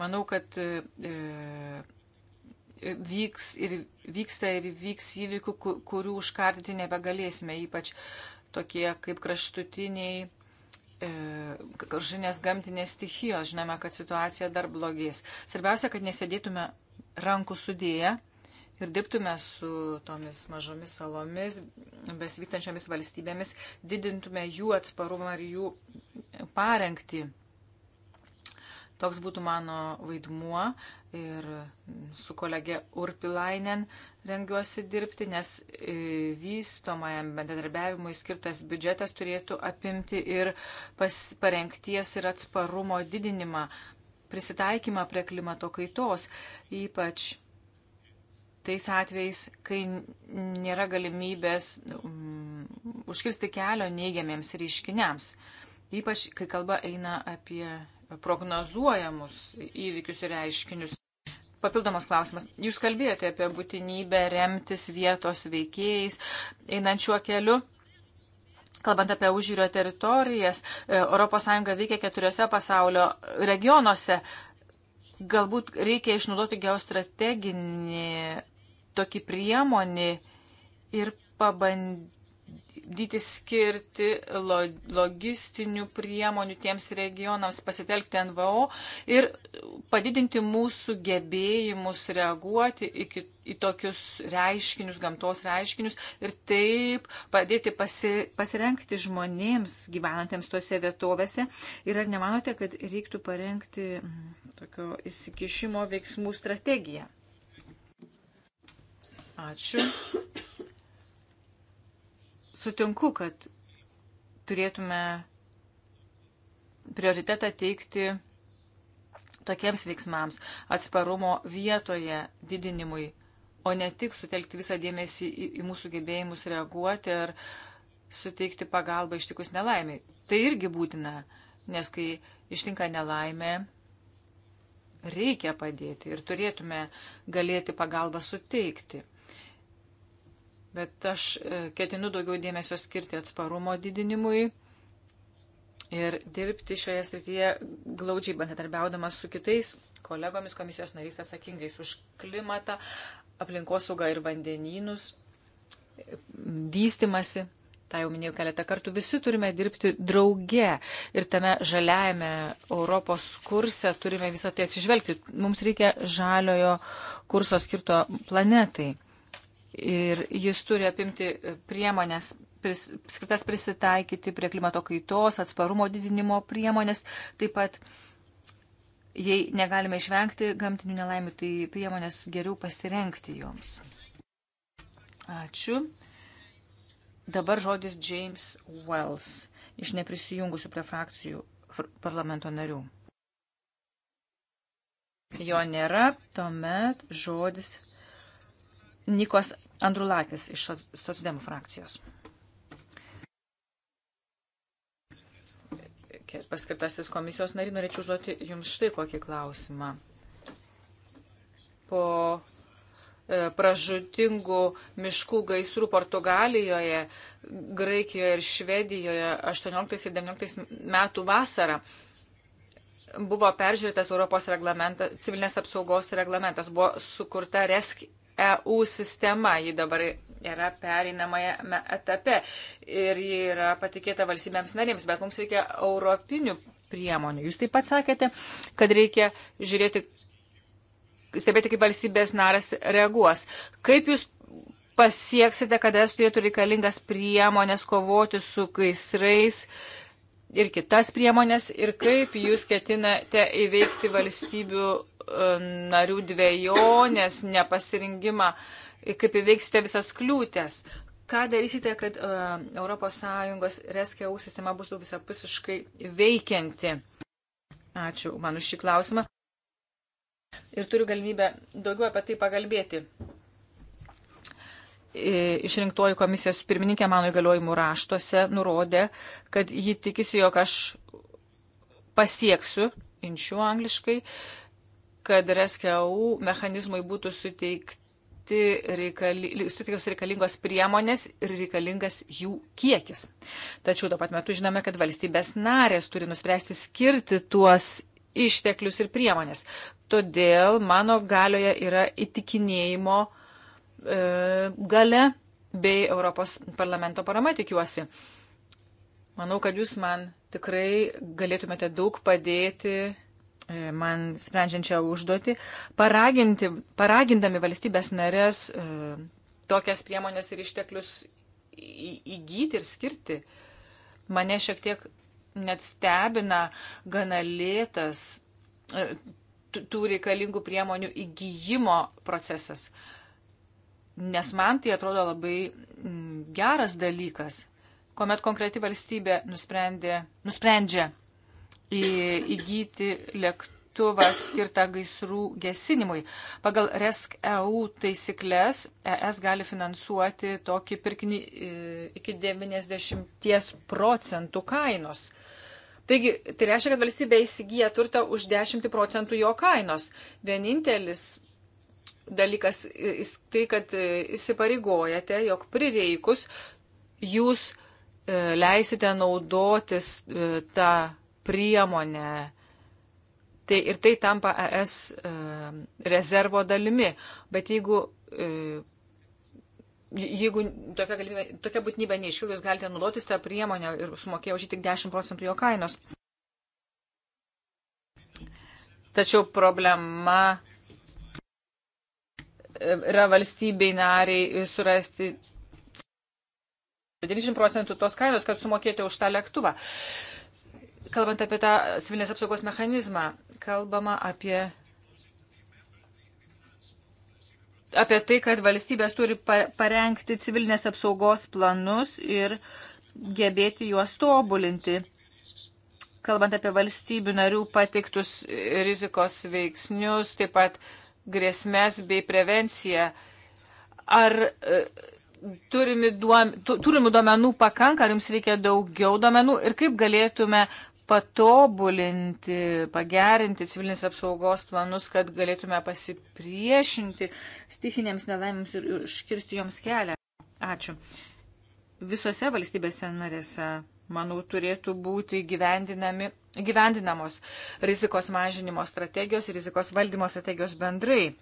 Manau, kad e, e, vyks ir vyksta ir vyks įvykių, kurių užkardyti nebegalėsime, ypač tokie kaip kraštutiniai e, kraštinės gamtinės stichijos. Žinome, kad situacija dar blogės. Svarbiausia, kad nesėdėtume rankų sudėję ir dirbtume su tomis mažomis salomis, besvystančiomis valstybėmis, didintume jų atsparumą ir jų parengti. Toks būtų mano vaidmuo ir su kolege Urpilainen rengiuosi dirbti, nes e, vystomajam bendradarbiavimui skirtas biudžetas turėtų apimti ir pas, parengties ir atsparumo didinimą, prisitaikymą prie klimato kaitos, ypač tais atvejais, kai nėra galimybės um, užkirsti kelio neigiamiems reiškiniams. Ypač, kai kalba eina apie prognozuojamus įvykius ir reiškinius. Papildomas klausimas. Jūs kalbėjote apie būtinybę remtis vietos veikėjais, einant šiuo keliu. Kalbant apie užžiūrio teritorijas, ES veikia keturiose pasaulio regionuose. Galbūt reikia išnaudoti geostrateginį tokį priemonį ir pabandyti bandyti skirti logistinių priemonių tiems regionams, pasitelkti NVO ir padidinti mūsų gebėjimus reaguoti iki, į tokius reiškinius, gamtos reiškinius ir taip padėti pasi, pasirenkti žmonėms gyvenantiems tose vietovėse. Ir ar nemanote, kad reiktų parengti mm, tokio įsikišimo veiksmų strategiją? Ačiū. Sutinku, kad turėtume prioritetą teikti tokiems veiksmams - atsparumo vietoje didinimui, o ne tik sutelkti visą dėmesį į, į mūsų gebėjimus reaguoti ar suteikti pagalbą ištikus nelaimiai. Tai irgi būtina, nes kai ištinka nelaimė, reikia padėti ir turėtume galėti pagalbą suteikti. Bet aš e, ketinu daugiau dėmesio skirti atsparumo didinimui ir dirbti šioje srityje glaudžiai bendradarbiaudamas su kitais kolegomis komisijos nariais atsakingais už klimatą, aplinkosaugą ir vandenynus, vystimasi. Ta jau minėjau keletą kartų, visi turime dirbti drauge ir tame žaliajame Europos kurse turime visą tai atsižvelgti. Mums reikia žaliojo kurso skirto planetai ir jis turi apimti priemonės pris, skirtas prisitaikyti prie klimato kaitos, atsparumo didinimo priemonės, taip pat jei negalime išvengti gamtinių nelaimių, tai priemonės geriau pasirenkti joms. Ačiū. Dabar žodis James Wells iš neprisijungusių prie frakcijų parlamento narių. Jo nėra, tuomet žodis Nikos Andrulakis iš Socialdemų frakcijos. Paskirtasis komisijos nariai, norėčiau užduoti Jums štai kokį klausimą. Po e, pražutingų miškų gaisrų Portugalijoje, Graikijoje ir Švedijoje 18 ir 19 metų vasarą buvo peržiūrėtas Europos reglamentas, civilinės apsaugos reglamentas, buvo sukurta RESC EU sistema. Ji dabar yra pereinamąją etape ir ji yra patikėta valstybėms narėms, bet mums reikia europinių priemonių. Jūs taip pat sakėte, kad reikia žiūrėti, stebėti, kaip valstybės naras reaguos. Kaip jūs pasieksite, kad es turėtų reikalingas priemonės kovoti su gaisrais ir kitas priemonės ir kaip jūs ketinate įveikti valstybių narių dviejonės, nepasirinkimą, kaip įveiksite visas kliūtės. Ką darysite, kad ES RSKU sistema bus visapusiškai veikianti? Ačiū man už šį klausimą. Ir turiu galimybę daugiau apie tai pakalbėti. E, išrinktoji komisijos pirmininkė mano įgaliojimų raštuose nurodė, kad ji tikisi, jog aš pasieksiu, inčiu angliškai, uh, kad RSKU mechanizmui būtų suteikti reikali, suteiktos reikalingos priemonės ir reikalingas jų kiekis. Tačiau tuo pat metu žinome, kad valstybės narės turi nuspręsti skirti tuos išteklius ir priemonės. Todėl mano galioje yra įtikinėjimo e, gale bei Europos parlamento parama tikiuosi. Manau, kad jūs man tikrai galėtumėte daug padėti E, man sprendžiančią užduotį, paragindami valstybės narės e, tokias priemonės ir išteklius įgyti ir skirti. Mane šiek tiek net stebina gana lėtas e, tų reikalingų priemonių įgyjimo procesas. Nes man tai atrodo labai geras dalykas, kuomet konkreti valstybė nusprendė, nusprendžia įgyti lėktuvą skirtą gaisrų gesinimui. Pagal RESC EU taisyklės ES gali finansuoti tokį pirkinį e, iki 90 procentų kainos. Taigi, tai reiškia, kad valstybė įsigyja turtą už 10 procentų jo kainos. Vienintelis dalykas tai, kad e, įsipareigojate, jog prireikus jūs e, leisite naudotis tą priemonę. Tai ir tai tampa ES e, rezervo dalimi. Bet jeigu, e, jeigu tokia, galimybė, tokia būtinybė neiškilo, jūs galite naudotis tą priemonę ir sumokėjo už jį tik 10 procentų jo kainos. Tačiau problema e, yra valstybei nariai surasti 90 procentų tos kainos, kad sumokėti už tą lėktuvą kalbant apie tą civilinės apsaugos mechanizmą, kalbama apie, apie tai, kad valstybės turi parengti civilinės apsaugos planus ir gebėti juos tobulinti. Kalbant apie valstybių narių pateiktus rizikos veiksnius, taip pat grėsmės bei prevenciją. Ar e, turimi duom, tu, turimų duomenų pakanka, ar jums reikia daugiau duomenų ir kaip galėtume patobulinti, pagerinti civilinės apsaugos planus, kad galėtume pasipriešinti stichinėms nelaimėms ir užkirsti joms kelią. Ačiū. Visose valstybėse narėse, manau, turėtų būti gyvendinamos rizikos mažinimo strategijos ir rizikos valdymo strategijos bendrai,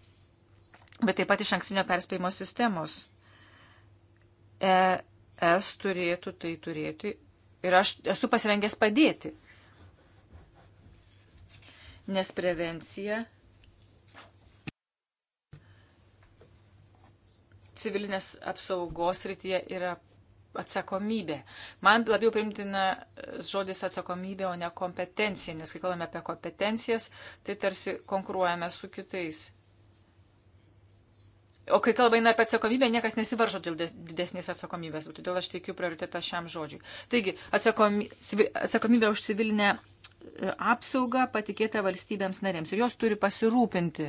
bet taip pat iš ankstinio perspėjimo sistemos ES turėtų tai turėti ir aš esu pasirengęs padėti. Nes prevencija civilinės apsaugos rytyje yra atsakomybė. Man labiau primtina žodis atsakomybė, o ne kompetencija, nes kai kalbame apie kompetencijas, tai tarsi konkuruojame su kitais. O kai kalba eina apie atsakomybę, niekas nesivaržo dėl didesnės atsakomybės, todėl aš teikiu prioritetą šiam žodžiui. Taigi, atsakomy, atsakomybė už civilinę e, apsaugą patikėta valstybėms narėms ir jos turi pasirūpinti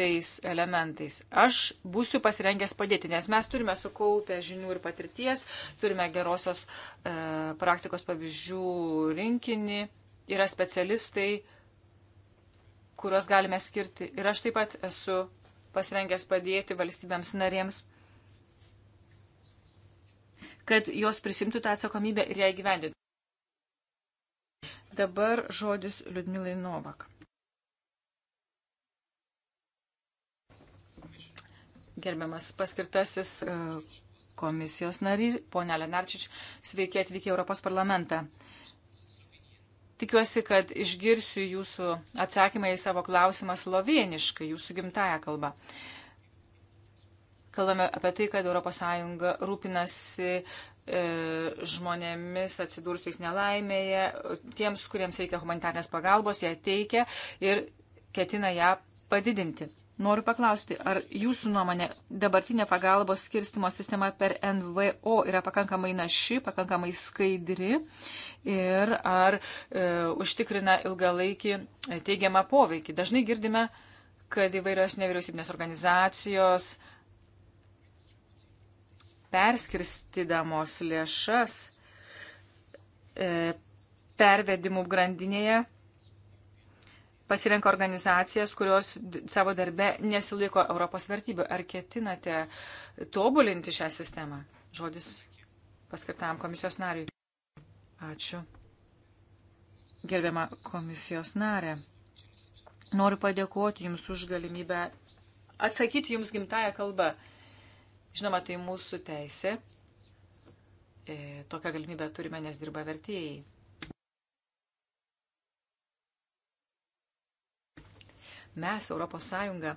tais elementais. Aš būsiu pasirengęs padėti, nes mes turime sukaupę žinių ir patirties, turime gerosios e, praktikos pavyzdžių rinkinį, yra specialistai, kuriuos galime skirti. Ir aš taip pat esu pasirengęs padėti valstybėms narėms, kad jos prisimtų tą atsakomybę ir ją įgyvendintų. Dabar žodis Liudmilai Novak. Gerbiamas paskirtasis e, komisijos narys, ponia Lenarčič, sveiki atvykę Europos parlamentą. Tikiuosi, kad išgirsiu jūsų atsakymą į savo klausimą sloveniškai, jūsų gimtają kalbą. Kalbame apie tai, kad ES rūpinasi e, žmonėmis atsidūrusiais nelaimėje, tiems, kuriems reikia humanitarnės pagalbos, ją teikia ir ketina ją padidinti. Noriu paklausti, ar jūsų nuomonė dabartinė pagalbos skirstimo sistema per NVO yra pakankamai naši, pakankamai skaidri ir ar e, užtikrina ilgalaikį e, teigiamą poveikį. Dažnai girdime, kad įvairios nevyriausybinės organizacijos perskirstydamos lėšas e, pervedimų grandinėje pasirenka organizacijas, kurios savo darbe nesilaiko Europos vertybių. Ar ketinate tobulinti šią sistemą? Žodis paskirtam komisijos nariui. Ačiū. Gerbiama komisijos narė, noriu padėkoti Jums už galimybę atsakyti Jums gimtają kalbą. Žinoma, tai mūsų teisė. E, tokią galimybę turime, nes dirba vertėjai. mes, Europos Sąjunga,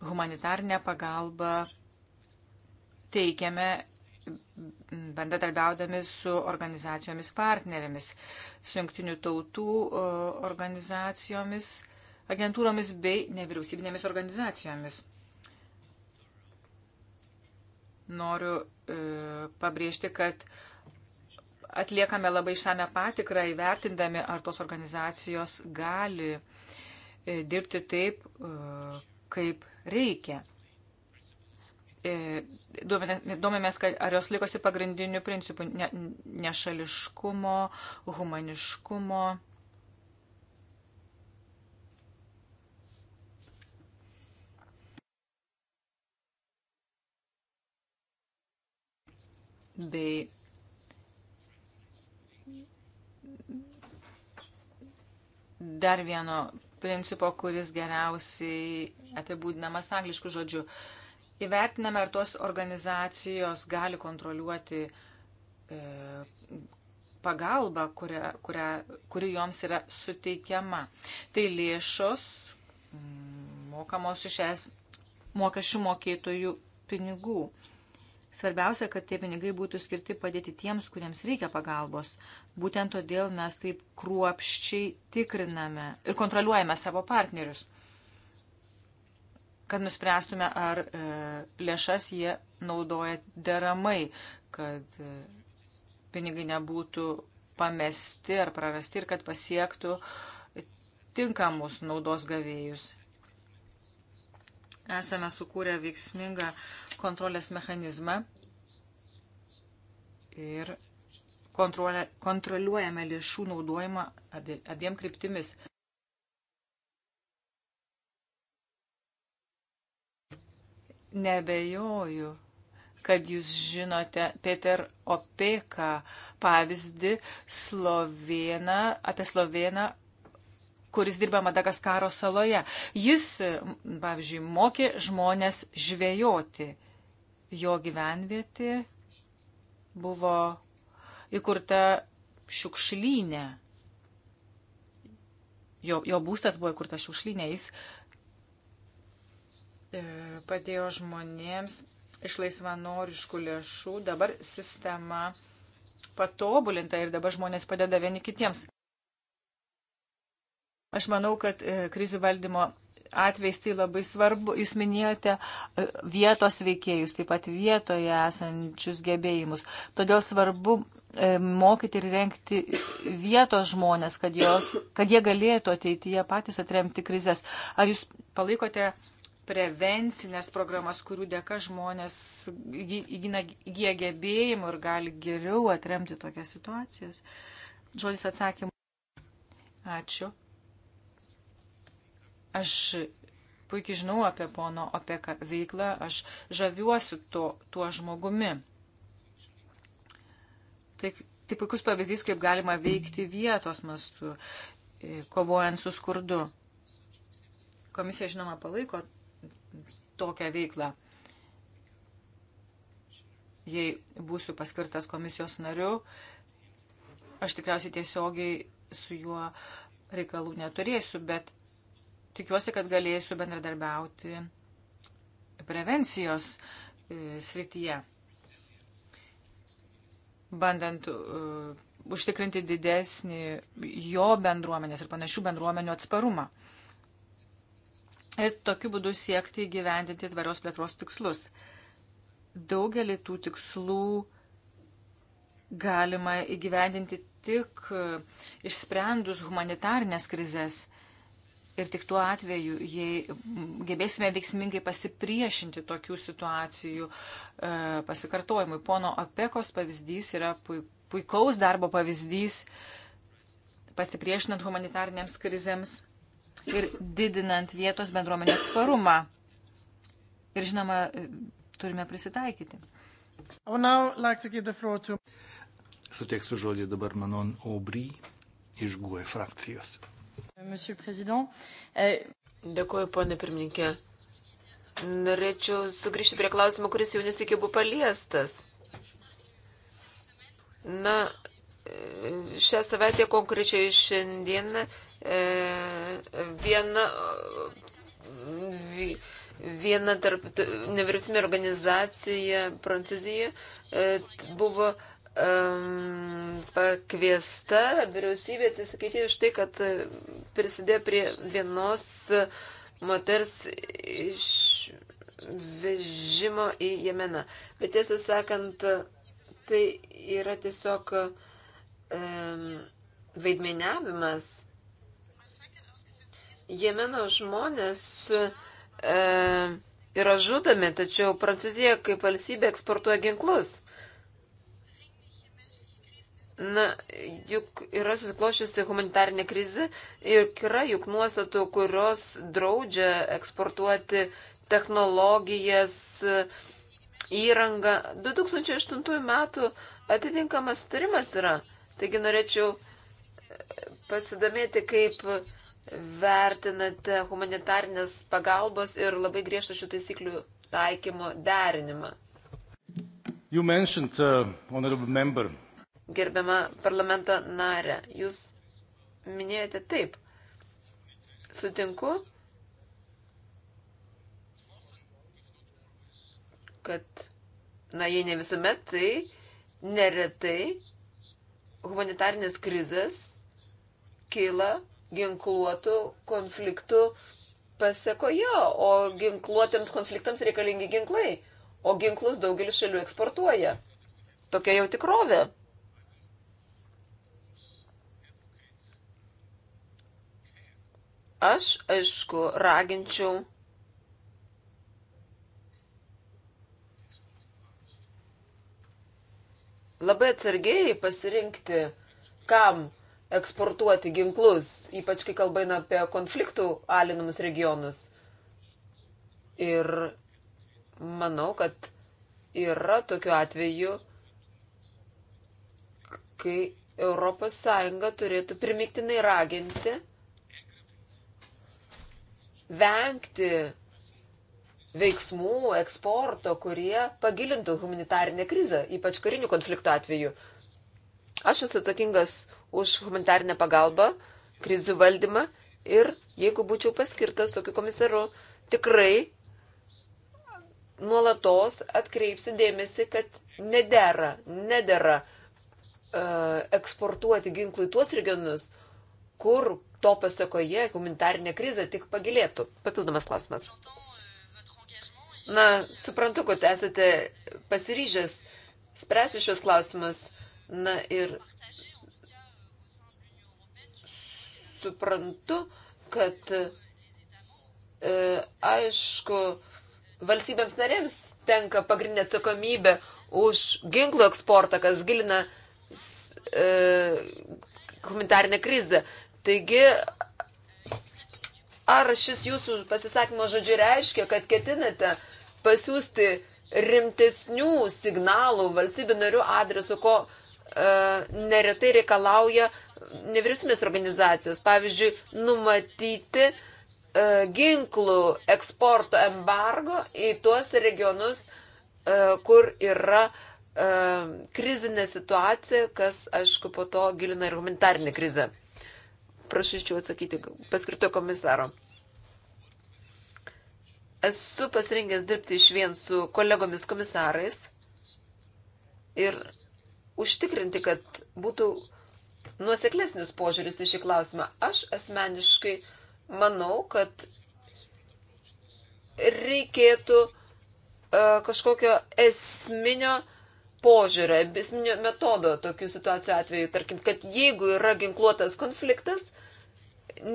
humanitarnę pagalbą teikiame bendradarbiaudami su organizacijomis partnerėmis, su jungtinių tautų e, organizacijomis, agentūromis bei nevyriausybinėmis organizacijomis. Noriu e, pabrėžti, kad e, atliekame labai išsame patikrą įvertindami, ar tos organizacijos gali e, dirbti taip, e, kaip reikia. E, Duomėmės, kad ar jos likosi pagrindinių principų ne, nešališkumo, humaniškumo. bei dar vieno principo, kuris geriausiai apibūdinamas angliškų žodžių. Įvertiname, ar tos organizacijos gali kontroliuoti e, pagalbą, kuria, kuria, kuri joms yra suteikiama. Tai lėšos mokamos iš es mokesčių mokėtojų pinigų. Svarbiausia, kad tie pinigai būtų skirti padėti tiems, kuriems reikia pagalbos. Būtent todėl mes taip kruopščiai tikriname ir kontroliuojame savo partnerius, kad nuspręstume, ar e, lėšas jie naudoja deramai, kad e, pinigai nebūtų pamesti ar prarasti ir kad pasiektų tinkamus naudos gavėjus. Esame sukūrę veiksmingą kontrolės mechanizmą ir kontroliuojame lėšų naudojimą abiem kryptimis. Nebejoju, kad jūs žinote Peter Opeka pavyzdį Sloveną, apie Sloveną, kuris dirba Madagaskaro saloje. Jis, pavyzdžiui, mokė žmonės žvejoti. Jo gyvenvietė buvo įkurta šiukšlynė. Jo, jo būstas buvo įkurta šiukšlynė. Jis e, padėjo žmonėms iš laisvanoriškų lėšų. Dabar sistema patobulinta ir dabar žmonės padeda vieni kitiems. Aš manau, kad e, krizių valdymo atvejais tai labai svarbu. Jūs minėjote e, vietos veikėjus, taip pat vietoje esančius gebėjimus. Todėl svarbu e, mokyti ir renkti vietos žmonės, kad, jos, kad jie galėtų ateityje patys atremti krizės. Ar jūs palaikote prevencinės programas, kurių dėka žmonės įgyja gebėjimų ir gali geriau atremti tokias situacijas? Žodis atsakymu. Ačiū. Aš puikiai žinau apie pono Opeką veiklą, aš žaviuosi to, tuo žmogumi. Tai, tai puikus pavyzdys, kaip galima veikti vietos mastu, e, kovojant su skurdu. Komisija, žinoma, palaiko tokią veiklą. Jei būsiu paskirtas komisijos nariu, aš tikriausiai tiesiogiai su juo reikalų neturėsiu, bet tikiuosi, kad galėsiu bendradarbiauti prevencijos e, srityje, bandant uh, užtikrinti didesnį jo bendruomenės ir panašių bendruomenių atsparumą. Ir tokiu būdu siekti įgyvendinti tvarios plėtros tikslus. Daugelį tų tikslų galima įgyvendinti tik e, išsprendus humanitarnės krizės ir tik tuo atveju, jei gebėsime veiksmingai pasipriešinti tokių situacijų e, pasikartojimui. Pono Apekos pavyzdys yra puikaus darbo pavyzdys pasipriešinant humanitarniams krizėms ir didinant vietos bendruomenės svarumą. Ir žinoma, turime prisitaikyti. Like to... Suteiksiu žodį dabar Manon Aubry iš GUE frakcijos. Euh, Dėkuoju, ponė pirmininkė. Norėčiau sugrįžti prie klausimo, kuris jau nesikė buvo paliestas. Na, šią savaitę konkrečiai šiandien e, viena, viena tarp nevyriausybinė organizacija Prancūzijoje buvo um, pakviesta vyriausybė atsisakyti iš tai, kad prisidėjo prie vienos moters išvežimo į Jemeną. Bet tiesą sakant, tai yra tiesiog um, vaidmeniavimas. Jemeno žmonės e, yra žudomi, tačiau Prancūzija kaip valstybė eksportuoja ginklus. E, Na, juk yra susiklošiusi humanitarinė krizė ir yra juk nuostatų, kurios draudžia eksportuoti technologijas, įrangą. 2008 metų atitinkamas sutarimas yra. Taigi norėčiau e, pasidomėti, kaip vertinate humanitarnės pagalbos ir labai griežto šių taisyklių taikymo derinimą. You mentioned, uh, honorable member, gerbiama parlamento narė. Jūs minėjote taip. Sutinku, kad, na, jei ne visuomet, tai neretai humanitarnės krizės kyla ginkluotų konfliktų pasiekoje, o ginkluotėms konfliktams reikalingi ginklai, o ginklus daugelis šalių eksportuoja. Tokia jau tikrovė. Aš, aišku, raginčiau labai atsargiai pasirinkti, kam eksportuoti ginklus, ypač kai kalba eina apie konfliktų alinamus regionus. Ir manau, kad yra tokiu atveju, kai ES turėtų primiktinai raginti vengti veiksmų, eksporto, kurie pagilintų humanitarinę krizę, ypač karinių konfliktų atveju. Aš esu atsakingas už humanitarinę pagalbą, krizių valdymą ir jeigu būčiau paskirtas tokiu komisaru, tikrai nuolatos atkreipsiu dėmesį, kad nedėra, nedėra uh, e, eksportuoti ginklų į tuos regionus, kur to pasakoje humanitarinė krizė tik pagilėtų. Papildomas klausimas. Na, suprantu, kad esate pasiryžęs spręsti šios klausimus. Na ir suprantu, kad e, aišku, valstybėms narėms tenka pagrindinė atsakomybė už ginklų eksportą, kas gilina e, humanitarinę krizę. Taigi, ar šis jūsų pasisakymo žodžiu reiškia, kad ketinate pasiūsti rimtesnių signalų valstybių narių adresu, ko e, neretai reikalauja nevyriausybės organizacijos. Pavyzdžiui, numatyti e, ginklų eksporto embargo į tuos regionus, e, kur yra e, krizinė situacija, kas, aišku, po to gilina ir humanitarinė krizė prašyčiau atsakyti paskirto komisaro. Esu pasirinkęs dirbti iš vien su kolegomis komisarais ir užtikrinti, kad būtų nuoseklesnis požiūris į šį klausimą. Aš asmeniškai manau, kad reikėtų uh, kažkokio esminio uh, požiūrio, abisminio metodo tokių situacijų atveju. Tarkim, kad jeigu yra ginkluotas konfliktas,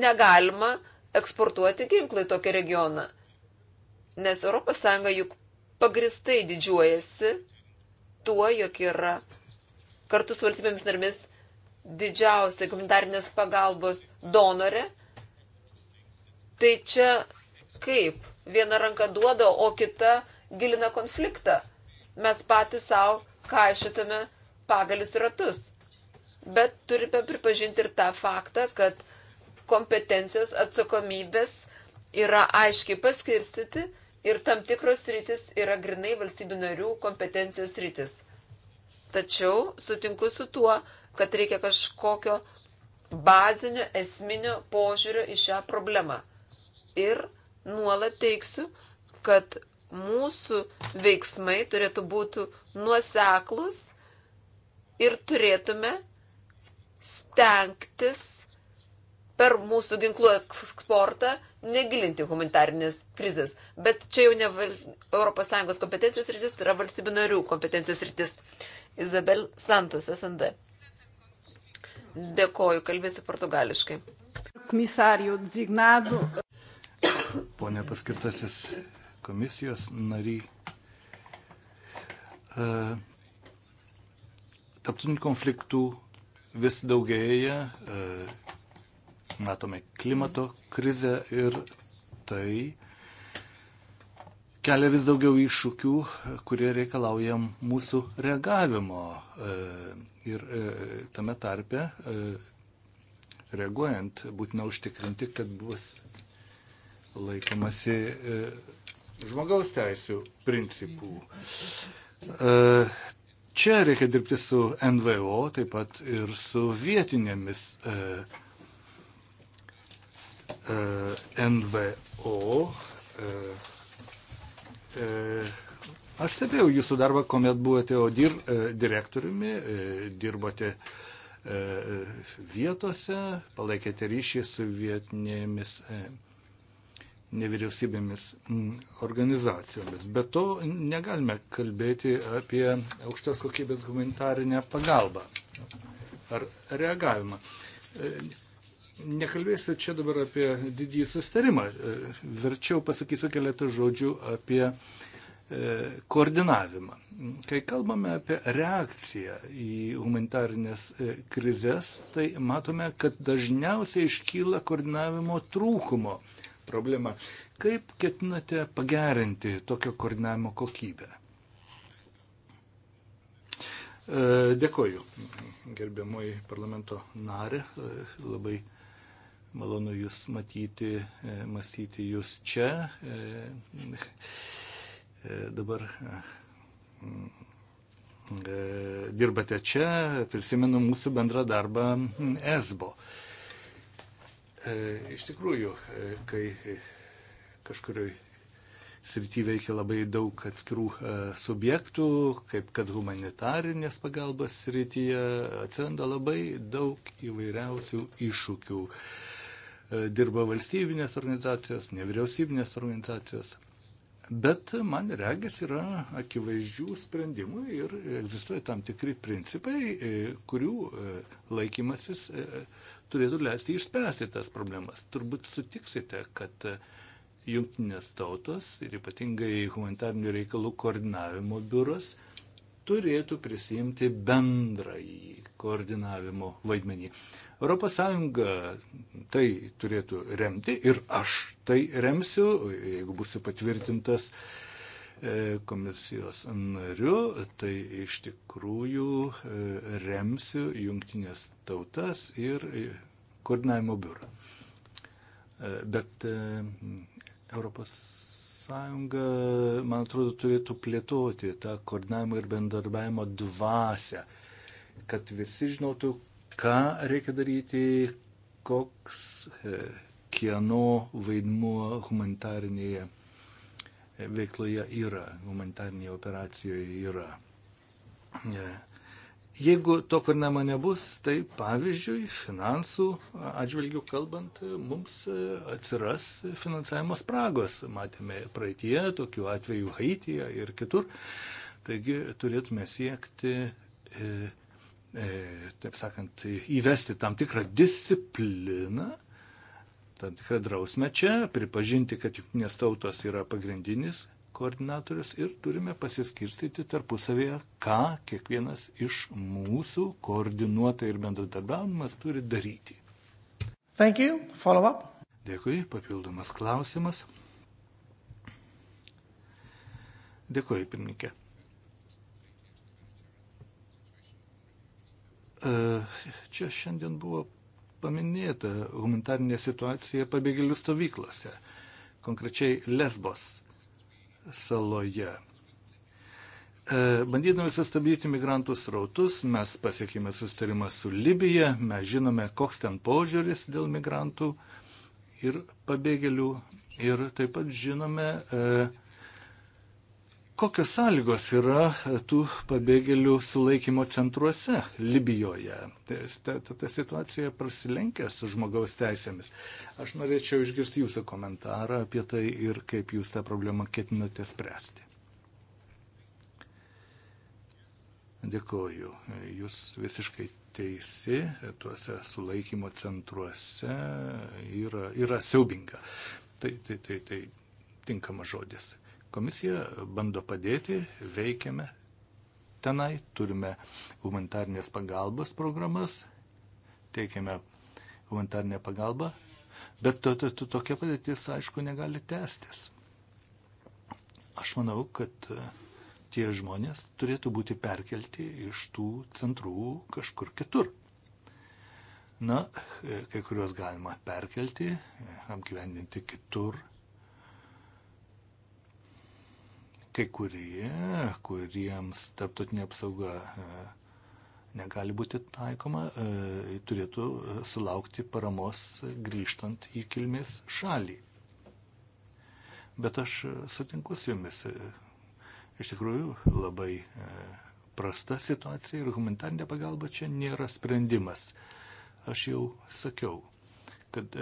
negalima eksportuoti ginklų į tokį regioną. Nes ES juk pagristai didžiuojasi tuo, jog yra kartu su valstybėmis narmis didžiausia humanitarnės pagalbos donorė. Tai čia kaip? Viena ranka duoda, o kita gilina konfliktą. Mes patys savo kaišytume pagalius ratus. Bet turime pripažinti ir tą faktą, kad kompetencijos atsakomybės yra aiškiai paskirstyti ir tam tikros rytis yra grinai valstybių narių kompetencijos rytis. Tačiau sutinku su tuo, kad reikia kažkokio bazinio, esminio požiūrio į šią problemą. Ir nuolat teiksiu, kad mūsų veiksmai turėtų būti nuoseklus ir turėtume stengtis per mūsų ginklų eksportą negilinti humanitarnės krizės. Bet čia jau ne val... ES kompetencijos rytis, tai yra valstybių narių kompetencijos rytis. Izabel Santos, SND. Dėkoju, kalbėsiu portugališkai. Komisarijų designado. Pone paskirtasis komisijos nary. E, Taptinių konfliktų vis daugėja, e, matome klimato krizę ir tai kelia vis daugiau iššūkių, kurie reikalauja mūsų reagavimo. E, ir tame tarpe, reaguojant, būtina užtikrinti, kad bus laikomasi žmogaus teisų principų. E, čia reikia dirbti su NVO, taip pat ir su vietinėmis e, e, NVO. Aš stebėjau jūsų darbą, kuomet buvote ODIR direktoriumi, dirbote vietose, palaikėte ryšį su vietinėmis nevyriausybėmis mm, organizacijomis. Bet to negalime kalbėti apie aukštas kokybės humanitarinę pagalbą ar reagavimą. E, nekalbėsiu čia dabar apie didįjį sustarimą. E, verčiau pasakysiu keletą žodžių apie e, koordinavimą. Kai kalbame apie reakciją į humanitarinės krizės, tai matome, kad dažniausiai iškyla koordinavimo trūkumo problema. Kaip ketinate pagerinti tokio koordinavimo kokybę? E, dėkoju, gerbiamoji parlamento narė. E, labai malonu Jūs matyti, e, mąstyti Jūs čia. Dabar dirbate čia, prisimenu mūsų bendrą darbą ESBO. E, iš tikrųjų, e, kai e, kažkurioj srity veikia labai daug atskirų subjektų, kaip kad humanitarinės pagalbos srityje, atsiranda labai daug įvairiausių iššūkių. Dirba valstybinės organizacijos, nevyriausybinės organizacijos. Bet man regis yra akivaizdžių sprendimų ir egzistuoja tam tikri principai, kurių laikymasis turėtų leisti išspręsti tas problemas. Turbūt sutiksite, kad e, jungtinės tautos ir ypatingai humanitarnių reikalų koordinavimo biuras turėtų prisimti bendrąjį koordinavimo vaidmenį. ES tai turėtų remti ir aš tai remsiu, jeigu būsiu patvirtintas uh, E, komisijos nariu, tai iš tikrųjų e, remsiu jungtinės tautas ir koordinavimo biurą. E, bet Europos Sąjunga, man atrodo, turėtų plėtoti tą koordinavimo ir bendarbiavimo dvasę, kad visi žinotų, ką reikia daryti, koks kieno vaidmuo humanitarinėje veikloje yra, humanitarnėje operacijoje yra. Jeigu to koordinavimo nebus, tai pavyzdžiui, finansų atžvilgių kalbant, mums atsiras finansavimo spragos. Matėme praeitie tokių atvejų Haityje ir kitur. Taigi turėtume siekti e, e, taip sakant, įvesti tam tikrą discipliną, tam tikrą drausmę čia, pripažinti, kad jungtinės tautos yra pagrindinis koordinatorius ir turime pasiskirstyti tarpusavėje, ką kiekvienas iš mūsų koordinuotai ir bendradarbiavimas turi daryti. Thank you. Follow up. Dėkui, papildomas klausimas. Dėkui, pirmininkė. E, čia šiandien buvo paminėta humanitarinė situacija pabėgėlių stovyklose, konkrečiai Lesbos saloje. E, bandydami sustabdyti migrantų srautus, mes pasiekime sustarimą su Libija, mes žinome, koks ten požiūris dėl migrantų ir pabėgėlių ir taip pat žinome, e, Kokios sąlygos yra e, tų pabėgėlių sulaikymo centruose Libijoje? Tai ta, ta, ta situacija prasilenkia su žmogaus teisėmis. Aš norėčiau išgirsti jūsų komentarą apie tai ir kaip jūs tą problemą ketinate spręsti. Dėkoju. Jūs visiškai teisi, tuose sulaikymo centruose yra, yra siaubinga. Tai, tai, tai, tai tinkamas žodis. Komisija bando padėti, veikiame tenai, turime humanitarnės pagalbos programas, teikiame humanitarnę pagalbą, bet to, to, to, tokia padėtis, aišku, negali tęstis. Aš manau, kad e, tie žmonės turėtų būti perkelti iš tų centrų kažkur kitur. Na, e, kai kuriuos galima perkelti, e, apgyvendinti kitur kai kurie, kuriems tarptautinė apsauga e, negali būti taikoma, e, turėtų e, sulaukti paramos grįžtant į kilmės šalį. Bet aš sutinku su jumis. Iš tikrųjų, labai prasta situacija ir humanitarinė pagalba čia nėra sprendimas. Aš jau sakiau, kad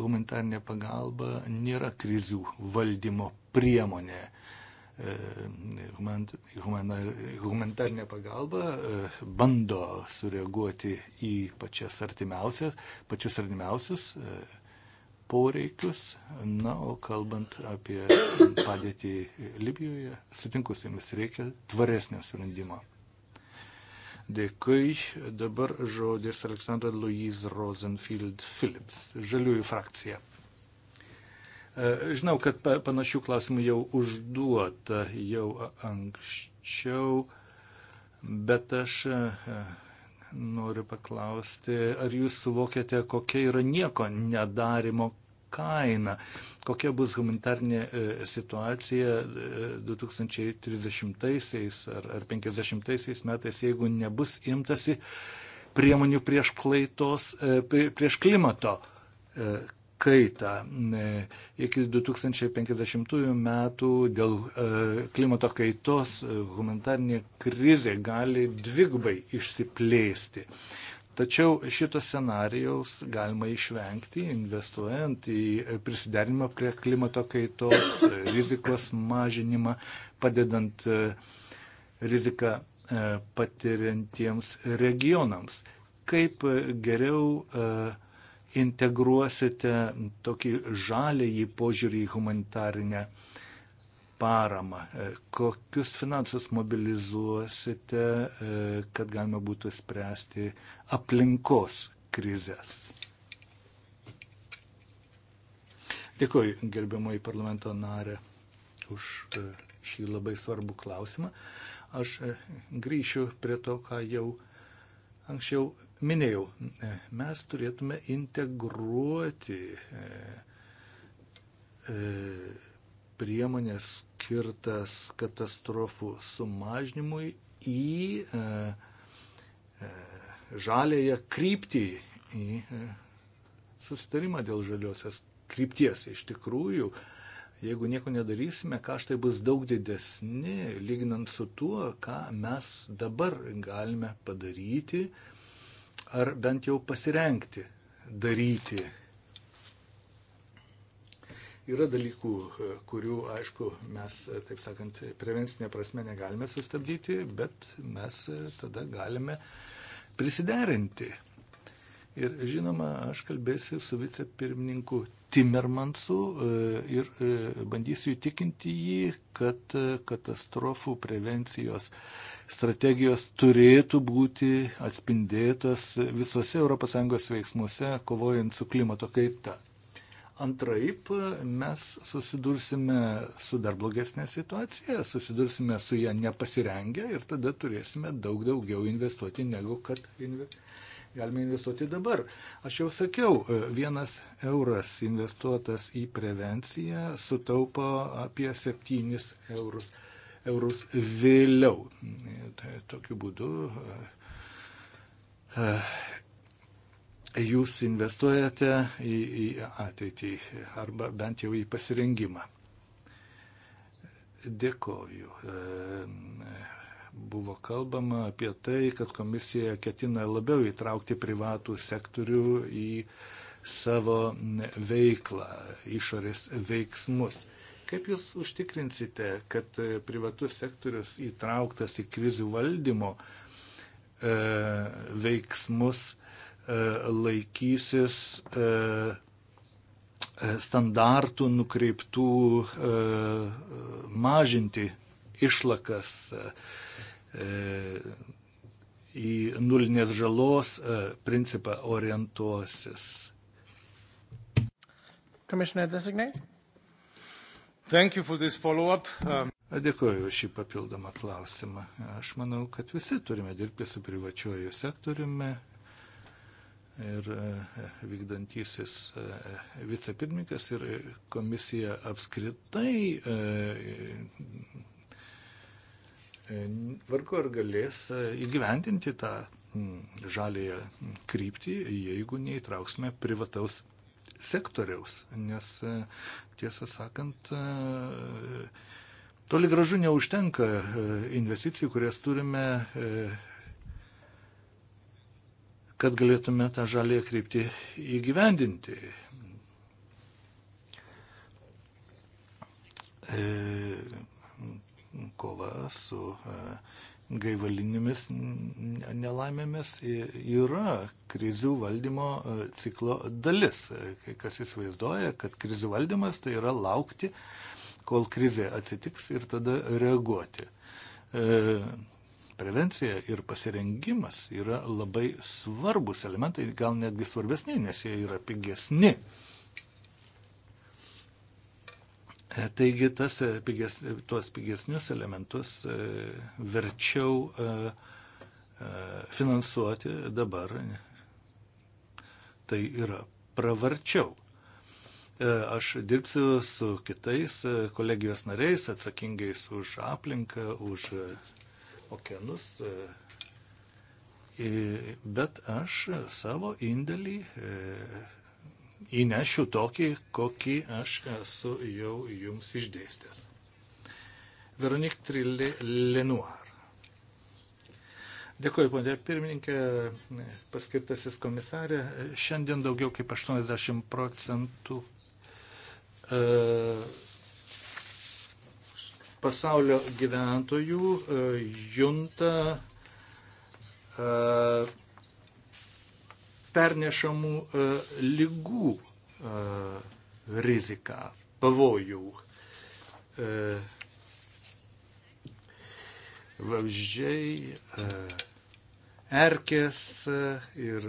humanitarinė pagalba nėra krizių valdymo priemonė. E, E, humanitarinė pagalba e, bando sureaguoti į pačias artimiausias, pačius artimiausius e, poreikius. Na, o kalbant apie padėtį Libijoje, sutinku su jumis, reikia tvaresnio sprendimo. Dėkui. Dabar žodis Aleksandra Louise Rosenfield Phillips, Žaliųjų frakcija. E, žinau, kad panašių klausimų jau užduota jau anksčiau, bet aš e, noriu paklausti, ar jūs suvokiate, kokia yra nieko nedarimo kaina, kokia bus humanitarnė e, situacija 2030 ar, ar 50 metais, jeigu nebus imtasi priemonių prieš, klaitos, prieš klimato kaitą. Iki 2050 metų dėl e, klimato kaitos e, humanitarnė krizė gali dvigubai išsiplėsti. Tačiau šitos scenarijaus galima išvengti, investuojant į prisiderinimą prie klimato kaitos, rizikos mažinimą, padedant e, riziką patiriantiems regionams. Kaip geriau uh, integruosite tokį žalėjį požiūrį į humanitarinę paramą, e, kokius finansus mobilizuosite, e, kad galima būtų spręsti aplinkos krizės. Dėkuoju gerbiamoji parlamento narė už e, šį labai svarbų klausimą. Aš grįšiu prie to, ką jau anksčiau minėjau, e, mes turėtume integruoti e, e, priemonės skirtas katastrofų sumažinimui į žalėje kryptį, į susitarimą dėl žaliosios krypties. Iš tikrųjų, jeigu nieko nedarysime, kaštai bus daug didesni, lyginant su tuo, ką mes dabar galime padaryti, ar bent jau pasirenkti daryti. Yra dalykų, kurių, aišku, mes, taip sakant, prevencinė prasme negalime sustabdyti, bet mes tada galime prisiderinti. Ir žinoma, aš kalbėsiu su vicepirmininku Timmermansu e, ir e, bandysiu įtikinti jį, kad e, katastrofų prevencijos strategijos turėtų būti atspindėtos visose ES veiksmuose, kovojant su klimato kaita. Antraip mes susidursime su dar blogesnė situacija, susidursime su ją nepasirengę ir tada turėsime daug daugiau investuoti, negu kad inve... galime investuoti dabar. Aš jau sakiau, vienas euras investuotas į prevenciją sutaupo apie 7 eurus eurus vėliau. Tai tokiu būdu e, e, jūs investuojate į, į ateitį arba bent jau į pasirengimą. Dėkoju. E, buvo kalbama apie tai, kad komisija ketina labiau įtraukti privatų sektorių į savo veiklą, išorės veiksmus. Kaip Jūs užtikrinsite, kad e, privatus sektorius įtrauktas į krizių valdymo e, veiksmus e, laikysis e, e standartų nukreiptų e, mažinti išlakas e, e, į nulinės žalos e, principą orientuosis? Commissioner designate? Um... Dėkuoju už šį papildomą klausimą. Aš manau, kad visi turime dirbti su privačiuoju sektoriumi ir e, vykdantysis e, vicepirmininkas ir komisija apskritai e, vargu ar galės įgyvendinti tą žalėje kryptį, jeigu neįtrauksime privataus sektoriaus, nes e, tiesą sakant, e, toli gražu neužtenka e, investicijų, kurias turime, kad galėtume tą žalį kryptį įgyvendinti. Kova su uh, gaivalinėmis nelaimėmis yra krizių valdymo e, ciklo dalis. Kai kas įsivaizduoja, kad krizių valdymas tai yra laukti, kol krizė atsitiks ir tada reaguoti. E, prevencija ir pasirengimas yra labai svarbus elementai, gal netgi svarbesni, nes jie yra pigesni. Taigi tas, e, piges, e, tuos pigesnius elementus e, verčiau finansuoti dabar. Tai yra pravarčiau. Aš dirbsiu su kitais kolegijos nariais atsakingais už aplinką, už okeanus, bet aš savo indėlį įnešiu tokį, kokį aš esu jau jums išdėstęs. Veronik Trilė Lenuar. Dėkuoju, ponė pirmininkė, paskirtasis komisarė. Šiandien daugiau kaip 80 procentų e, pasaulio gyventojų e, junta e, pernešamų e, lygų e, riziką, pavojų. E, Vabžiai, erkės ir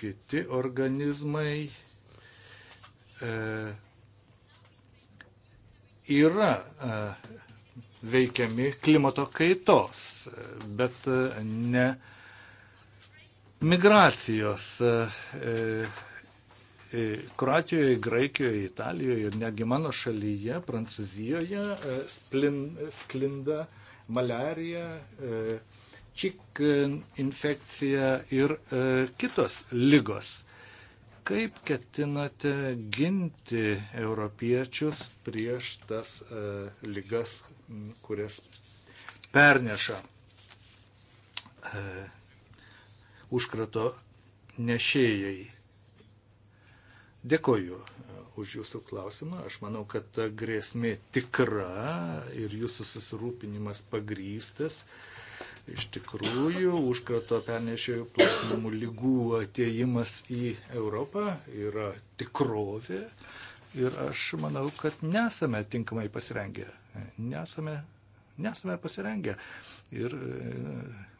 kiti organizmai yra veikiami klimato kaitos, bet ne migracijos e, e, e, Kroatijoje, Graikijoje, Italijoje ir netgi mano šalyje, Prancūzijoje splin, sklinda malerija, čik infekcija ir kitos lygos. Kaip ketinate ginti europiečius prieš tas lygas, kurias perneša užkrato nešėjai. Dėkoju uh, už jūsų klausimą. Aš manau, kad ta grėsmė tikra ir jūsų susirūpinimas pagrystas. Iš tikrųjų, užkrato pernešėjų plasmų lygų atėjimas į Europą yra tikrovė ir aš manau, kad nesame tinkamai pasirengę. Nesame nesame pasirengę. Ir e,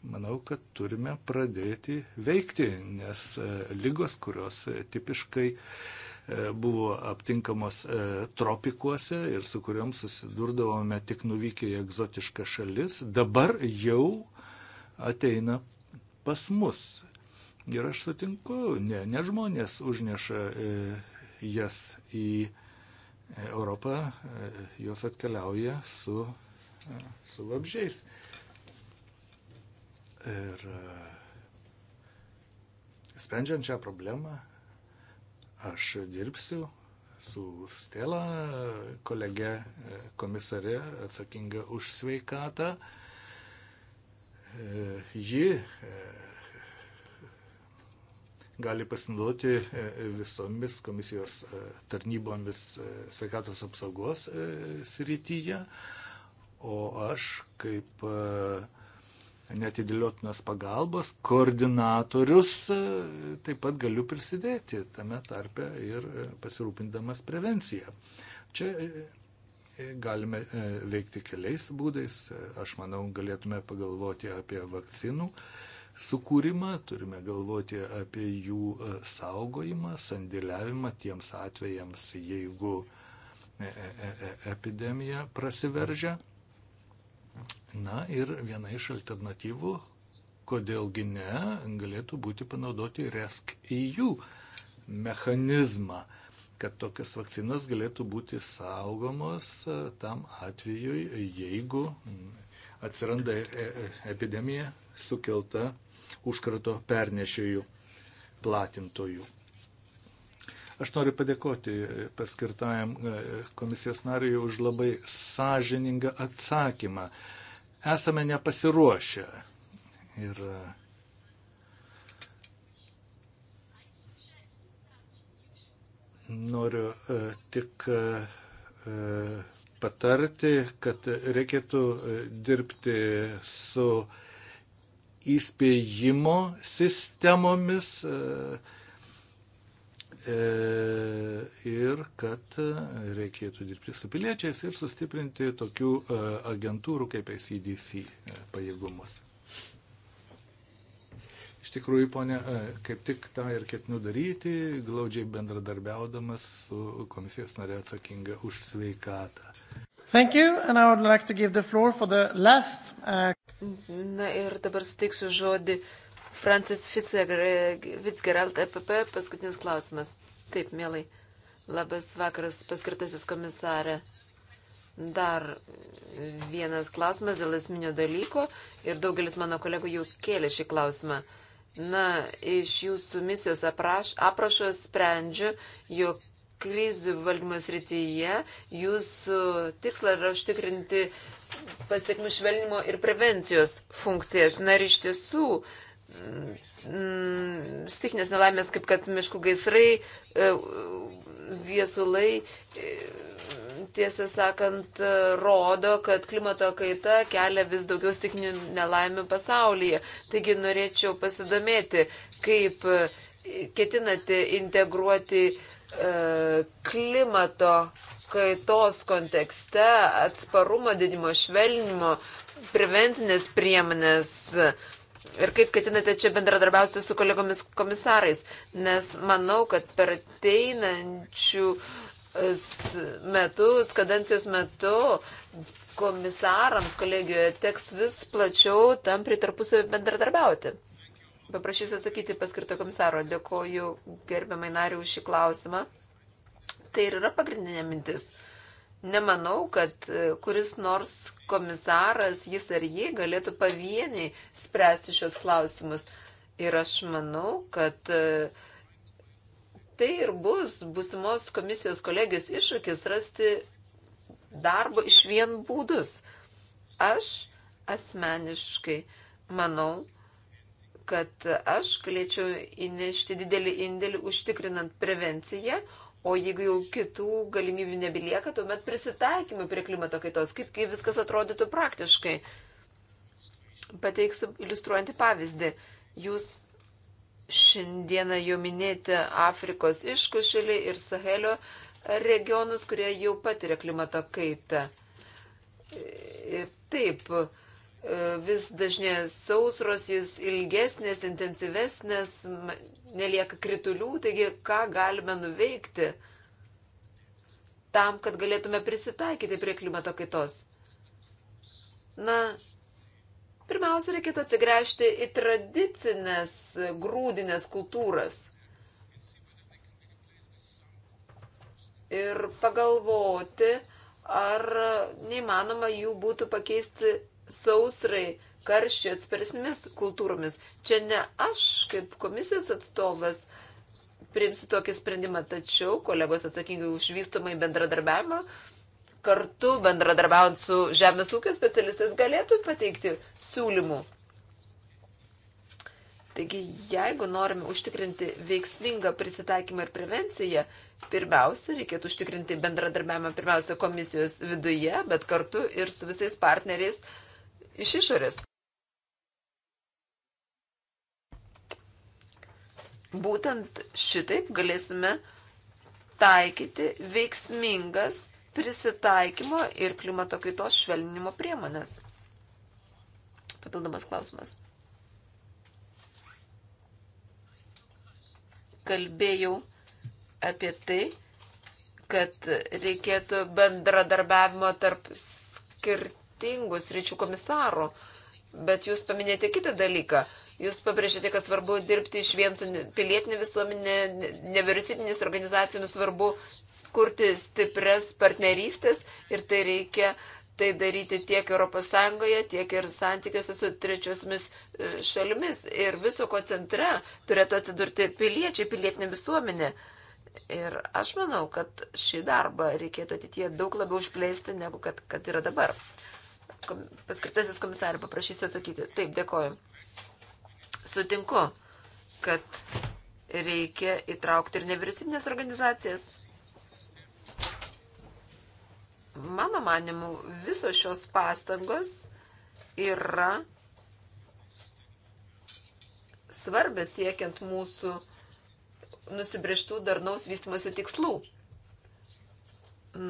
manau, kad turime pradėti veikti, nes e, lygos, kurios e, tipiškai buvo aptinkamos tropikuose ir su kuriuom susidurdavome tik nuvykę į egzotišką šalis, dabar jau ateina pas mus. Ir aš sutinku, ne, ne žmonės užneša jas į Europą, jos atkeliauja su su labžiais. Ir e, sprendžiant šią problemą, aš dirbsiu su Stela, kolege e, komisare atsakinga už sveikatą. E, ji gali pasinaudoti visomis komisijos tarnybomis sveikatos apsaugos srityje. E, o aš kaip e, netidėliotinas pagalbos koordinatorius e, taip pat galiu prisidėti tame tarpe ir e, pasirūpindamas prevenciją. Čia galime veikti keliais būdais. Aš manau, galėtume pagalvoti apie vakcinų sukūrimą, turime galvoti apie jų saugojimą, sandėliavimą tiems atvejams, jeigu epidemija prasiveržia. Mhm Na ir viena iš alternatyvų, kodėlgi ne, galėtų būti panaudoti RESC-EU mechanizmą, kad tokias vakcinas galėtų būti saugomos e, tam atvejui, jeigu atsiranda e, e, epidemija sukelta užkrato pernešėjų platintojų. Aš noriu padėkoti paskirtajam e, komisijos nariui už labai sąžiningą atsakymą. Esame nepasiruošę. Ir e, noriu e, tik patarti, kad reikėtų dirbti su įspėjimo sistemomis, uh, E, ir kad reikėtų dirbti su piliečiais ir sustiprinti tokių e, agentūrų kaip ACDC e, pajėgumus. Iš tikrųjų, ponė, kaip tik tą ir ketinu daryti, glaudžiai bendradarbiaudamas su komisijos nare atsakinga už sveikatą. Thank you, and I would like to give the floor for the last. Uh... Na ir dabar steiksiu žodį uh, Francis Fitzgerald, EPP, paskutinis klausimas. Taip, mielai. Labas vakaras, paskirtasis komisarė. Dar vienas klausimas dėl esminio dalyko ir daugelis mano kolegų jau kėlė šį klausimą. Na, iš jūsų misijos apraš, aprašo sprendžiu, jog krizių valdymo srityje jūsų tikslas yra užtikrinti pasiekmių švelnimo ir prevencijos funkcijas. Na ir iš tiesų, uh, Mm, stichinės nelaimės, kaip kad miškų gaisrai, e, viesulai, e, tiesą sakant, rodo, kad klimato kaita kelia vis daugiau stichinių nelaimių pasaulyje. Taigi norėčiau pasidomėti, kaip ketinate integruoti e, klimato kaitos kontekste atsparumo didinimo švelnimo prevencinės priemonės Ir kaip ketinate čia bendradarbiauti su kolegomis komisarais? Nes manau, kad per ateinančių e, metus, kadencijos metu komisarams kolegijoje teks vis plačiau tam pritarpusavį bendradarbiauti. Paprašysiu atsakyti paskirto komisaro. Dėkoju gerbiamai nariu už šį klausimą. Tai ir yra pagrindinė mintis. Uh, Nemanau, kad e, kuris nors komisaras, jis ar jie, galėtų pavieniai spręsti šios klausimus. Ir aš manau, kad e, tai ir bus būsimos komisijos kolegijos iššūkis rasti darbo iš vien būdus. Aš asmeniškai manau, kad aš galėčiau įnešti didelį indėlį užtikrinant prevenciją, O jeigu jau kitų galimybių nebelieka, tuomet prisitaikymai prie klimato kaitos, kaip, kaip viskas atrodytų praktiškai. Pateiksiu iliustruojantį pavyzdį. Jūs šiandieną jau minėti Afrikos iškušelį ir Sahelio regionus, kurie jau patiria klimato kaitą. Ir e, taip, e, vis dažnė sausros, jis ilgesnės, intensyvesnės, nelieka kritulių, taigi ką galime nuveikti tam, kad galėtume prisitaikyti prie klimato kaitos. Na, pirmiausia, reikėtų atsigręžti į tradicinės grūdinės kultūras. Ir pagalvoti, ar neįmanoma jų būtų pakeisti sausrai karščio atsparesnėmis kultūromis. Čia ne aš kaip komisijos atstovas priimsiu tokį sprendimą, tačiau kolegos atsakingi už vystomą į bendradarbiavimą kartu bendradarbiaujant su žemės ūkio specialistais galėtų pateikti siūlymų. Taigi, jeigu norime užtikrinti veiksmingą prisitaikymą ir prevenciją, pirmiausia, reikėtų užtikrinti bendradarbiavimą pirmiausia komisijos viduje, bet kartu ir su visais partneriais iš išorės. Būtent šitaip galėsime taikyti veiksmingas prisitaikymo ir klimato kaitos švelninimo priemonės. Papildomas klausimas. Kalbėjau apie tai, kad reikėtų bendradarbiavimo tarp skirtingų sričių komisarų. Bet jūs paminėjote kitą dalyką. Jūs pabrėžėte, kad svarbu dirbti iš vien su pilietinė visuomenė, nevyriausybinės organizacijomis, svarbu kurti stipres partnerystės ir tai reikia tai daryti tiek ES, tiek ir santykiuose su trečiosiomis e, šalimis. Ir viso ko centre turėtų atsidurti piliečiai, pilietinė visuomenė. Ir aš manau, kad šį darbą reikėtų ateityje daug labiau išplėsti, negu kad, kad yra dabar paskirtasis komisarė, paprašysiu atsakyti. Taip, dėkoju. Sutinku, kad reikia įtraukti ir nevyriausybinės organizacijas. Mano manimu, visos šios pastangos yra svarbės siekiant mūsų nusibrieštų darnaus vystimosi tikslų.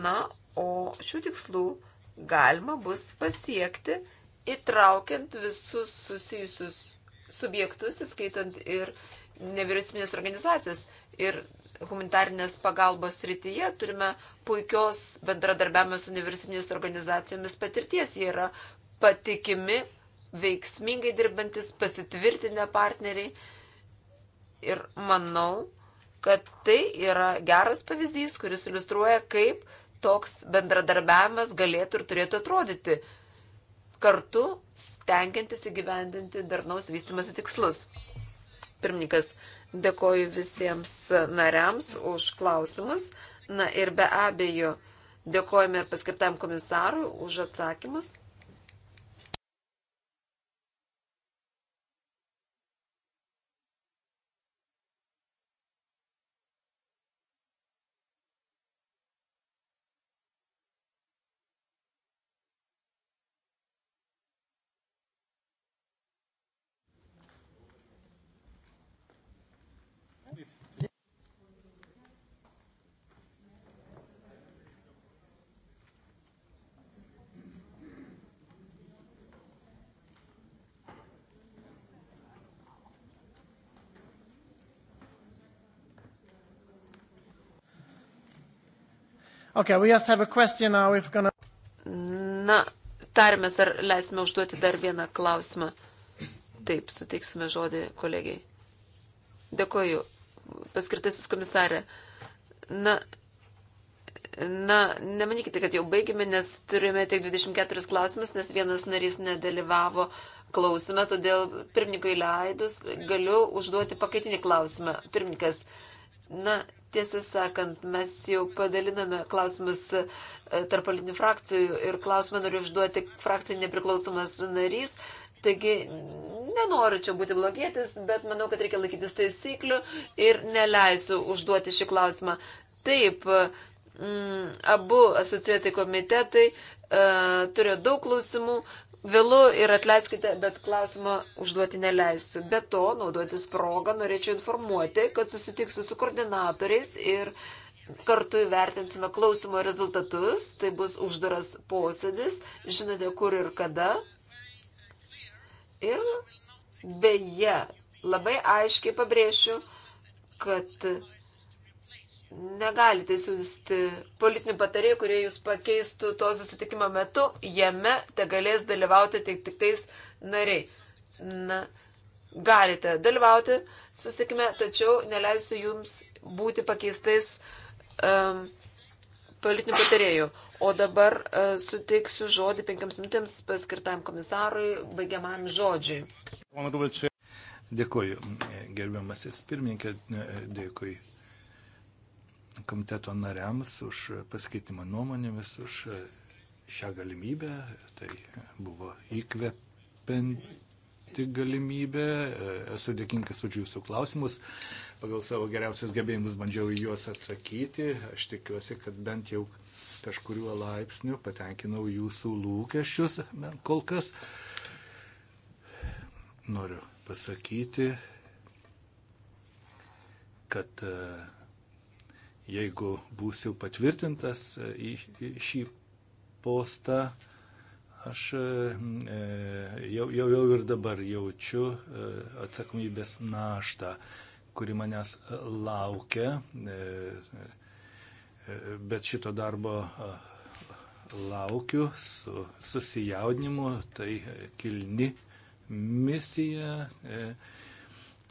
Na, o šių tikslų galima bus pasiekti, įtraukiant visus susijusius subjektus, įskaitant ir nevyriausybinės organizacijos. Ir humanitarinės pagalbos srityje turime puikios bendradarbiavimo su universitinės organizacijomis patirties. Jie yra patikimi, veiksmingai dirbantis, pasitvirtinę partneriai. Ir manau, kad tai yra geras pavyzdys, kuris iliustruoja, kaip toks bendradarbiavimas galėtų ir turėtų atrodyti, kartu stengiantis įgyvendinti darnaus vystimasi tikslus. Pirmininkas, dėkoju visiems nariams už klausimus. Na ir be abejo, dėkojame ir paskirtam komisarui už atsakymus. Okay, we just have a question now if gonna... Na, tarėmės, ar leisime užduoti dar vieną klausimą. Taip, suteiksime žodį kolegiai. Dėkoju, paskirtasis komisarė. Na, na, nemanykite, kad jau baigime, nes turime tik 24 klausimus, nes vienas narys nedalyvavo klausime, todėl pirmininkai leidus galiu užduoti pakaitinį klausimą. Pirmininkas, na, Tiesą sakant, mes jau padaliname klausimus e, tarp politinių frakcijų ir klausimą noriu užduoti frakcijai nepriklausomas narys. Taigi nenoriu čia būti blogėtis, bet manau, kad reikia laikytis taisyklių ir neleisiu užduoti šį klausimą. Taip, m, mm, abu asociuoti komitetai e, turėjo daug klausimų, vėlu ir atleiskite, bet klausimą užduoti neleisiu. Be to, naudotis progą, norėčiau informuoti, kad susitiksiu su koordinatoriais ir kartu įvertinsime klausimo rezultatus. Tai bus uždaras posėdis, žinote kur ir kada. Ir beje, labai aiškiai pabrėšiu, kad Negalite siūsti politinių patarėjų, kurie jūs pakeistų to susitikimo metu, jame te galės dalyvauti tik, tik tais nariai. Na, galite dalyvauti susitikime, tačiau neleisiu jums būti pakeistais um, politinių patarėjų. O dabar uh, suteiksiu žodį penkiams minutėms paskirtam komisarui, baigiamam žodžiui. Dėkuoju, gerbiamasis pirmininkė, dėkuoju komiteto nariams už pasikeitimą nuomonėmis, už šią galimybę. Tai buvo įkvepianti galimybė. Esu dėkingas už jūsų klausimus. Pagal savo geriausius gebėjimus bandžiau į juos atsakyti. Aš tikiuosi, kad bent jau kažkuriuo laipsniu patenkinau jūsų lūkesčius. Kol kas noriu pasakyti, kad uh, jeigu būsiu patvirtintas e, į šį postą, aš e, e, jau, jau, jau ir dabar jaučiu atsakomybės naštą, kuri manęs laukia, bet šito darbo laukiu su susijaudinimu, tai kilni misija. E,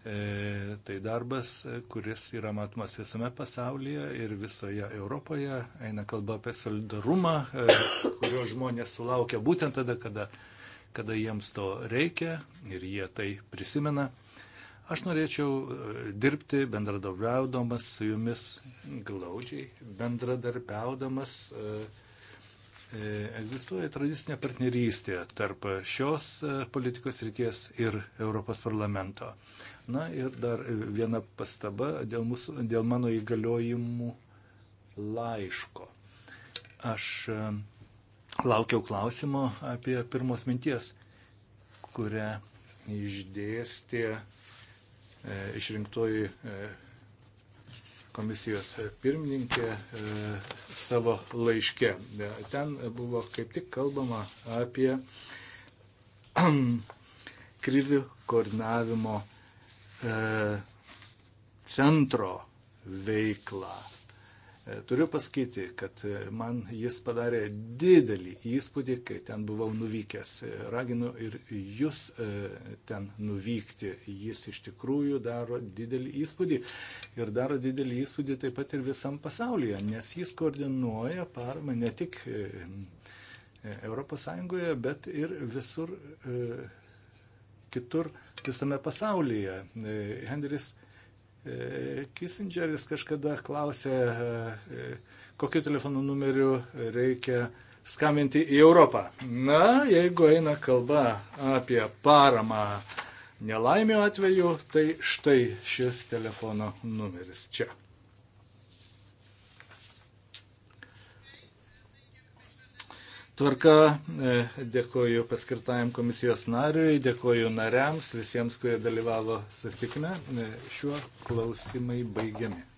E, tai darbas, e, kuris yra matomas visame pasaulyje ir visoje Europoje. Eina kalba apie solidarumą, e, kurio žmonės sulaukia būtent tada, kada, kada jiems to reikia ir jie tai prisimena. Aš norėčiau dirbti bendradarbiaudamas su jumis glaudžiai, bendradarbiaudamas. E, E, egzistuoja tradicinė partnerystė tarp šios e, politikos ryties ir Europos parlamento. Na ir dar viena pastaba dėl, mūsų, dėl mano įgaliojimų laiško. Aš e, laukiau klausimo apie pirmos minties, kurią išdėstė išrinktoji komisijos pirmininkė e, savo laiške. E, ten buvo kaip tik kalbama apie [CLEARS THROAT] krizių koordinavimo e, centro veiklą. E, turiu pasakyti, kad e, man jis padarė didelį įspūdį, kai ten buvau nuvykęs. E, raginu ir jūs ten nuvykti. Jis iš tikrųjų daro didelį įspūdį. Ir daro didelį įspūdį taip pat ir visam pasaulyje, nes jis koordinuoja paramą ne tik ES, bet ir visur kitur visame pasaulyje. Henris E, Kissingeris kažkada klausė, e, e, kokiu telefonų numeriu reikia skambinti į Europą. Na, jeigu eina kalba apie paramą nelaimio atveju, tai štai šis telefono numeris čia. tvarka. E, dėkoju paskirtajam komisijos nariui, dėkoju nariams, visiems, kurie dalyvavo susitikime. E, šiuo klausimai baigiami.